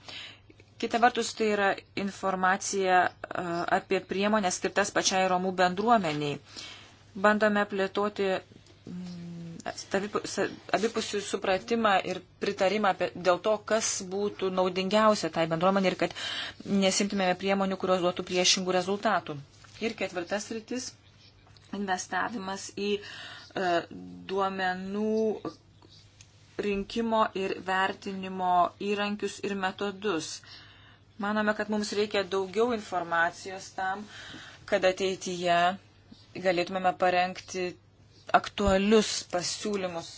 Kita vertus tai yra informacija e, apie priemonės skirtas pačiai Romų bendruomeniai. Bandome plėtoti abipusių supratimą ir pritarimą apie, dėl to, kas būtų naudingiausia tai bendruomenė ir kad nesimtumėme priemonių, kurios duotų priešingų rezultatų. Ir ketvirtas rytis - investavimas į e, duomenų rinkimo ir vertinimo įrankius ir metodus. Manome, kad mums reikia daugiau informacijos tam, kad ateityje galėtumėme parengti aktualius pasiūlymus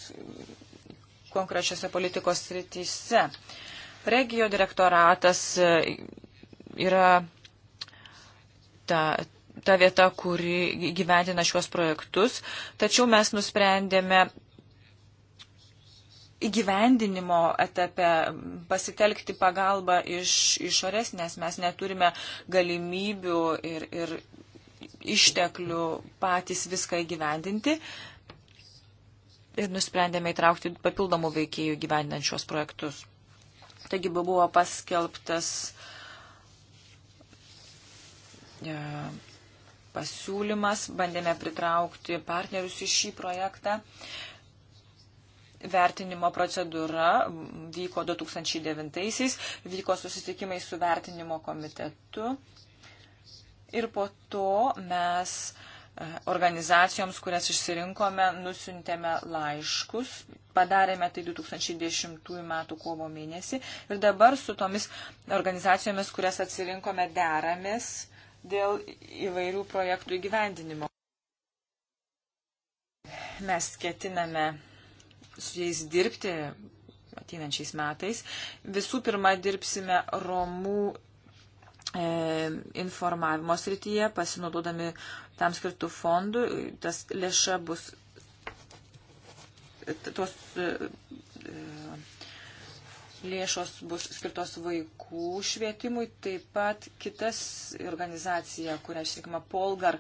konkrečiose politikos srityse. Regio direktoratas e, yra ta, ta vieta, kuri gyventina šiuos projektus, tačiau mes nusprendėme įgyvendinimo etape pasitelkti pagalbą iš išorės, nes mes neturime galimybių ir, ir išteklių patys viską įgyvendinti ir nusprendėme įtraukti papildomų veikėjų gyvendinant šios projektus. Taigi buvo paskelbtas e, pasiūlymas, bandėme pritraukti partnerius į šį projektą. Vertinimo procedūra vyko 2009-aisiais, vyko susitikimai su vertinimo komitetu ir po to mes e, organizacijoms, kurias išsirinkome, nusintėme laiškus, padarėme tai 2010 m. kovo mėnesį ir dabar su tomis organizacijomis, kurias atsirinkome, deramės dėl įvairių projektų įgyvendinimo. Mes ketiname su jais dirbti ateinančiais metais. Visų pirma, dirbsime Romų E, informavimo srityje, pasinaudodami tam skirtų fondų, tas lėša bus tos e, e, lėšos bus skirtos vaikų švietimui, taip pat kitas organizacija, kurią išsirinkama Polgar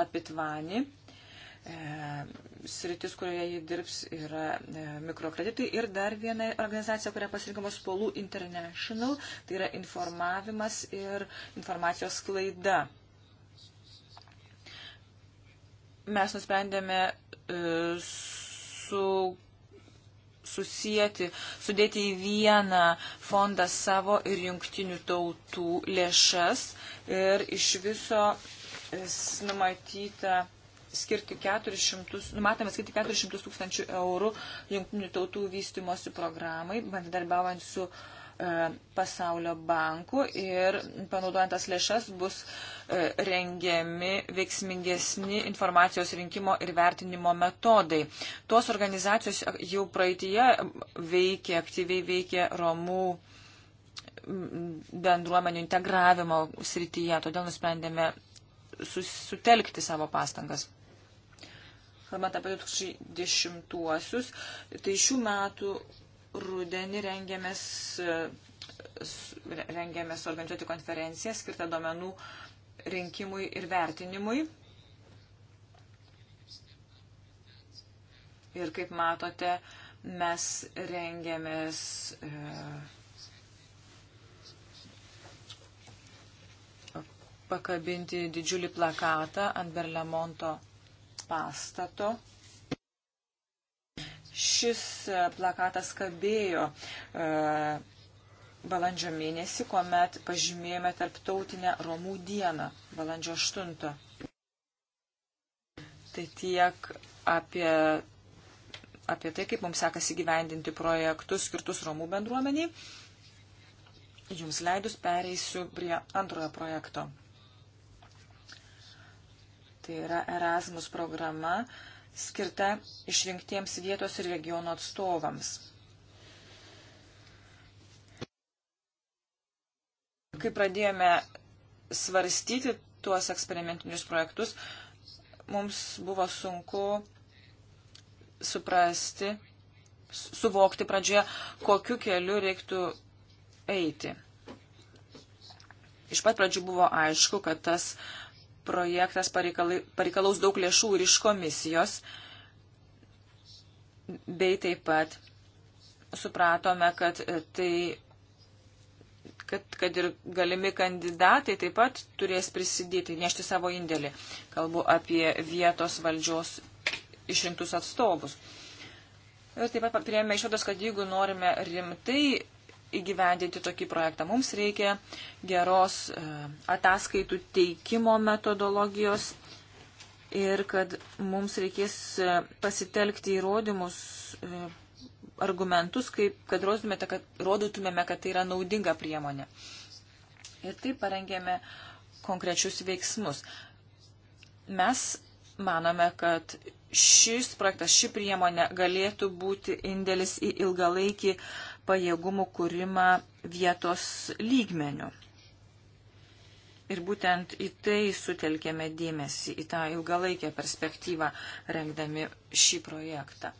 Lapitvani, E, sritis, kurioje jie dirbs, yra e, mikrokreditai. Ir dar viena organizacija, kurią pasirinkama Spolų International, tai yra informavimas ir informacijos sklaida. Mes nusprendėme e, su, susijęti, sudėti į vieną fondą savo ir jungtinių tautų lėšas ir iš viso numatyta skirti 400, numatome skirti 400 tūkstančių eurų jungtinių tautų vystimosi programai, bendarbiaujant su e, pasaulio banku ir panaudojant tas lėšas bus e, rengiami veiksmingesni informacijos rinkimo ir vertinimo metodai. Tos organizacijos jau praeitie veikia, aktyviai veikia Romų mm, bendruomenių integravimo srityje, todėl nusprendėme sutelkti savo pastangas kalbant apie 2010-uosius, tai šių metų rudenį rengiamės, rengiamės organizuoti konferenciją skirtą domenų rinkimui ir vertinimui. Ir kaip matote, mes rengiamės e, pakabinti didžiulį plakatą ant Berlemonto pastato. Šis e, plakatas kabėjo e, balandžio mėnesį, kuomet pažymėjome tarptautinę Romų dieną, balandžio 8. Tai tiek apie, apie tai, kaip mums sekasi gyvendinti projektus skirtus Romų bendruomeniai. Jums leidus pereisiu prie antrojo projekto. Tai yra Erasmus programa skirta išrinktiems vietos ir regiono atstovams. Kai pradėjome svarstyti tuos eksperimentinius projektus, mums buvo sunku suprasti, suvokti pradžioje, kokiu keliu reiktų eiti. Iš pat pradžių buvo aišku, kad tas uh, projektas pareikalaus daug lėšų ir iš komisijos, bei taip pat supratome, kad e, tai kad, kad ir galimi kandidatai taip pat turės prisidėti, nešti savo indėlį. Kalbu apie vietos valdžios išrinktus atstovus. Ir taip pat priėmė išvados, kad jeigu norime rimtai įgyvendinti tokį projektą. Mums reikia geros e, ataskaitų teikimo metodologijos ir kad mums reikės e, pasitelkti įrodymus, e, argumentus, kaip, kad, rodytumėte, kad rodytumėme, kad tai yra naudinga priemonė. Ir taip parengėme konkrečius veiksmus. Mes manome, kad šis projektas, ši priemonė galėtų būti indėlis į ilgalaikį uh, pajėgumų kūrimą vietos lygmenių. Ir būtent į tai sutelkėme dėmesį, į tą ilgalaikę perspektyvą rengdami šį projektą.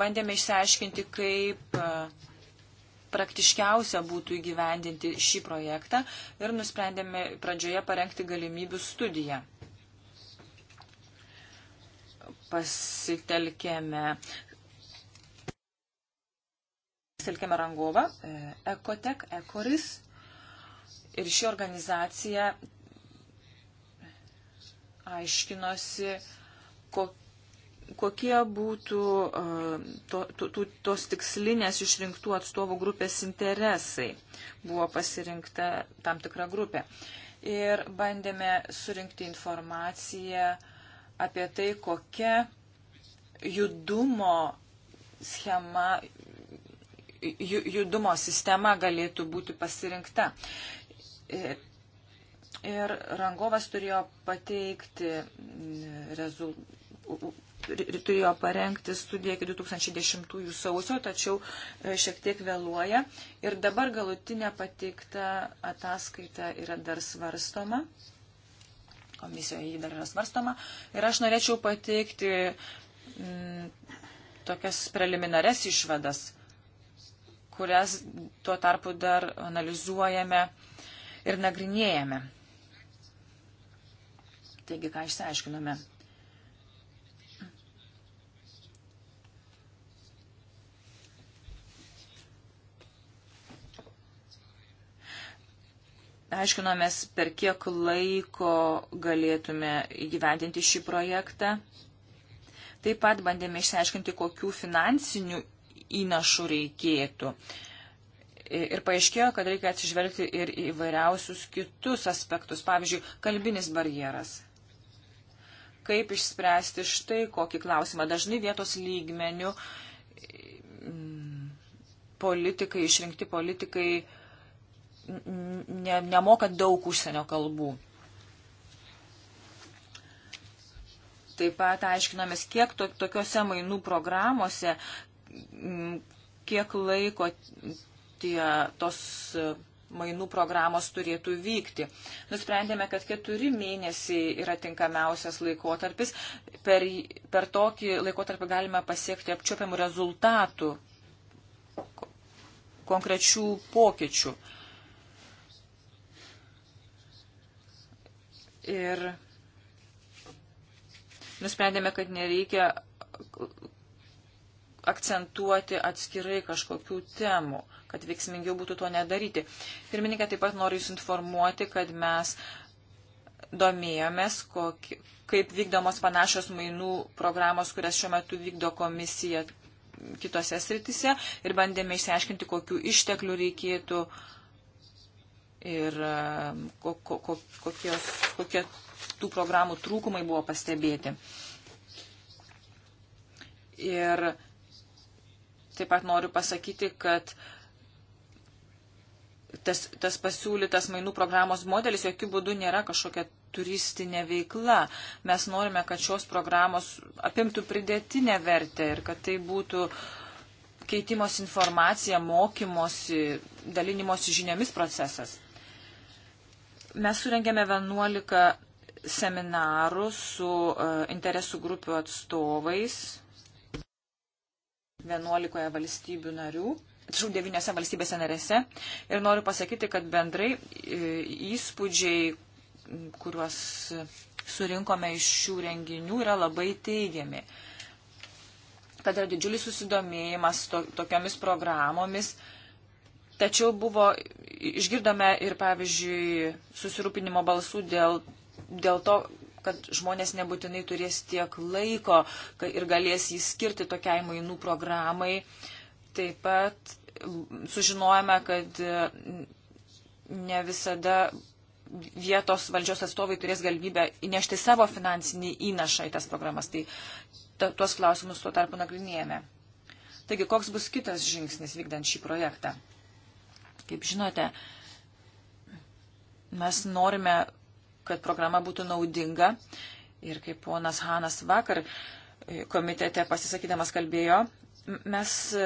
Bandėme išsiaiškinti, kaip e, praktiškiausia būtų įgyvendinti šį projektą ir nusprendėme pradžioje parengti galimybių studiją pasitelkėme Silkėme rangovą, Ekotek, eh, Ekoris ir ši organizacija aiškinosi, kokie būtų eh, to, to, tos tikslinės išrinktų atstovų grupės interesai. Buvo pasirinkta tam tikra grupė. Ir bandėme surinkti informaciją apie tai, kokia judumo schema judumo sistema galėtų būti pasirinkta. Ir rangovas turėjo pateikti mm, rezultatų turėjo parengti studiją iki 2010 sausio, tačiau e, šiek tiek vėluoja. Ir dabar galutinė pateikta ataskaita yra dar svarstoma. Komisijoje jį dar yra svarstoma. Ir aš norėčiau pateikti m, mm, tokias preliminares išvadas kurias tuo tarpu dar analizuojame ir nagrinėjame. Taigi, ką išsiaiškinome. aiškinomės, per kiek laiko galėtume įgyvendinti šį projektą. Taip pat bandėme išsiaiškinti, kokių finansinių įnašų reikėtų. Ir paaiškėjo, kad reikia atsižvelgti ir į vairiausius kitus aspektus, pavyzdžiui, kalbinis barjeras. Kaip išspręsti štai kokį klausimą? Dažnai vietos lygmenių mm, politikai, išrinkti politikai ne, nemoka daug užsienio kalbų. Taip pat aiškinomės, kiek to, tokiuose mainų programuose kiek laiko tie, tos mainų programos turėtų vykti. Nusprendėme, kad keturi mėnesiai yra tinkamiausias laikotarpis. Per, per tokį laikotarpį galime pasiekti apčiopiamų rezultatų, konkrečių pokyčių. Ir nusprendėme, kad nereikia akcentuoti atskirai kažkokių temų, kad veiksmingiau būtų to nedaryti. Pirmininkė taip pat noriu Jūs informuoti, kad mes domėjomės, kokį, kaip vykdomos panašios mainų programos, kurias šiuo metu vykdo komisija kitose sritise ir bandėme išsiaiškinti, kokiu išteklių reikėtų ir e, ko, ko, ko, kokios, kokie tų programų trūkumai buvo pastebėti. Ir Taip pat noriu pasakyti, kad tas, tas pasiūlytas mainų programos modelis jokių būdų nėra kažkokia turistinė veikla. Mes norime, kad šios programos apimtų pridėtinę vertę ir kad tai būtų keitimos informacija, mokymosi, dalinimosi žiniomis procesas. Mes surengėme 11 seminarų su e, interesų grupių atstovais, 11 valstybių narių, atsiprašau, 9 valstybėse narėse. Ir noriu pasakyti, kad bendrai e, įspūdžiai, kuriuos surinkome iš šių renginių, yra labai teigiami. Kad yra didžiulis susidomėjimas to, tokiomis programomis. Tačiau buvo, išgirdome ir, pavyzdžiui, susirūpinimo balsų dėl, dėl to, kad žmonės nebūtinai turės tiek laiko ir galės jį skirti tokiai mainų programai. Taip pat sužinojame, kad e, ne visada vietos valdžios atstovai turės galimybę įnešti savo finansinį įnašą į tas programas. Tai ta, tuos klausimus tuo tarpu nagrinėjame. Taigi, koks bus kitas žingsnis vykdant šį projektą? Kaip žinote, mes norime kad programa būtų naudinga. Ir kaip ponas Hanas vakar e, komitete pasisakydamas kalbėjo, mes e,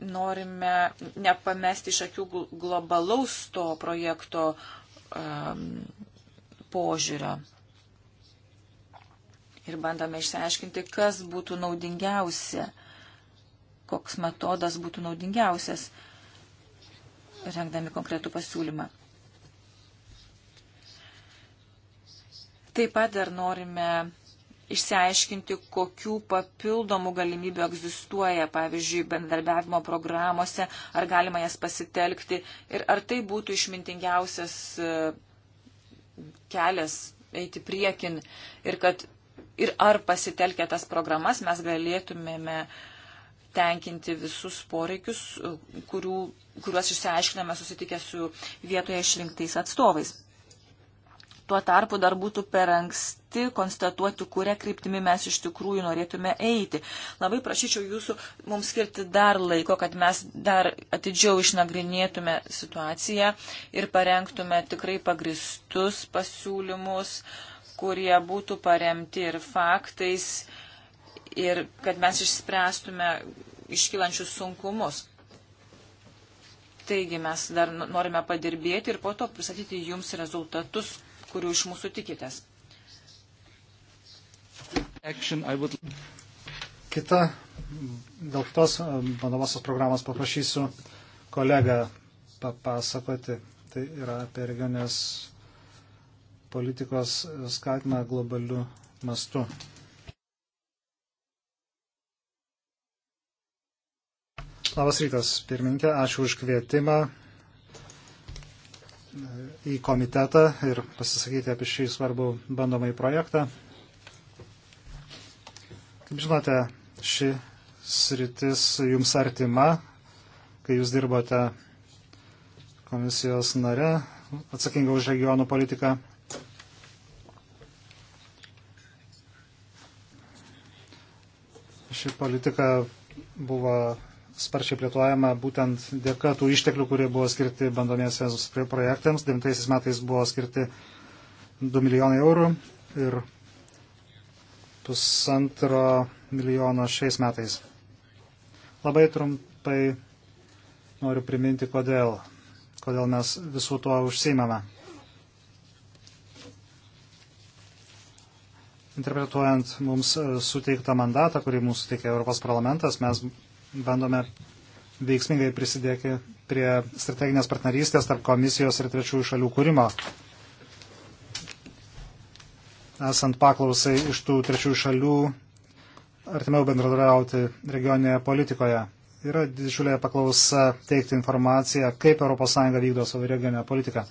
norime nepamesti iš akių globalaus to projekto um, požiūrio. Ir bandome išsiaiškinti, kas būtų naudingiausia, koks metodas būtų naudingiausias, rengdami konkretų pasiūlymą. Taip pat dar norime išsiaiškinti, kokių papildomų galimybių egzistuoja, pavyzdžiui, bendarbiavimo programuose, ar galima jas pasitelkti ir ar tai būtų išmintingiausias e, kelias eiti priekin ir, kad, ir ar pasitelkę tas programas mes galėtumėme tenkinti visus poreikius, e, kurių, kuriuos išsiaiškiname susitikę su vietoje išrinktais atstovais. Tuo tarpu dar būtų per anksti konstatuoti, kurią kryptimį mes iš tikrųjų norėtume eiti. Labai prašyčiau jūsų mums skirti dar laiko, kad mes dar atidžiau išnagrinėtume situaciją ir parengtume tikrai pagristus pasiūlymus, kurie būtų paremti ir faktais ir kad mes išspręstume iškylančius sunkumus. Taigi mes dar norime padirbėti ir po to pristatyti jums rezultatus, kurių iš mūsų tikitės. Kita, dėl kitos e, bandomosios programos paprašysiu kolegą papasakoti. Tai yra apie regionės politikos skatimą globaliu mastu. Labas rytas, pirmininkė, ačiū už kvietimą į komitetą ir pasisakyti apie šį svarbų bandomąjį projektą. Kaip žinote, ši sritis jums artima, kai jūs dirbote komisijos nare, atsakinga už regionų politiką. Ši politika buvo sparčiai plėtojama būtent dėka tų išteklių, kurie buvo skirti bandomiesiams projektams. 9 metais buvo skirti 2 milijonai eurų ir pusantro milijono šiais metais. Labai trumpai noriu priminti, kodėl, kodėl mes visų tuo užsimame. Interpretuojant mums suteiktą mandatą, kurį mums suteikė Europos parlamentas, mes bandome veiksmingai prisidėti prie strateginės partnerystės tarp komisijos ir trečiųjų šalių kūrimo. Esant paklausai iš tų trečiųjų šalių artimiau bendradarbiauti regioninėje politikoje. Yra didžiulė paklausa teikti informaciją, kaip ES vykdo savo regioninę politiką.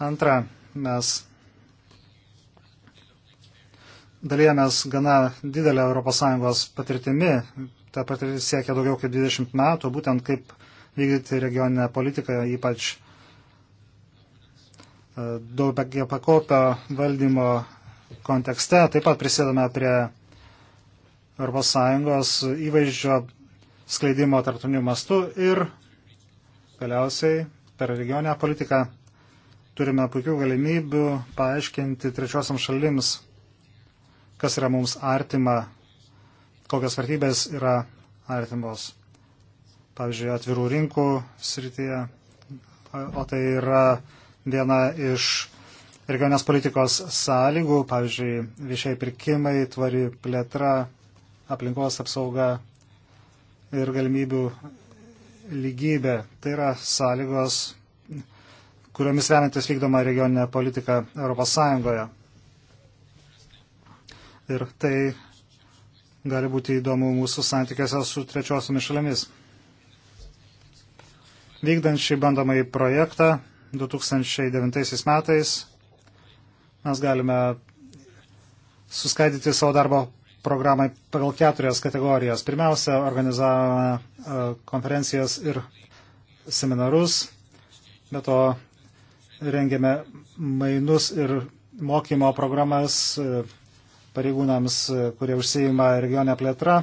Antra, mes dalyjamės gana didelę ES patirtimi ta patirtis siekia daugiau kaip 20 metų, būtent kaip vykdyti regioninę politiką, ypač e, daugia pakopio valdymo kontekste. Taip pat prisėdame prie ES įvaizdžio skleidimo tartunių mastų ir galiausiai per regioninę politiką turime puikių galimybių paaiškinti trečiosiam šalims, kas yra mums artima kokios vertybės yra artimos. Pavyzdžiui, atvirų rinkų srityje, o tai yra viena iš regionės politikos sąlygų, pavyzdžiui, viešiai pirkimai, tvari plėtra, aplinkos apsauga ir galimybių lygybė. Tai yra sąlygos, kuriomis remiantis vykdoma regioninė politika ES. Ir tai gali būti įdomu mūsų santykiuose su trečiosiomis šalimis. Vykdant šį bandomąjį projektą 2009 metais mes galime suskaidyti savo darbo programai pagal keturias kategorijas. Pirmiausia, organizavome e, konferencijas ir seminarus, be to rengėme mainus ir mokymo programas e, pareigūnams, kurie užsieima regionę plėtrą.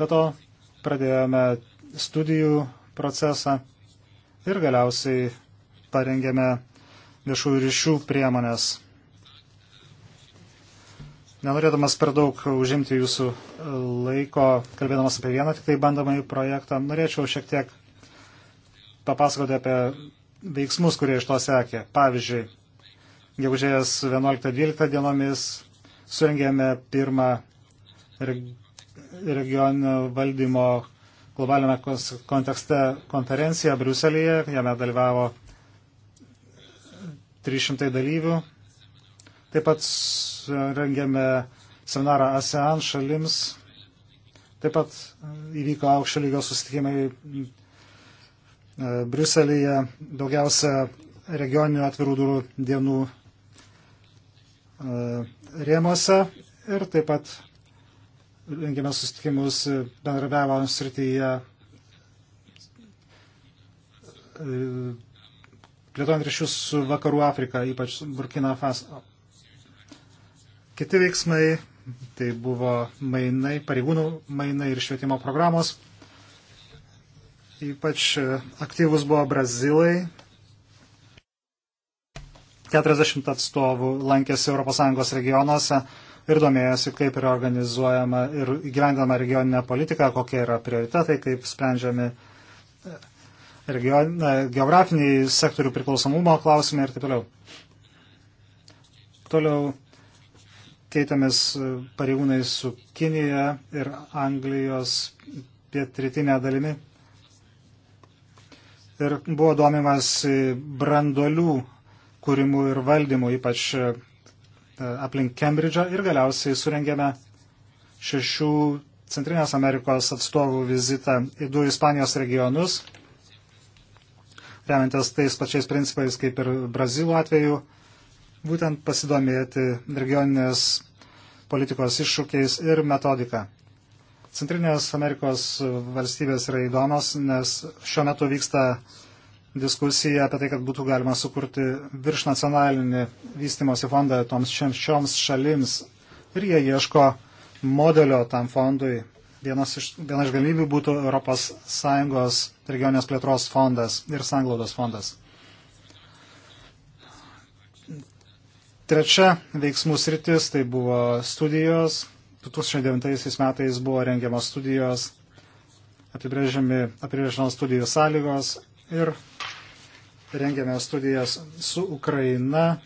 Be to pradėjome studijų procesą ir galiausiai parengėme viešųjų ryšių priemonės. Nenorėdamas per daug užimti jūsų laiko, kalbėdamas apie vieną tik tai bandomąjį projektą, norėčiau šiek tiek papasakoti apie veiksmus, kurie iš to sekė. Pavyzdžiui, gegužės 11-12 dienomis surengėme pirmą regionų valdymo globaliame kontekste konferenciją Briuselėje. Jame dalyvavo 300 dalyvių. Taip pat rengėme seminarą ASEAN šalims. Taip pat įvyko aukščio lygio susitikimai e, Briuselėje, daugiausia regioninių atvirų durų dienų e, rėmose ir taip pat rengėme susitikimus bendradarbiavimo srityje e, plėtojant ryšius su Vakarų Afrika, ypač Burkina Faso. Kiti veiksmai tai buvo mainai, pareigūnų mainai ir švietimo programos. Ypač aktyvus buvo Brazilai, 40 atstovų lankėsi ES regionuose ir domėjosi, kaip yra organizuojama ir gyvendama regioninė politika, kokie yra prioritetai, kaip sprendžiami e, region, e, geografiniai sektorių priklausomumo klausimai ir taip toliau. Toliau keitėmės e, pareigūnai su Kinija ir Anglijos pietrytinė dalimi. Ir buvo domimas brandolių kūrimu ir valdymu, ypač e, aplink Kembridžą ir galiausiai surengėme šešių Centrinės Amerikos atstovų vizitą į du Ispanijos regionus, remiantis tais pačiais principais kaip ir Brazilų atveju, būtent pasidomėti regioninės politikos iššūkiais ir metodika. Centrinės Amerikos valstybės yra įdomios, nes šiuo metu vyksta uh, diskusiją apie tai, kad būtų galima sukurti virš nacionalinį vystimosi fondą toms šioms šalims. Ir jie ieško modelio tam fondui. Vienas iš, viena iš galimybių būtų ES regionės plėtros fondas ir sanglaudos fondas. Trečia veiksmų sritis tai buvo studijos. 2009 metais buvo rengiamos studijos, apibrėžiamos studijų sąlygos ir rengiame studijas su Ukraina,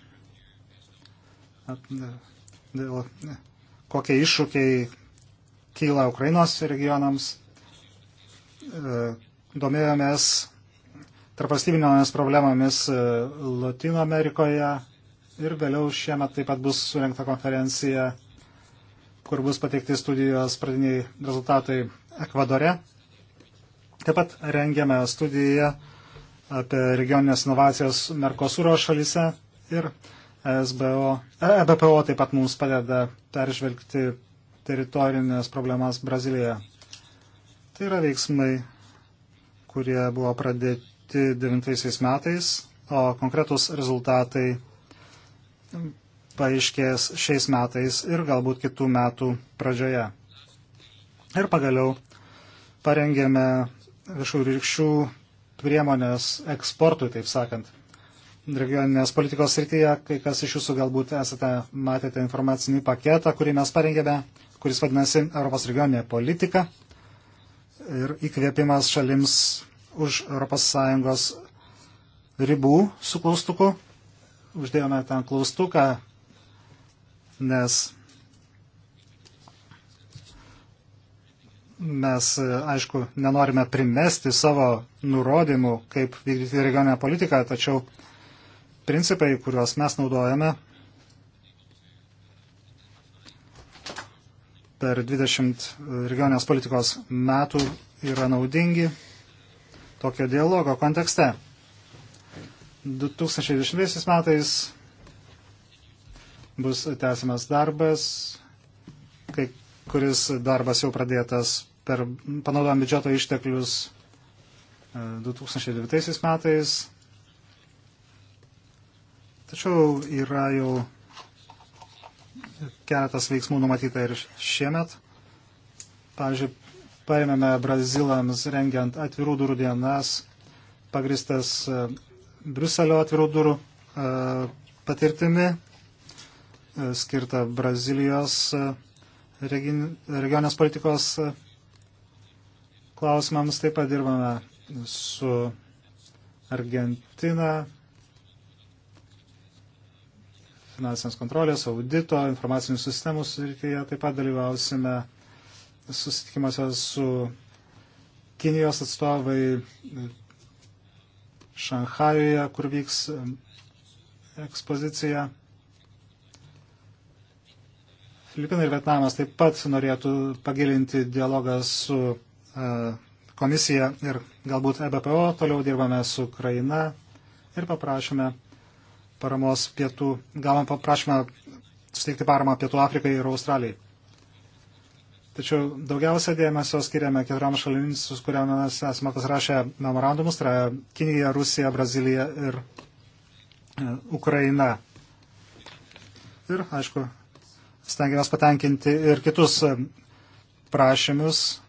dėl kokie iššūkiai kyla Ukrainos regionams. E, domėjomės tarpastybinėmis problemomis e, Latino Amerikoje ir vėliau šiemet taip pat bus surinkta konferencija, kur bus pateikti studijos pradiniai rezultatai Ekvadore. Taip pat rengiame studiją apie regioninės inovacijas Merkosūro šalise ir SBO, EBPO e taip pat mums padeda peržvelgti teritorinės problemas Brazilijoje. Tai yra veiksmai, kurie buvo pradėti 9 metais, o konkretus rezultatai paaiškės šiais metais ir galbūt kitų metų pradžioje. Ir pagaliau parengėme viešų rykščių priemonės eksportui, taip sakant. Regioninės politikos srityje, kai kas iš jūsų galbūt esate matėte informacinį paketą, kurį mes parengėme, kuris vadinasi Europos regioninė politika ir įkvėpimas šalims už ES ribų su klaustuku. Uždėjome ten klaustuką, nes Mes, aišku, nenorime primesti savo nurodymų, kaip vykdyti regioninę politiką, tačiau principai, kuriuos mes naudojame per 20 regioninės politikos metų, yra naudingi tokio dialogo kontekste. 2020 metais bus tęsiamas darbas, kai kuris darbas jau pradėtas per panaudojant biudžeto išteklius 2009 e, metais. Tačiau yra jau keletas veiksmų numatyta ir šiemet. Pavyzdžiui, paėmėme Brazilams rengiant atvirų durų dienas, pagristas e, Bruselio atvirų durų e, patirtimi, skirta Brazilijos regionės politikos klausimams taip pat dirbame su Argentina, finansinės kontrolės, audito, informacinių sistemų srityje taip pat dalyvausime susitikimuose su Kinijos atstovai Šanhajuje, kur vyks ekspozicija. Filipinai ir Vietnamas taip pat norėtų pagilinti dialogą su e, komisija ir galbūt EBPO. Toliau dirbame su Ukraina ir paprašome paramos pietų, gavom paprašymą suteikti paramą Pietų Afrikai ir Australijai. Tačiau daugiausia dėmesio skiriame keturiam šalims, su kuriamis esame pasirašę memorandumus, tai yra Kinija, Rusija, Brazilija ir e, Ukraina. Ir, aišku, stengiamės patenkinti ir kitus um, prašymus,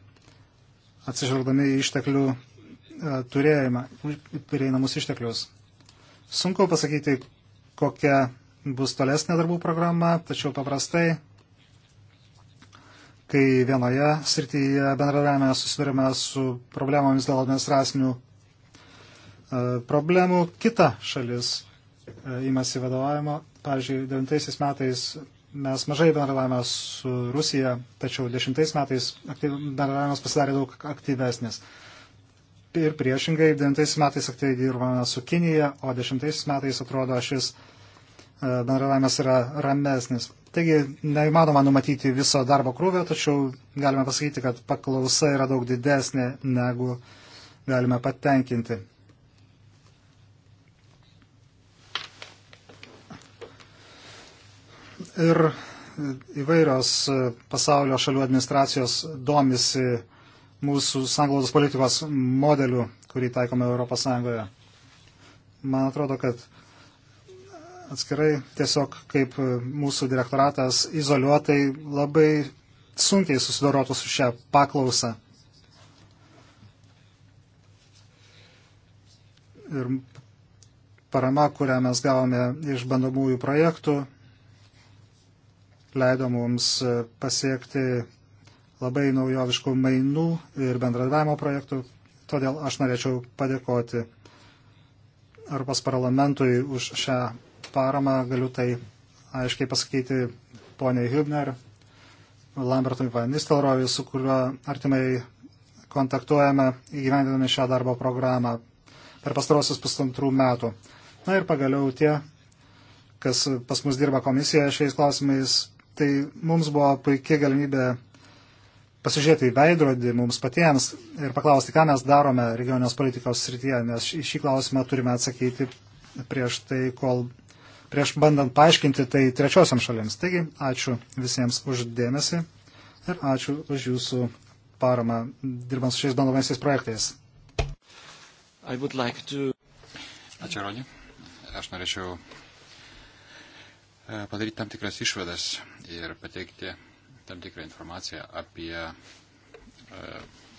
atsižvelgdami į išteklių uh, turėjimą, prieinamus išteklius. Sunku pasakyti, kokia bus tolesnė darbų programa, tačiau paprastai, kai vienoje srityje bendradavime susidurime su problemomis dėl administracinių uh, problemų, kita šalis įmasi uh, vadovavimo. Pavyzdžiui, 9 metais mes mažai bendravavome su Rusija, tačiau dešimtais metais bendravimas pasidarė daug aktyvesnis. Ir priešingai, devintais metais aktyviai dirbame su Kinija, o dešimtais metais atrodo šis e, bendravimas yra ramesnis. Taigi neįmanoma numatyti viso darbo krūvio, tačiau galime pasakyti, kad paklausa yra daug didesnė negu galime patenkinti. ir įvairios pasaulio šalių administracijos domisi mūsų sanglaudos politikos modeliu, kurį taikome Europos Sąjungoje. Man atrodo, kad atskirai tiesiog kaip mūsų direktoratas izoliuotai labai sunkiai susidorotų su šią paklausą. Ir parama, kurią mes gavome iš bandomųjų projektų, leido mums e, pasiekti labai naujoviškų mainų ir bendradavimo projektų. Todėl aš norėčiau padėkoti Europos parlamentui už šią paramą. Galiu tai aiškiai pasakyti poniai Hübner, Lambertui Van Nistelrooy, su kuriuo artimai kontaktuojame įgyvendinami šią darbo programą per pastarosius pusantrų metų. Na ir pagaliau tie, kas pas mus dirba komisijoje šiais klausimais, tai mums buvo puikia galimybė pasižiūrėti į veidrodį mums patiems ir paklausti, ką mes darome regionės politikos srityje, nes į šį klausimą turime atsakyti prieš tai, kol prieš bandant paaiškinti tai trečiosiam šalims. Taigi, ačiū visiems uždėmesi ir ačiū už jūsų paramą dirbant su šiais bandomaisiais projektais. Like to... Ačiū, Roni. Aš norėčiau e, padaryti tam tikras išvadas ir pateikti tam tikrą informaciją apie e,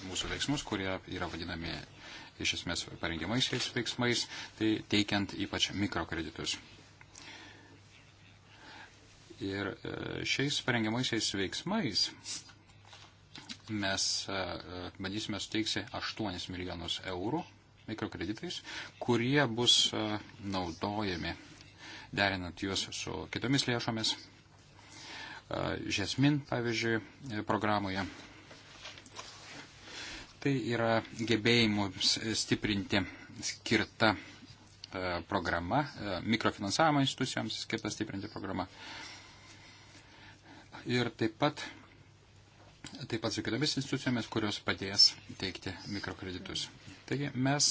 mūsų veiksmus, kurie yra vadinami iš esmės parengiamaisiais veiksmais, tai teikiant ypač mikrokreditus. Ir e, šiais parengiamaisiais veiksmais mes e, bandysime suteiksi 8 milijonus eurų mikrokreditais, kurie bus naudojami derinant juos su kitomis lėšomis E, Žesmin, pavyzdžiui, e, programoje. Tai yra gebėjimų stiprinti skirta e, programa, mikrofinansavimo institucijoms skirta stiprinti programa. Ir taip pat, taip pat su kitomis institucijomis, kurios padės teikti mikrokreditus. Taigi mes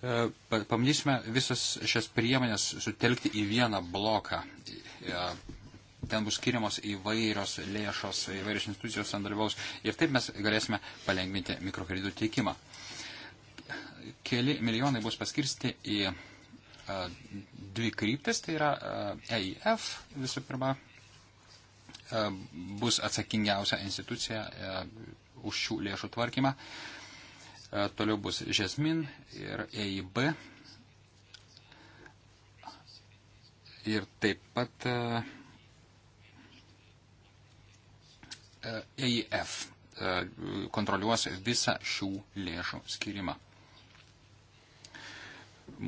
pamandysime visas šias priemonės sutelkti į vieną bloką ten bus skiriamos įvairios lėšos, įvairios institucijos sandarbiaus ir taip mes galėsime palengvinti mikrokreditų teikimą. Keli milijonai bus paskirsti į a, dvi kryptis, tai yra a, EIF visų pirma a, bus atsakingiausia institucija a, už šių lėšų tvarkymą. A, toliau bus Žesmin ir EIB. Ir taip pat uh, EIF e e, kontroliuos visą šių lėšų skirimą.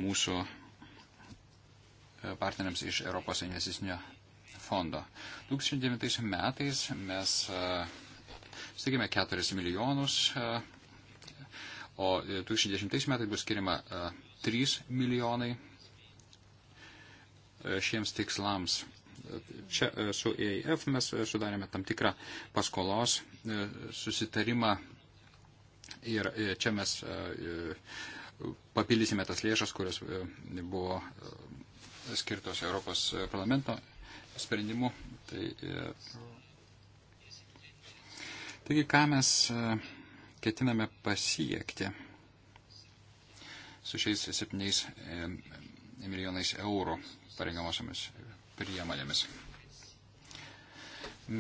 Mūsų e, partneriams iš Europos investicinio fondo. 2009 metais mes steigėme 4 milijonus, o 2010 metais bus skirima 3 milijonai šiems tikslams. Čia e, su EIF mes e, sudarėme tam tikrą paskolos e, susitarimą ir čia mes papildysime tas lėšas, kurios buvo skirtos Europos parlamento sprendimu. Tai, taigi, ką mes ketiname pasiekti su šiais 7 milijonais eurų pareigamosiomis priemonėmis.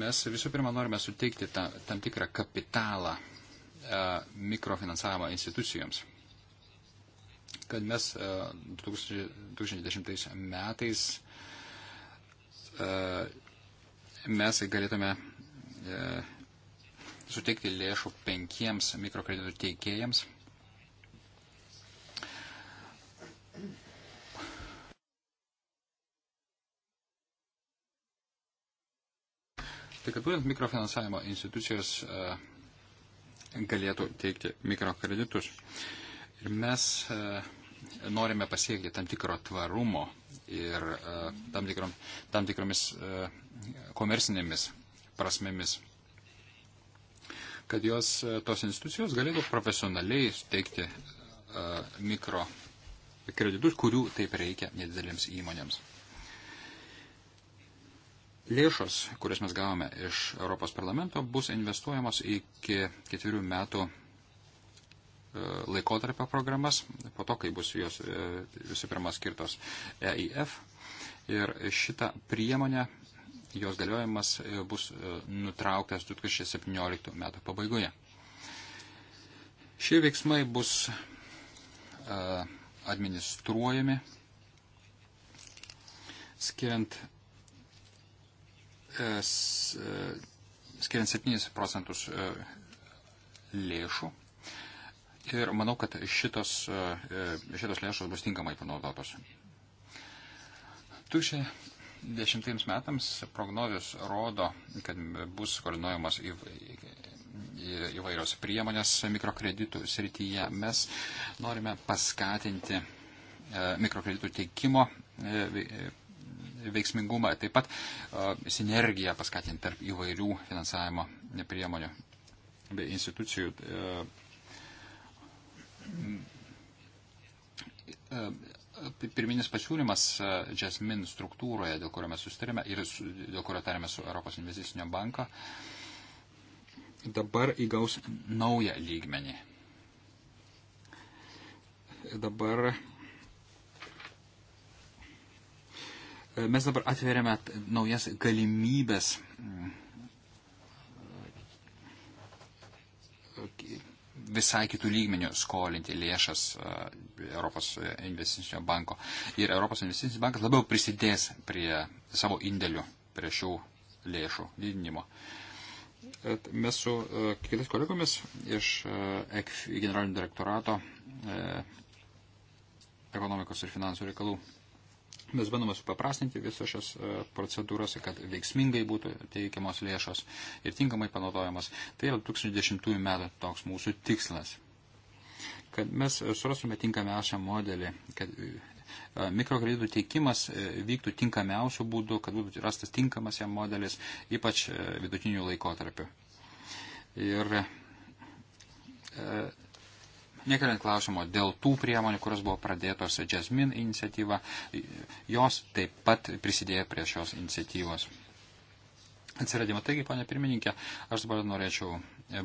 Mes visų pirma norime suteikti ta, tam tikrą kapitalą e, mikrofinansavimo institucijoms, kad mes e, 2010 metais e, mes galėtume e, suteikti lėšų penkiems mikrokreditų teikėjams Tai kad būtent mikrofinansavimo institucijos e, galėtų teikti mikrokreditus. Ir mes e, norime pasiekti tam tikro tvarumo ir e, tam, tikrom, tam tikromis komersinėmis prasmėmis kad jos, tos institucijos galėtų profesionaliai teikti mikrokreditus, kurių taip reikia nedidelėms įmonėms lėšos, kurias mes gavome iš Europos parlamento, bus investuojamos iki ketverių metų e, laikotarpio programas, po to, kai bus jos e, visų pirma skirtos EIF. Ir šitą priemonę jos galiojimas e, bus nutrauktas 2017 metų pabaigoje. Šie veiksmai bus administruojami skiriant E, skiriant 7 procentus e, lėšų. Ir manau, kad šitos, e, šitos lėšos bus tinkamai panaudotos. 2010 metams prognozijos rodo, kad bus koordinuojamas į, įvairios priemonės mikrokreditų srityje. Mes norime paskatinti mikrokreditų teikimo veiksmingumą, taip pat sinergiją paskatinti tarp įvairių finansavimo priemonių bei institucijų. Pirminis pasiūlymas Jasmin struktūroje, dėl kurio mes sustarėme ir dėl kurio tarėme su Europos investicinio banko, dabar įgaus naują lygmenį. Dabar Mes dabar atveriame naujas galimybės visai kitų lygmenių skolinti lėšas e, Europos investicinio banko. Ir Europos investicinis bankas labiau prisidės prie savo indėlių, prie šių lėšų didinimo. Mes su e, kitais kolegomis iš e, generalinio direktorato ekonomikos ir finansų reikalų Mes bandome supaprastinti visas šias e, procedūras, kad veiksmingai būtų teikiamos lėšos ir tinkamai panaudojamos. Tai yra 2010 metų toks mūsų tikslas. Kad mes surasime tinkamiausią modelį, kad e, mikrokreditų teikimas e, vyktų tinkamiausių būdų, kad būtų rastas tinkamas jam modelis, ypač vidutinių laikotarpių. Ir Nekeliant klausimo dėl tų priemonių, kurios buvo pradėtos Jasmin iniciatyva, jos taip pat prisidėjo prie šios iniciatyvos atsiradimo. Taigi, ponė pirmininkė, aš dabar norėčiau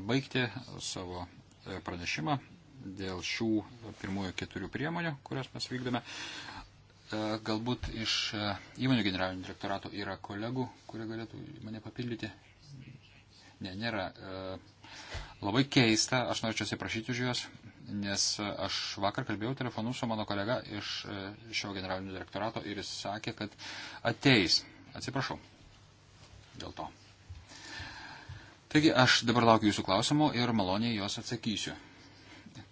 baigti savo e, pranešimą dėl šių pirmųjų keturių priemonių, kurias mes vykdome. E, galbūt iš e, įmonių generalinio direktorato yra kolegų, kurie galėtų mane papildyti. Ne, nėra. Labai keista, aš norėčiau atsiprašyti už juos nes aš vakar kalbėjau telefonu su mano kolega iš e, šio generalinio direktorato ir jis sakė, kad ateis. Atsiprašau dėl to. Taigi aš dabar laukiu jūsų klausimų ir maloniai juos atsakysiu.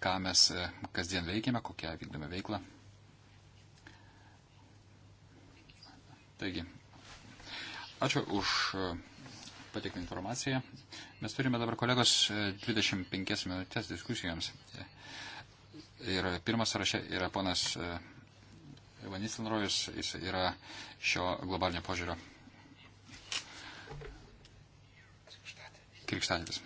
Ką mes e, kasdien veikiame, kokią vykdome veiklą. Taigi, ačiū už e, pateiktą informaciją. Mes turime dabar kolegos 25 minutės diskusijoms. Ir pirmas sąraše yra ponas Ivanis e, Lenrojus, jis yra šio globalinio požiūrio krikštatėvis.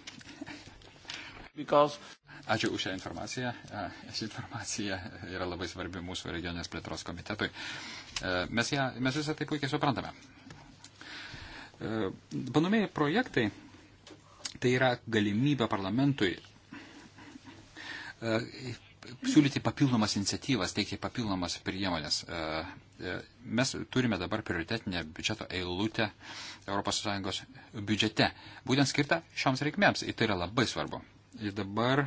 Because... Ačiū už šią informaciją. E, ši informacija yra labai svarbi mūsų regionės plėtros komitetui. E, mes, ją, mes visą tai puikiai suprantame. Panomėjai projektai tai yra galimybė parlamentui siūlyti papildomas iniciatyvas, teikti papildomas priemonės. E, e, mes turime dabar prioritetinę biudžeto eilutę ES biudžete, būtent skirtą šioms reikmėms. Ir tai yra labai svarbu. Ir dabar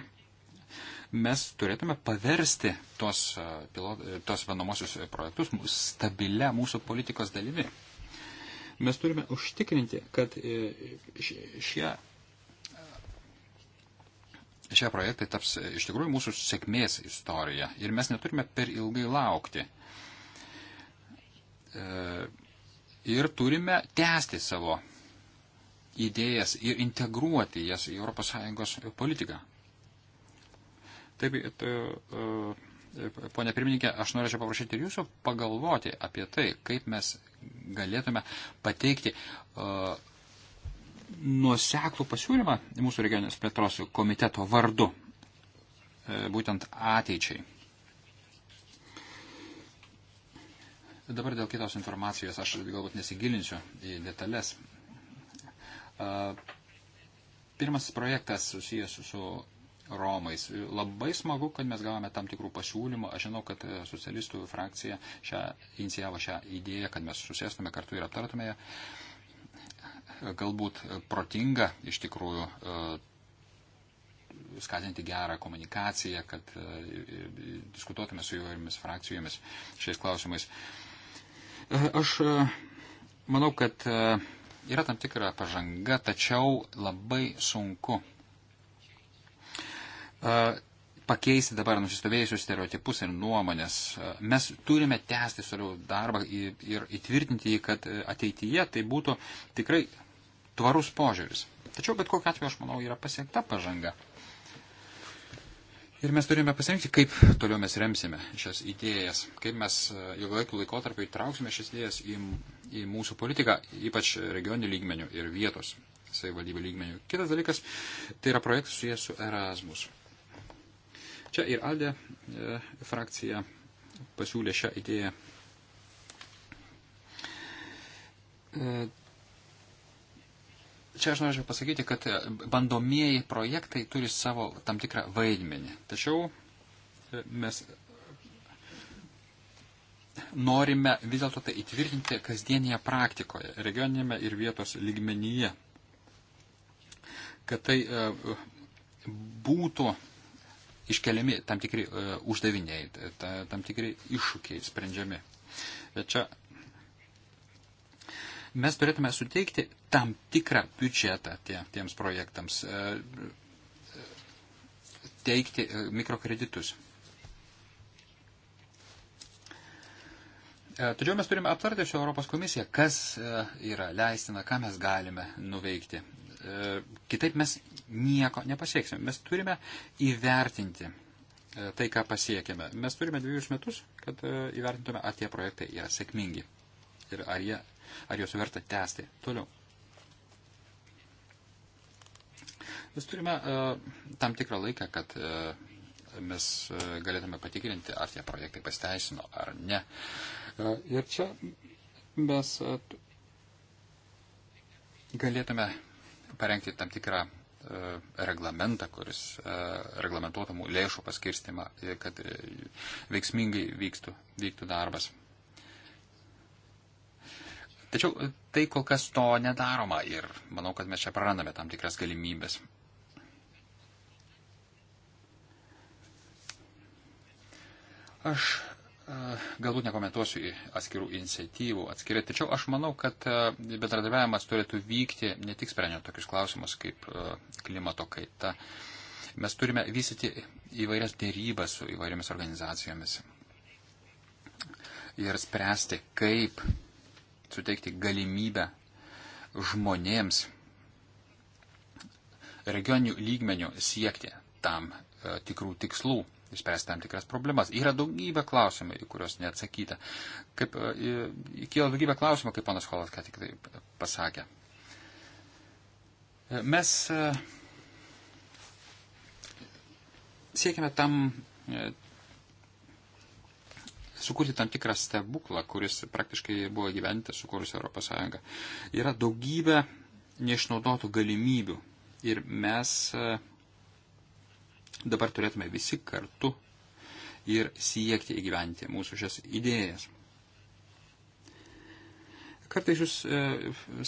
mes turėtume paversti tos, e, pilot, tos vienomosius projektus stabilią mūsų politikos dalimi. Mes turime užtikrinti, kad šie šie projektai taps e, iš tikrųjų mūsų sėkmės istorija ir mes neturime per ilgai laukti. E, ir turime tęsti savo idėjas ir integruoti jas į ES politiką. Taip, e, ponia pirmininkė, aš norėčiau paprašyti ir jūsų pagalvoti apie tai, kaip mes galėtume pateikti uh, nuoseklų pasiūlymą mūsų regionės plėtros komiteto vardu, e, būtent ateičiai. Dabar dėl kitos informacijos aš galbūt nesigilinsiu į detalės. E, Pirmasis projektas susijęs su Romais. Labai smagu, kad mes gavome tam tikrų pasiūlymų. Aš žinau, kad socialistų frakcija šią, inicijavo šią idėją, kad mes susėstume kartu ir aptartume ją galbūt protinga iš tikrųjų e, skatinti gerą komunikaciją, kad e, diskutuotume su įvairiomis frakcijomis šiais klausimais. E, aš manau, kad yra tam tikra pažanga, tačiau labai sunku pakeisti dabar nusistovėjusius stereotipus ir nuomonės. Mes turime tęsti toliau darbą ir įtvirtinti jį, kad ateityje tai būtų tikrai tvarus požiūris. Tačiau bet kokiu atveju, aš manau, yra pasiekta pažanga. Ir mes turime pasirinkti, kaip toliau mes remsime šias idėjas, kaip mes e, ilgalaikų laikotarpiu įtrauksime šias idėjas į, į mūsų politiką, ypač regioninių lygmenių ir vietos savivaldybių lygmenių. Kitas dalykas, tai yra projektas su jie su Erasmus. Čia ir Aldė e, frakcija pasiūlė šią idėją. E, čia aš norėčiau pasakyti, kad bandomieji projektai turi savo tam tikrą vaidmenį. Tačiau e, mes norime vis dėlto tai įtvirtinti kasdienėje praktikoje, regioninėme ir vietos lygmenyje. Kad tai e, būtų iškeliami tam tikri e, uždaviniai, tam tikri iššūkiai sprendžiami. Čia mes turėtume suteikti tam tikrą biudžetą tie, tiems projektams, e, teikti e, mikrokreditus. E, Tačiau mes turime aptarti šią Europos komisiją, kas yra leistina, ką mes galime nuveikti. Kitaip mes nieko nepasieksime. Mes turime įvertinti tai, ką pasiekėme. Mes turime dviejus metus, kad įvertintume, ar tie projektai yra sėkmingi ir ar jie ar jos verta tęsti toliau. Mes turime uh, tam tikrą laiką, kad uh, mes uh, galėtume patikrinti, ar tie projektai pasteisino ar ne. Uh, ir čia mes uh, galėtume parengti tam tikrą reglamentą, kuris reglamentuotamų lėšų paskirstimą, kad veiksmingai vyktų, vyktų darbas. Tačiau tai kol kas to nedaroma ir manau, kad mes čia prarandame tam tikras galimybės. Aš e, galbūt nekomentuosiu atskirų iniciatyvų atskirai, tačiau aš manau, kad e, bendradarbiavimas turėtų vykti ne tik sprendžiant tokius klausimus kaip e, klimato kaita. Mes turime vystyti įvairias dėrybas su įvairiomis organizacijomis ir spręsti, kaip suteikti galimybę žmonėms regioninių lygmenių siekti tam e, tikrų tikslų, išspręsti tam tikras problemas. Yra daugybė klausimų, į kuriuos neatsakyta. Kaip, e, kyla daugybė klausimų, kaip panas Holas ką tik tai pasakė. E, mes e, siekime tam e, sukurti tam tikrą stebuklą, kuris praktiškai buvo gyventas sukūrus Europos Sąjungą. Yra daugybė neišnaudotų galimybių ir mes e, dabar turėtume visi kartu ir siekti įgyventi mūsų šias idėjas. Kartais jūs e,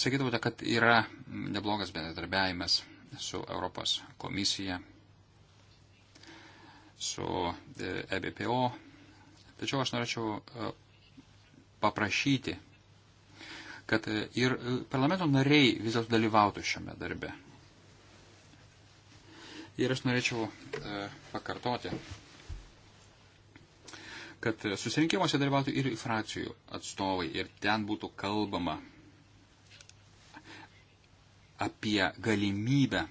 sakydavote, kad yra neblogas bendradarbiavimas su Europos komisija, su EBPO e Tačiau aš norėčiau e, paprašyti, kad e, ir e, parlamento nariai vis dėlto dalyvautų šiame darbe. Ir aš norėčiau pakartoti, kad susirinkimuose dalyvautų ir frakcijų atstovai ir ten būtų kalbama apie galimybę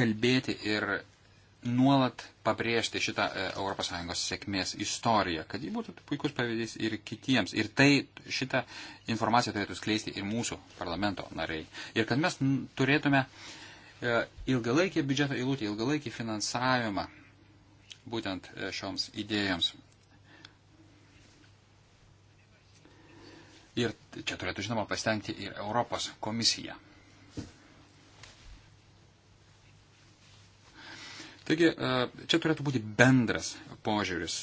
kalbėti ir nuolat pabrėžti šitą ES sėkmės istoriją, kad ji būtų puikus pavyzdys ir kitiems. Ir tai šitą informaciją turėtų skleisti ir mūsų parlamento nariai. Ir kad mes turėtume e, ilgalaikį biudžeto eilutę, ilgalaikį finansavimą būtent e, šioms idėjoms. Ir čia turėtų, žinoma, pasitengti ir Europos komisija. Taigi, e, čia turėtų būti bendras požiūris,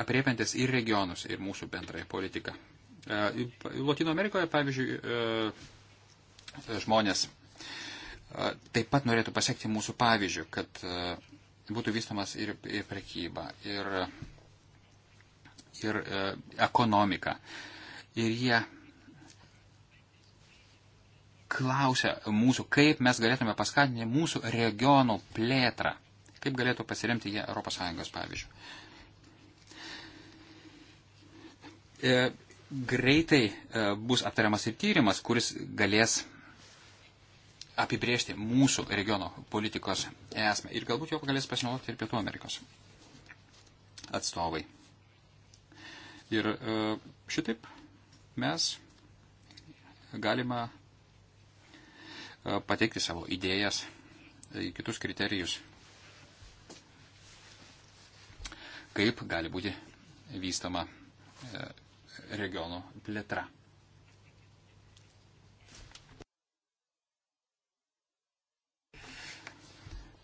apriepiantis ir regionus, ir mūsų bendrąją politiką. E, Latino Amerikoje, pavyzdžiui, e, žmonės taip pat norėtų pasiekti mūsų pavyzdžių, kad būtų vystomas ir, ir prekyba, ir, ir ekonomika. Ir jie klausia mūsų, kaip mes galėtume paskatinti mūsų regionų plėtrą. Kaip galėtų pasiremti jie ES pavyzdžių? E, greitai e, bus aptariamas ir tyrimas, kuris galės apibriežti mūsų regiono politikos esmę ir galbūt jo galės pasinaudoti ir Pietų Amerikos atstovai. Ir e, šitaip mes galima e, pateikti savo idėjas, kitus kriterijus kaip gali būti vystama e, regionų plėtra.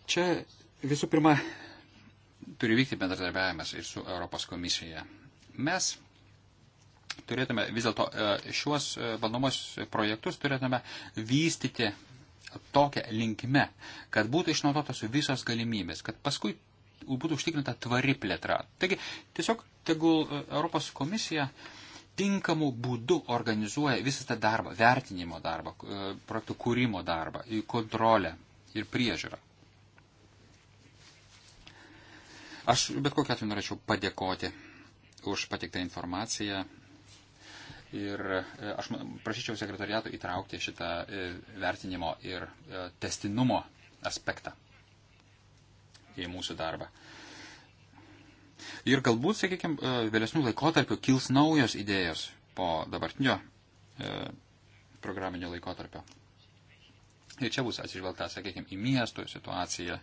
Čia visų pirma turi vykti bendradarbiavimas ir su Europos komisija. Mes turėtume vis dėlto e, šiuos valdomos e, projektus turėtume vystyti tokią linkme, kad būtų išnaudotos visos galimybės, kad paskui būtų užtikrinta tvari plėtra. Taigi, tiesiog tegul e, Europos komisija tinkamu būdu organizuoja visą tą darbą, vertinimo darbą, e, projektų kūrimo darbą, kontrolę ir priežiūrą. Aš bet kokiu atveju norėčiau padėkoti už patiktą informaciją ir e, aš prašyčiau sekretariato įtraukti šitą vertinimo ir testinumo aspektą į mūsų darbą. Ir galbūt, sakykime, vėlesnių laikotarpių kils naujos idėjos po dabartinio e, programinio laikotarpio. Ir čia bus atsižvelgta, sakykime, į miestų situaciją.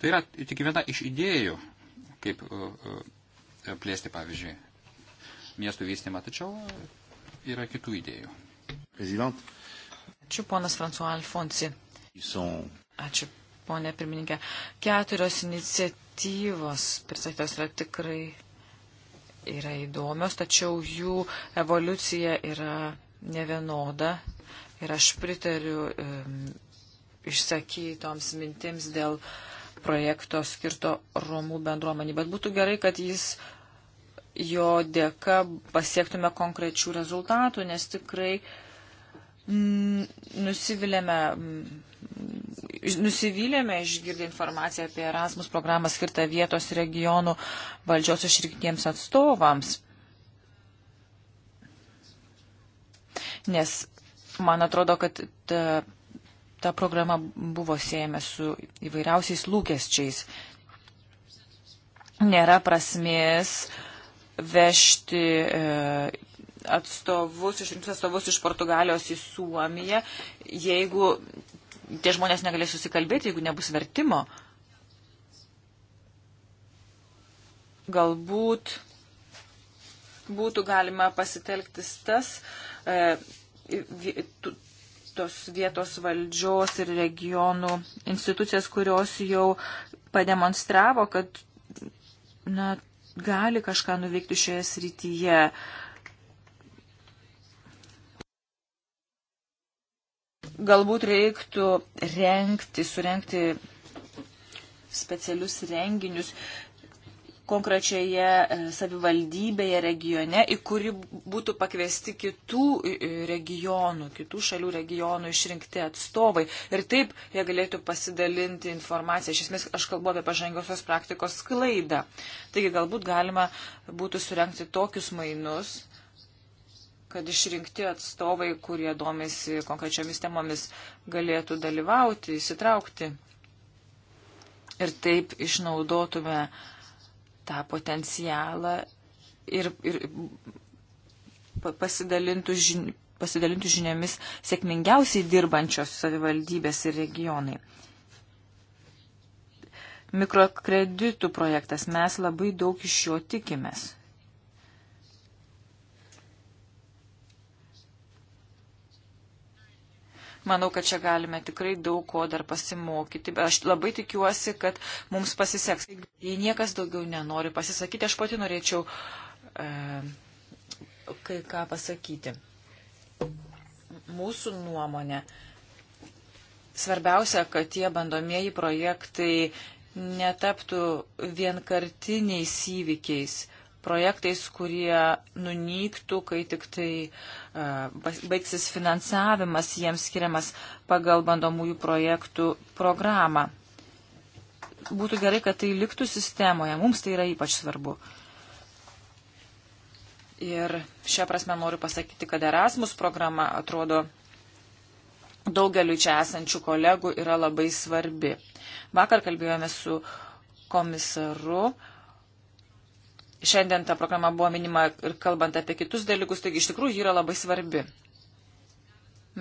Tai yra tik viena iš idėjų, kaip e, e, plėsti, pavyzdžiui, miestų vystymą, tačiau yra kitų idėjų. Prezident. Ačiū, ponas Fransuo Alfonsi. Ačiū, ponė pirmininkė. Keturios iniciatyvos pristatytos yra tikrai yra įdomios, tačiau jų evoliucija yra nevienoda ir aš pritariu um, išsakytoms mintims dėl projekto skirto Romų bendruomenį, bet būtų gerai, kad jis jo dėka pasiektume konkrečių rezultatų, nes tikrai mm, nusivilėme mm, nusivylėme išgirdę informaciją apie Erasmus programą skirtą vietos regionų valdžios išrinktiems atstovams. Nes man atrodo, kad ta, ta programa buvo siejama su įvairiausiais lūkesčiais. Nėra prasmės vežti e, atstovus, išrinktus atstovus iš Portugalijos į Suomiją, jeigu tie žmonės negalės susikalbėti, jeigu nebus vertimo. Galbūt būtų galima pasitelktis tas e, tos vietos valdžios ir regionų institucijas, kurios jau pademonstravo, kad na, gali kažką nuveikti šioje srityje. E, Galbūt reiktų renkti, surenkti specialius renginius konkrečioje e, savivaldybėje, regione, į kuri būtų pakviesti kitų e, e, regionų, kitų šalių regionų išrinkti atstovai. Ir taip jie galėtų pasidalinti informaciją. Iš esmės, aš kalbu apie pažangiosios praktikos sklaidą. Taigi galbūt galima būtų surenkti tokius mainus kad išrinkti atstovai, kurie domisi konkrečiomis temomis, galėtų dalyvauti, įsitraukti. Ir taip išnaudotume tą potencialą ir, ir pasidalintų, žin, pasidalintų žiniomis sėkmingiausiai dirbančios savivaldybės ir regionai. Mikrokreditų projektas mes labai daug iš jo tikimės. Manau, kad čia galime tikrai daug ko dar pasimokyti. Aš labai tikiuosi, kad mums pasiseks. Jei niekas daugiau nenori pasisakyti, aš pati norėčiau e, kai ką pasakyti. Mūsų nuomonė. Svarbiausia, kad tie bandomieji projektai netaptų vienkartiniais įvykiais projektais, kurie nunyktų, kai tik tai e, baigsis finansavimas jiems skiriamas pagal bandomųjų projektų programą. Būtų gerai, kad tai liktų sistemoje, mums tai yra ypač svarbu. Ir šią prasme noriu pasakyti, kad Erasmus programa atrodo daugeliu čia esančių kolegų yra labai svarbi. Vakar kalbėjome su komisaru, uh, Šiandien ta programa buvo minima ir kalbant apie kitus dalykus, taigi iš tikrųjų ji yra labai svarbi.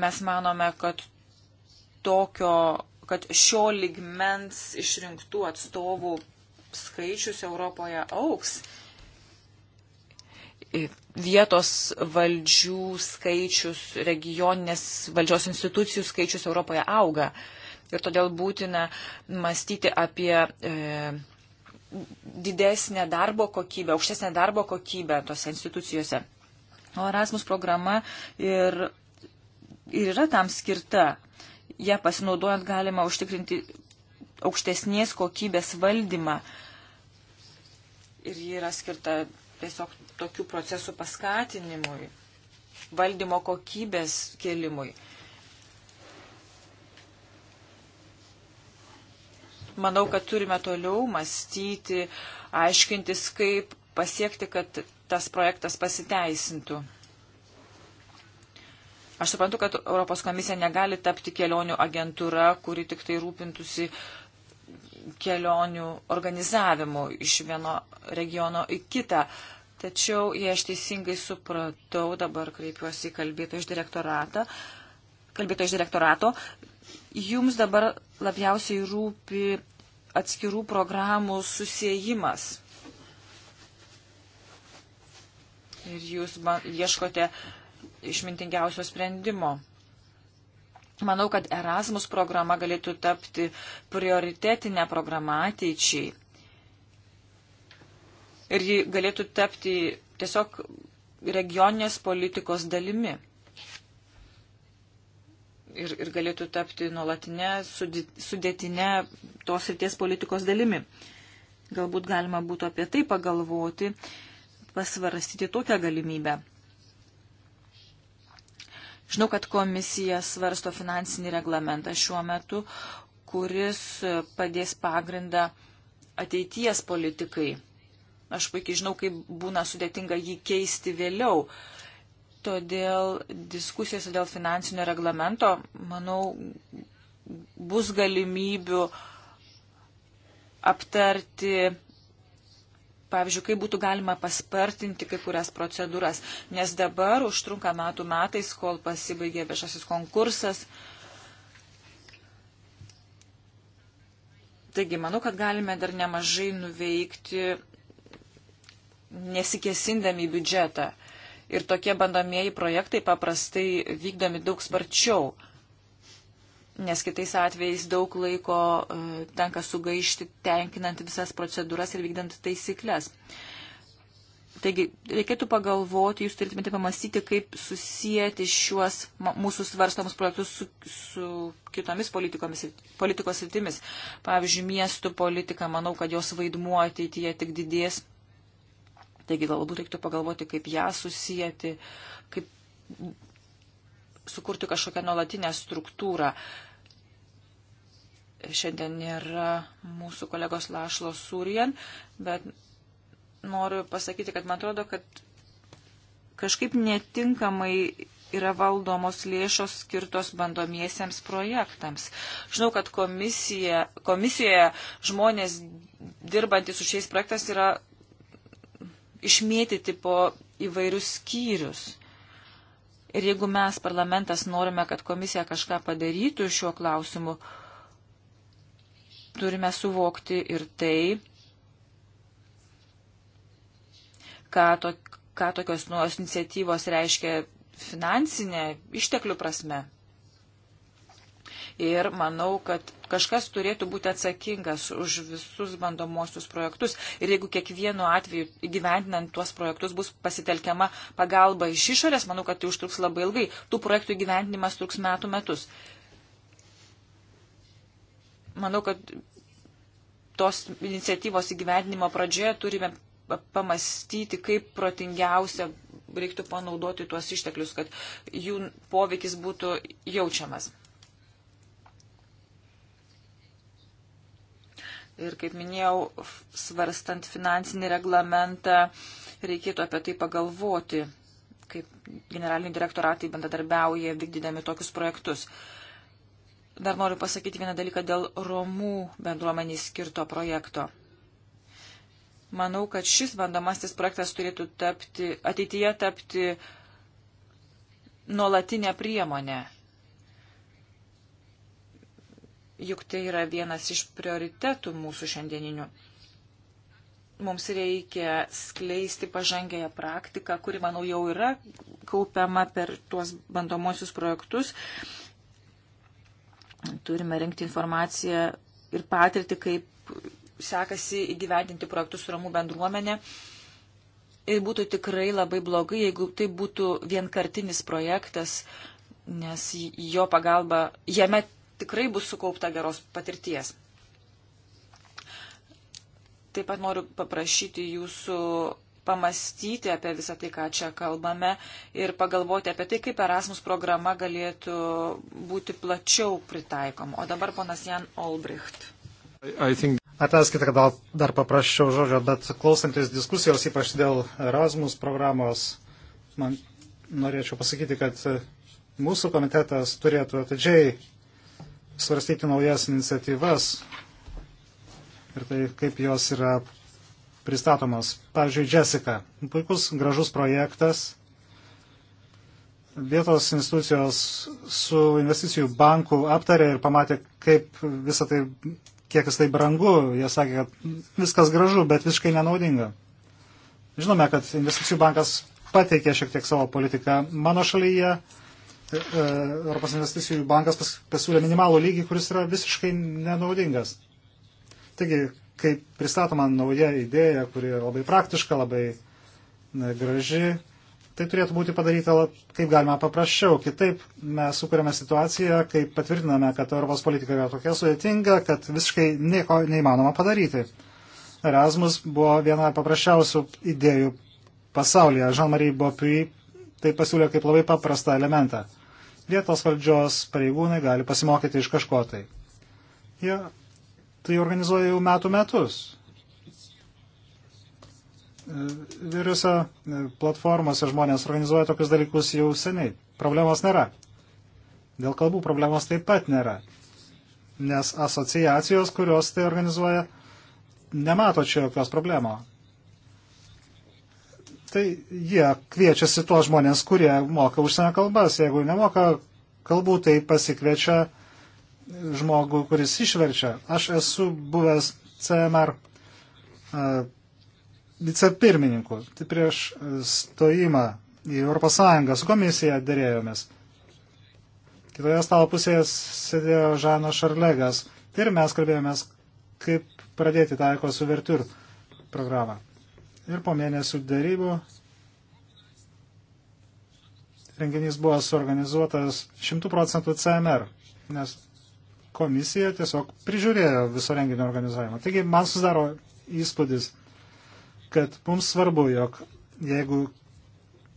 Mes manome, kad tokio, kad šio ligmens išrinktų atstovų skaičius Europoje auks vietos valdžių skaičius, regioninės valdžios institucijų skaičius Europoje auga. Ir todėl būtina mąstyti apie e, didesnę darbo kokybę, aukštesnę darbo kokybę tose institucijose. O Erasmus programa ir, ir yra tam skirta. Ja pasinaudojant galima užtikrinti aukštesnės kokybės valdymą. Ir ji yra skirta tiesiog tokių procesų paskatinimui, valdymo kokybės kelimui. manau, kad turime toliau mąstyti, aiškintis, kaip pasiekti, kad tas projektas pasiteisintų. Aš suprantu, kad Europos komisija negali tapti kelionių agentūra, kuri tik tai rūpintusi kelionių organizavimu iš vieno regiono į kitą. Tačiau, jei aš teisingai supratau, dabar kreipiuosi į kalbėtą iš direktoratą, kalbėtą iš direktorato, jums dabar labiausiai rūpi atskirų programų susijimas. Ir jūs ieškote išmintingiausio sprendimo. Manau, kad Erasmus programa galėtų tapti prioritetinę programą ateičiai. Ir ji galėtų tapti tiesiog regioninės politikos dalimi ir, ir galėtų tapti nuolatinę sudėtinę tos ryties politikos dalimi. Galbūt galima būtų apie tai pagalvoti, pasvarstyti tokią galimybę. Žinau, kad komisija svarsto finansinį reglamentą šiuo metu, kuris padės pagrindą ateities politikai. Aš puikiai žinau, kaip būna sudėtinga jį keisti vėliau. Uh, Todėl diskusijose dėl finansinio reglamento, manau, bus galimybių aptarti, pavyzdžiui, kaip būtų galima paspartinti kai kurias procedūras, nes dabar užtrunka metų metais, kol pasibaigė viešasis konkursas. Taigi, manau, kad galime dar nemažai nuveikti nesikėsindami į biudžetą ir tokie bandomieji projektai paprastai vykdomi daug sparčiau, nes kitais atvejais daug laiko e, tenka sugaišti tenkinant visas procedūras ir vykdant taisyklės. Taigi reikėtų pagalvoti, jūs turėtumėte pamastyti, kaip susijęti šiuos mūsų svarstomus projektus su, su kitomis politikos sritimis. Pavyzdžiui, miestų politika, manau, kad jos vaidmuo ateityje tik didės. Taigi galbūt reiktų pagalvoti, kaip ją susijęti, kaip sukurti kažkokią nuolatinę struktūrą. Šiandien nėra mūsų kolegos Lašlo Sūrien, bet noriu pasakyti, kad man atrodo, kad kažkaip netinkamai yra valdomos lėšos skirtos bandomiesiems projektams. Žinau, kad komisija, komisijoje žmonės dirbantys su šiais projektais yra išmėtyti po įvairius skyrius. Ir jeigu mes, parlamentas, norime, kad komisija kažką padarytų šiuo klausimu, turime suvokti ir tai, ką, to, ką tokios nuos iniciatyvos reiškia finansinė išteklių prasme ir manau, kad kažkas turėtų būti atsakingas už visus bandomosius projektus. Ir jeigu kiekvienu atveju gyvendinant tuos projektus bus pasitelkiama pagalba iš išorės, manau, kad tai užtruks labai ilgai. Tų projektų gyvendinimas truks metų metus. Manau, kad tos iniciatyvos įgyvendinimo pradžioje turime pamastyti, kaip protingiausia reiktų panaudoti tuos išteklius, kad jų poveikis būtų jaučiamas. Ir kaip minėjau, svarstant finansinį reglamentą, reikėtų apie tai pagalvoti, kaip generaliniai direktoratai bendradarbiauja vykdydami tokius projektus. Dar noriu pasakyti vieną dalyką dėl Romų bendruomeniai skirto projekto. Manau, kad šis bandomasis projektas turėtų tapti, ateityje tapti nuolatinę priemonę juk tai yra vienas iš prioritetų mūsų šiandieninių. Mums reikia skleisti pažangėją praktiką, kuri, manau, jau yra kaupiama per tuos bandomosius projektus. Turime rinkti informaciją ir patirti, kaip sekasi įgyvendinti projektus su ramų bendruomenė. Ir būtų tikrai labai blogai, jeigu tai būtų vienkartinis projektas, nes jo pagalba, jame tikrai bus sukaupta geros patirties. Taip pat noriu paprašyti jūsų pamastyti apie visą tai, ką čia kalbame ir pagalvoti apie tai, kaip Erasmus programa galėtų būti plačiau pritaikom. O dabar ponas Jan Olbricht. Think... Atleiskite, kad dar, dar paprašiau žodžio, bet klausantis diskusijos, ypač dėl Erasmus programos, man norėčiau pasakyti, kad e, mūsų komitetas turėtų atidžiai svarstyti naujas iniciatyvas ir tai, kaip jos yra pristatomos. Pavyzdžiui, Jessica. Puikus, gražus projektas. Vietos institucijos su investicijų banku aptarė ir pamatė, kaip visą tai, kiek jis tai brangu. Jie sakė, kad viskas gražu, bet visiškai nenaudinga. Žinome, kad investicijų bankas pateikė šiek tiek savo politiką mano šalyje E, Europos investicijų bankas pasiūlė minimalų lygį, kuris yra visiškai nenaudingas. Taigi, kai pristatoma nauja idėja, kuri yra labai praktiška, labai graži, tai turėtų būti padaryta kaip galima paprasčiau. Kitaip mes sukūrėme situaciją, kai patvirtiname, kad Europos politika yra tokia sudėtinga, kad visiškai nieko neįmanoma padaryti. Erasmus buvo viena paprasčiausių idėjų pasaulyje. Jean-Marie Bopui tai pasiūlė kaip labai paprastą elementą. Vietos valdžios pareigūnai gali pasimokyti iš kažko tai. Jie tai organizuoja jau metų metus. Viriuose platformose žmonės organizuoja tokius dalykus jau seniai. Problemos nėra. Dėl kalbų problemos taip pat nėra. Nes asociacijos, kurios tai organizuoja, nemato čia jokios problemos tai jie kviečiasi tuos žmonės, kurie moka užsienio kalbas. Jeigu nemoka kalbų, tai pasikviečia žmogų, kuris išverčia. Aš esu buvęs CMR uh, vicepirmininku. Tai prieš stojimą į ES komisiją dėrėjomės. Kitoje stalo pusėje sėdėjo Žano Šarlegas ir mes kalbėjomės, kaip pradėti tą Eko Suvertur programą ir po mėnesių darybų renginys buvo suorganizuotas 100 procentų CMR, nes komisija tiesiog prižiūrėjo viso renginio organizavimą. Taigi man susidaro įspūdis, kad mums svarbu, jog jeigu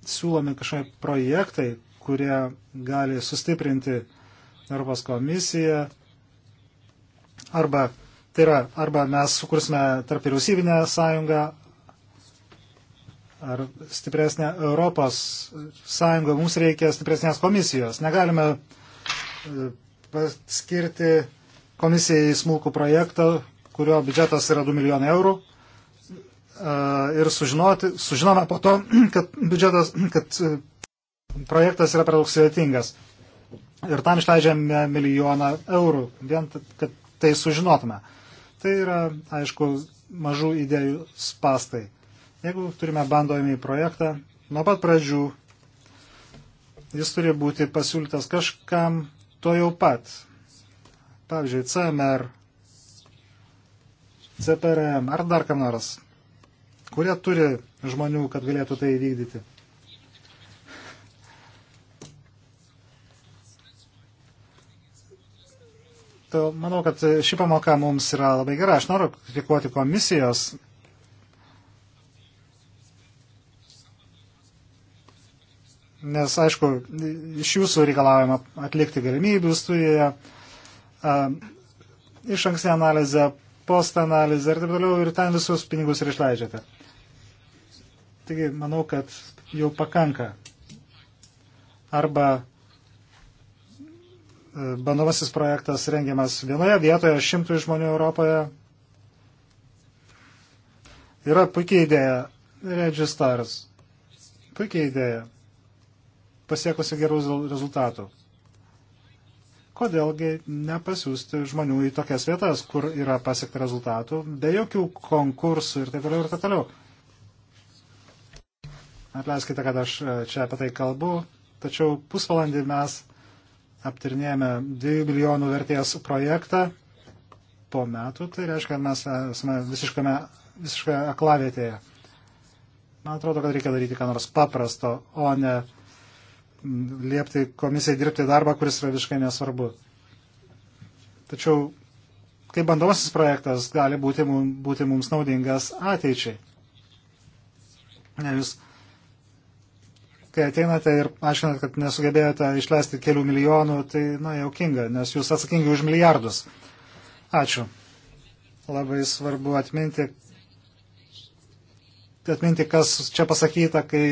siūlomi kažkokie projektai, kurie gali sustiprinti Europos komisiją, arba, tai yra, arba mes sukursime tarp vyriausybinę sąjungą, ar stipresnę Europos sąjungą. Mums reikia stipresnės komisijos. Negalime e, skirti komisijai smulkų projektą, kurio biudžetas yra 2 milijonai eurų. E, ir sužinoti, sužinome po to, kad biudžetas, kad e, projektas yra per daug sudėtingas. Ir tam išleidžiame milijoną eurų, vien kad tai sužinotume. Tai yra, aišku, mažų idėjų spastai. Jeigu turime bandomį projektą, nuo pat pradžių jis turi būti pasiūlytas kažkam to jau pat. Pavyzdžiui, CMR, CPRM ar dar kam nors, kurie turi žmonių, kad galėtų tai vykdyti. manau, kad ši pamoka mums yra labai gera. Aš noriu kritikuoti komisijos nes, aišku, iš jūsų reikalavimą atlikti galimybių studiją, iš ankstinę analizę, post analizę ir taip toliau, ir ten visus pinigus ir išleidžiate. Taigi, manau, kad jau pakanka. Arba e, bandomasis projektas rengiamas vienoje vietoje, šimtui žmonių Europoje. Yra puikiai idėja. Registars. Puikiai idėja pasiekusi gerų rezultatų. Kodėlgi nepasiūsti žmonių į tokias vietas, kur yra pasiekta rezultatų, be jokių konkursų ir taip toliau ir taip toliau. Atleiskite, kad aš e, čia apie tai kalbu, tačiau pusvalandį mes aptarnėjame 2 milijonų vertės projektą po metų, tai reiškia, mes esame visiškame, visiškoje aklavietėje. Man atrodo, kad reikia daryti ką nors paprasto, o ne liepti komisijai dirbti darbą, kuris yra visiškai nesvarbu. Tačiau kaip bandomasis projektas gali būti, mum, būti mums naudingas ateičiai. Jūs, kai ateinate ir aiškinat, kad nesugebėjote išleisti kelių milijonų, tai, na, jaukinga, nes jūs atsakingi už milijardus. Ačiū. Labai svarbu atminti, atminti kas čia pasakyta, kai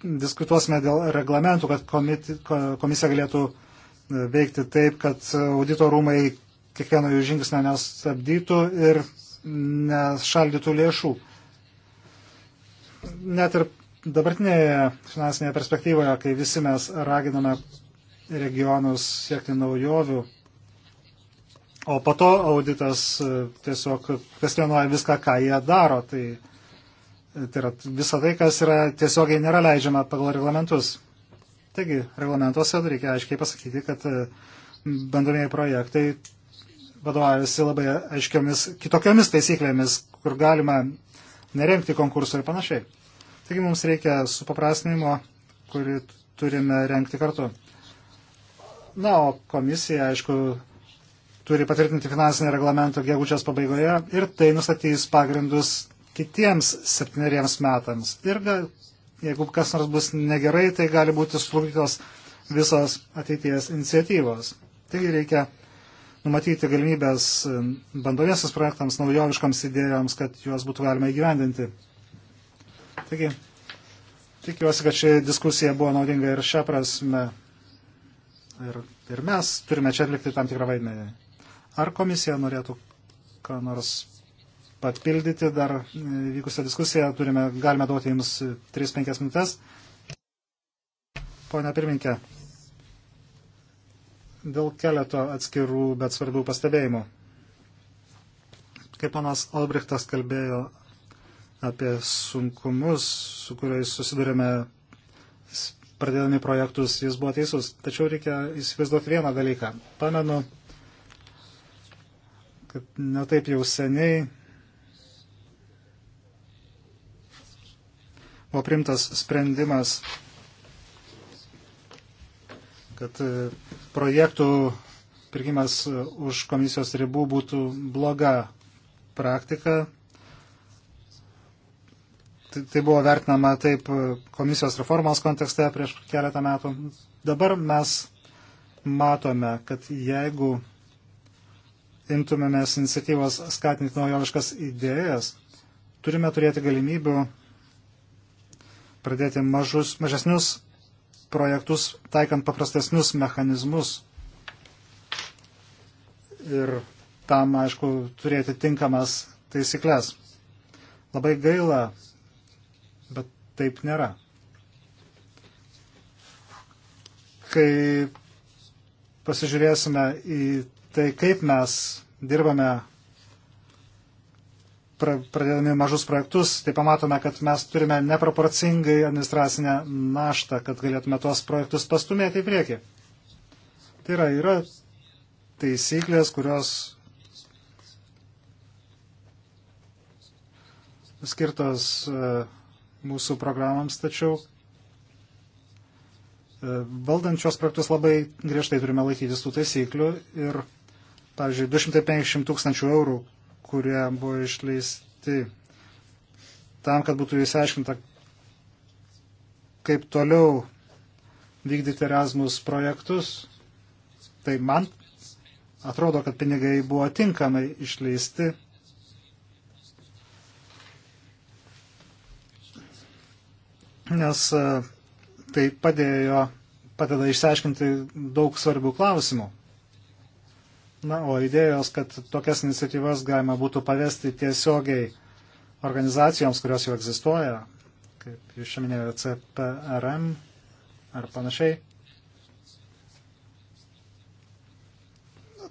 diskutuosime dėl reglamentų, kad komiti, komisija galėtų e, veikti taip, kad audito rūmai kiekvieno jų žingsnio nestabdytų ir nešaldytų lėšų. Net ir dabartinėje finansinėje perspektyvoje, kai visi mes raginame regionus siekti naujovių, o po to auditas e, tiesiog kvestionuoja viską, ką jie daro, tai Tai yra visą tai, kas yra tiesiogiai nėra leidžiama pagal reglamentus. Taigi, reglamentuose reikia aiškiai pasakyti, kad bandomieji projektai vadovaujasi labai aiškiomis kitokiamis taisyklėmis, kur galima neremti konkursų ir panašiai. Taigi mums reikia supaprastinimo, kurį turime renkti kartu. Na, o komisija, aišku, turi patvirtinti finansinį reglamentą gegužės pabaigoje ir tai nustatys pagrindus kitiems septyneriems metams. Ir jeigu kas nors bus negerai, tai gali būti sutrukdytos visos ateities iniciatyvos. Taigi reikia numatyti galimybės e, bandomiesios projektams, naujoviškams idėjams, kad juos būtų galima įgyvendinti. Taigi, tikiuosi, kad ši diskusija buvo naudinga ir šią prasme. Ir, ir mes turime čia atlikti tam tikrą vaidmenį. Ar komisija norėtų ką nors papildyti dar e, vykusią diskusiją. Turime, galime duoti jums 3-5 minutės. Pone pirminkė, dėl keleto atskirų, bet svarbių pastebėjimų. Kaip panas Albrechtas kalbėjo apie sunkumus, su kuriais susidurėme pradėdami projektus, jis buvo teisus. Tačiau reikia įsivaizduoti vieną dalyką. Pamenu, kad netaip jau seniai buvo primtas sprendimas, kad e, projektų pirkimas e, už komisijos ribų būtų bloga praktika. Tai, tai buvo vertinama taip e, komisijos reformos kontekste prieš keletą metų. Dabar mes matome, kad jeigu imtumėmės iniciatyvos skatinti naujoviškas idėjas, turime turėti galimybių pradėti mažus, mažesnius projektus, taikant paprastesnius mechanizmus. Ir tam, aišku, turėti tinkamas taisyklės. Labai gaila, bet taip nėra. Kai pasižiūrėsime į tai, kaip mes dirbame pradėdami mažus projektus, tai pamatome, kad mes turime neproporcingai administracinę naštą, kad galėtume tuos projektus pastumėti į priekį. Tai yra, yra taisyklės, kurios skirtos e, mūsų programams, tačiau e, valdančios projektus labai griežtai turime laikytis tų taisyklių ir, pavyzdžiui, 250 tūkstančių eurų kurie buvo išleisti tam, kad būtų įsiaiškinta, kaip toliau vykdyti Erasmus projektus. Tai man atrodo, kad pinigai buvo tinkamai išleisti. Nes e, tai padėjo, padeda išsiaiškinti daug svarbių klausimų. Na, o idėjos, kad tokias iniciatyvas galima būtų pavesti tiesiogiai organizacijoms, kurios jau egzistuoja, kaip jūs čia minėjote, CPRM ar panašiai.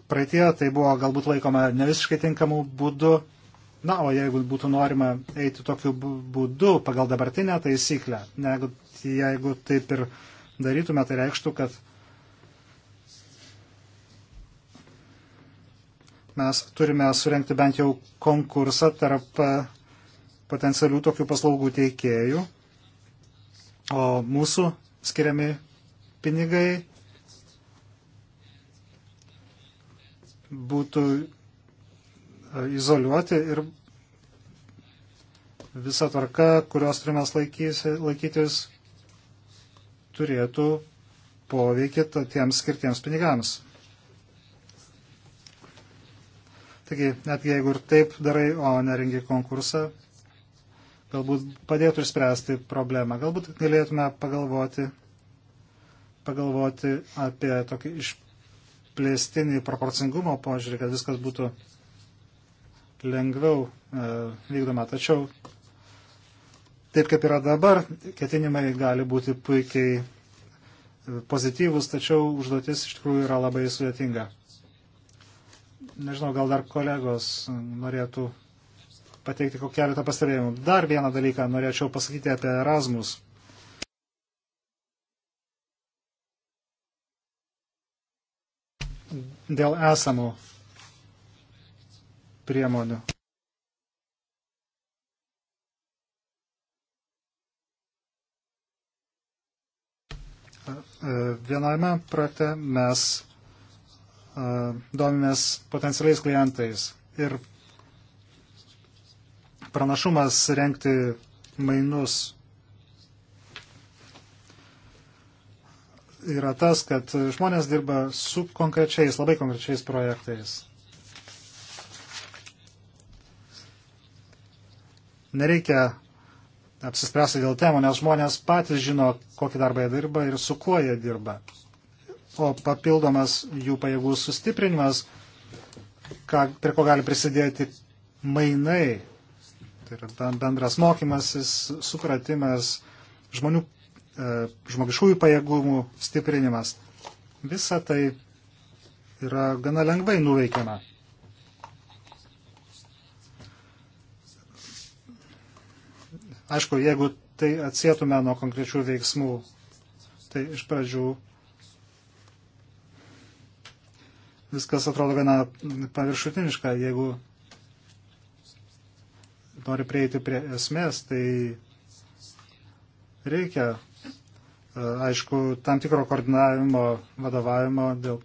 Praeitie tai buvo galbūt laikoma ne visiškai tinkamų būdų. Na, o jeigu būtų norima eiti tokiu būdu pagal dabartinę taisyklę, jeigu, jeigu taip ir darytume, tai reikštų, kad mes turime surenkti bent jau konkursą tarp e, potencialių tokių paslaugų teikėjų, o mūsų skiriami pinigai būtų e, izoliuoti ir visa tvarka, kurios turime laikysi, laikytis, turėtų poveikį tiems skirtiems pinigams. Taigi, netgi jeigu ir taip darai, o nerengi konkursą, galbūt padėtų išspręsti problemą. Galbūt galėtume pagalvoti, pagalvoti apie tokį išplėstinį proporcingumo požiūrį, kad viskas būtų lengviau e, vykdoma. Tačiau taip kaip yra dabar, ketinimai gali būti puikiai pozityvus, tačiau užduotis iš tikrųjų yra labai sudėtinga. Nežinau, gal dar kolegos norėtų pateikti keletą pastebėjimų. Dar vieną dalyką norėčiau pasakyti apie Erasmus. Dėl esamų priemonių. E, viename projekte mes domimės potencialiais klientais. Ir pranašumas renkti mainus yra tas, kad žmonės dirba su konkrečiais, labai konkrečiais projektais. Nereikia apsispręsti dėl temų, nes žmonės patys žino, kokį darbą jie dirba ir su kuo jie dirba o papildomas jų pajėgų sustiprinimas, ką, prie ko gali prisidėti mainai, tai yra bendras mokymasis, supratimas, žmonių, e, žmogiškųjų pajėgumų stiprinimas. Visa tai yra gana lengvai nuveikiama. Aišku, jeigu tai atsietume nuo konkrečių veiksmų, tai iš pradžių viskas atrodo gana paviršutiniška. Jeigu nori prieiti prie esmės, tai reikia, e, aišku, tam tikro koordinavimo, vadovavimo dėl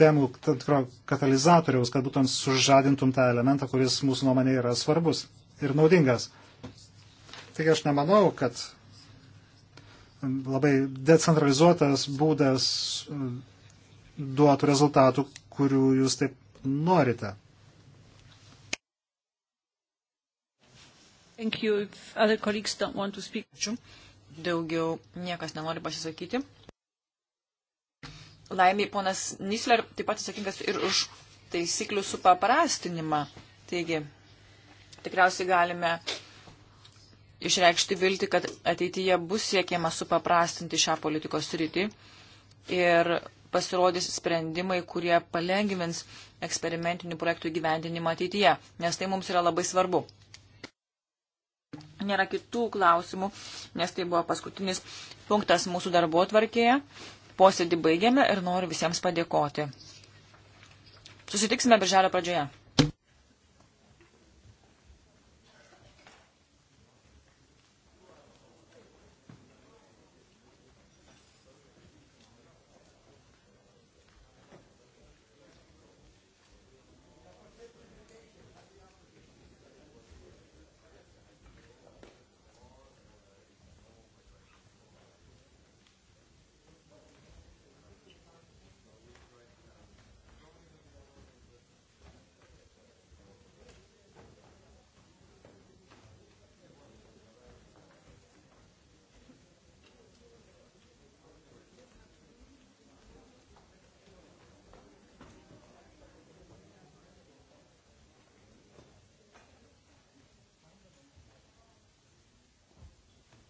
temų, tam tikro katalizatoriaus, kad būtent sužadintum tą elementą, kuris mūsų nuomonė yra svarbus ir naudingas. Taigi aš nemanau, kad labai decentralizuotas būdas duotų rezultatų, kurių jūs taip norite. Ačiū. Daugiau niekas nenori pasisakyti. Laimiai, ponas Nisler taip pat atsakingas ir už taisyklių supaprastinimą. Taigi, tikriausiai galime išreikšti vilti, kad ateityje bus siekiama supaprastinti šią politikos rytį ir pasirodys sprendimai, kurie palengvins eksperimentinių projektų gyvendinimą ateityje, nes tai mums yra labai svarbu. Nėra kitų klausimų, nes tai buvo paskutinis punktas mūsų darbo tvarkėje. Posėdį baigėme ir noriu visiems padėkoti. Susitiksime birželio pradžioje.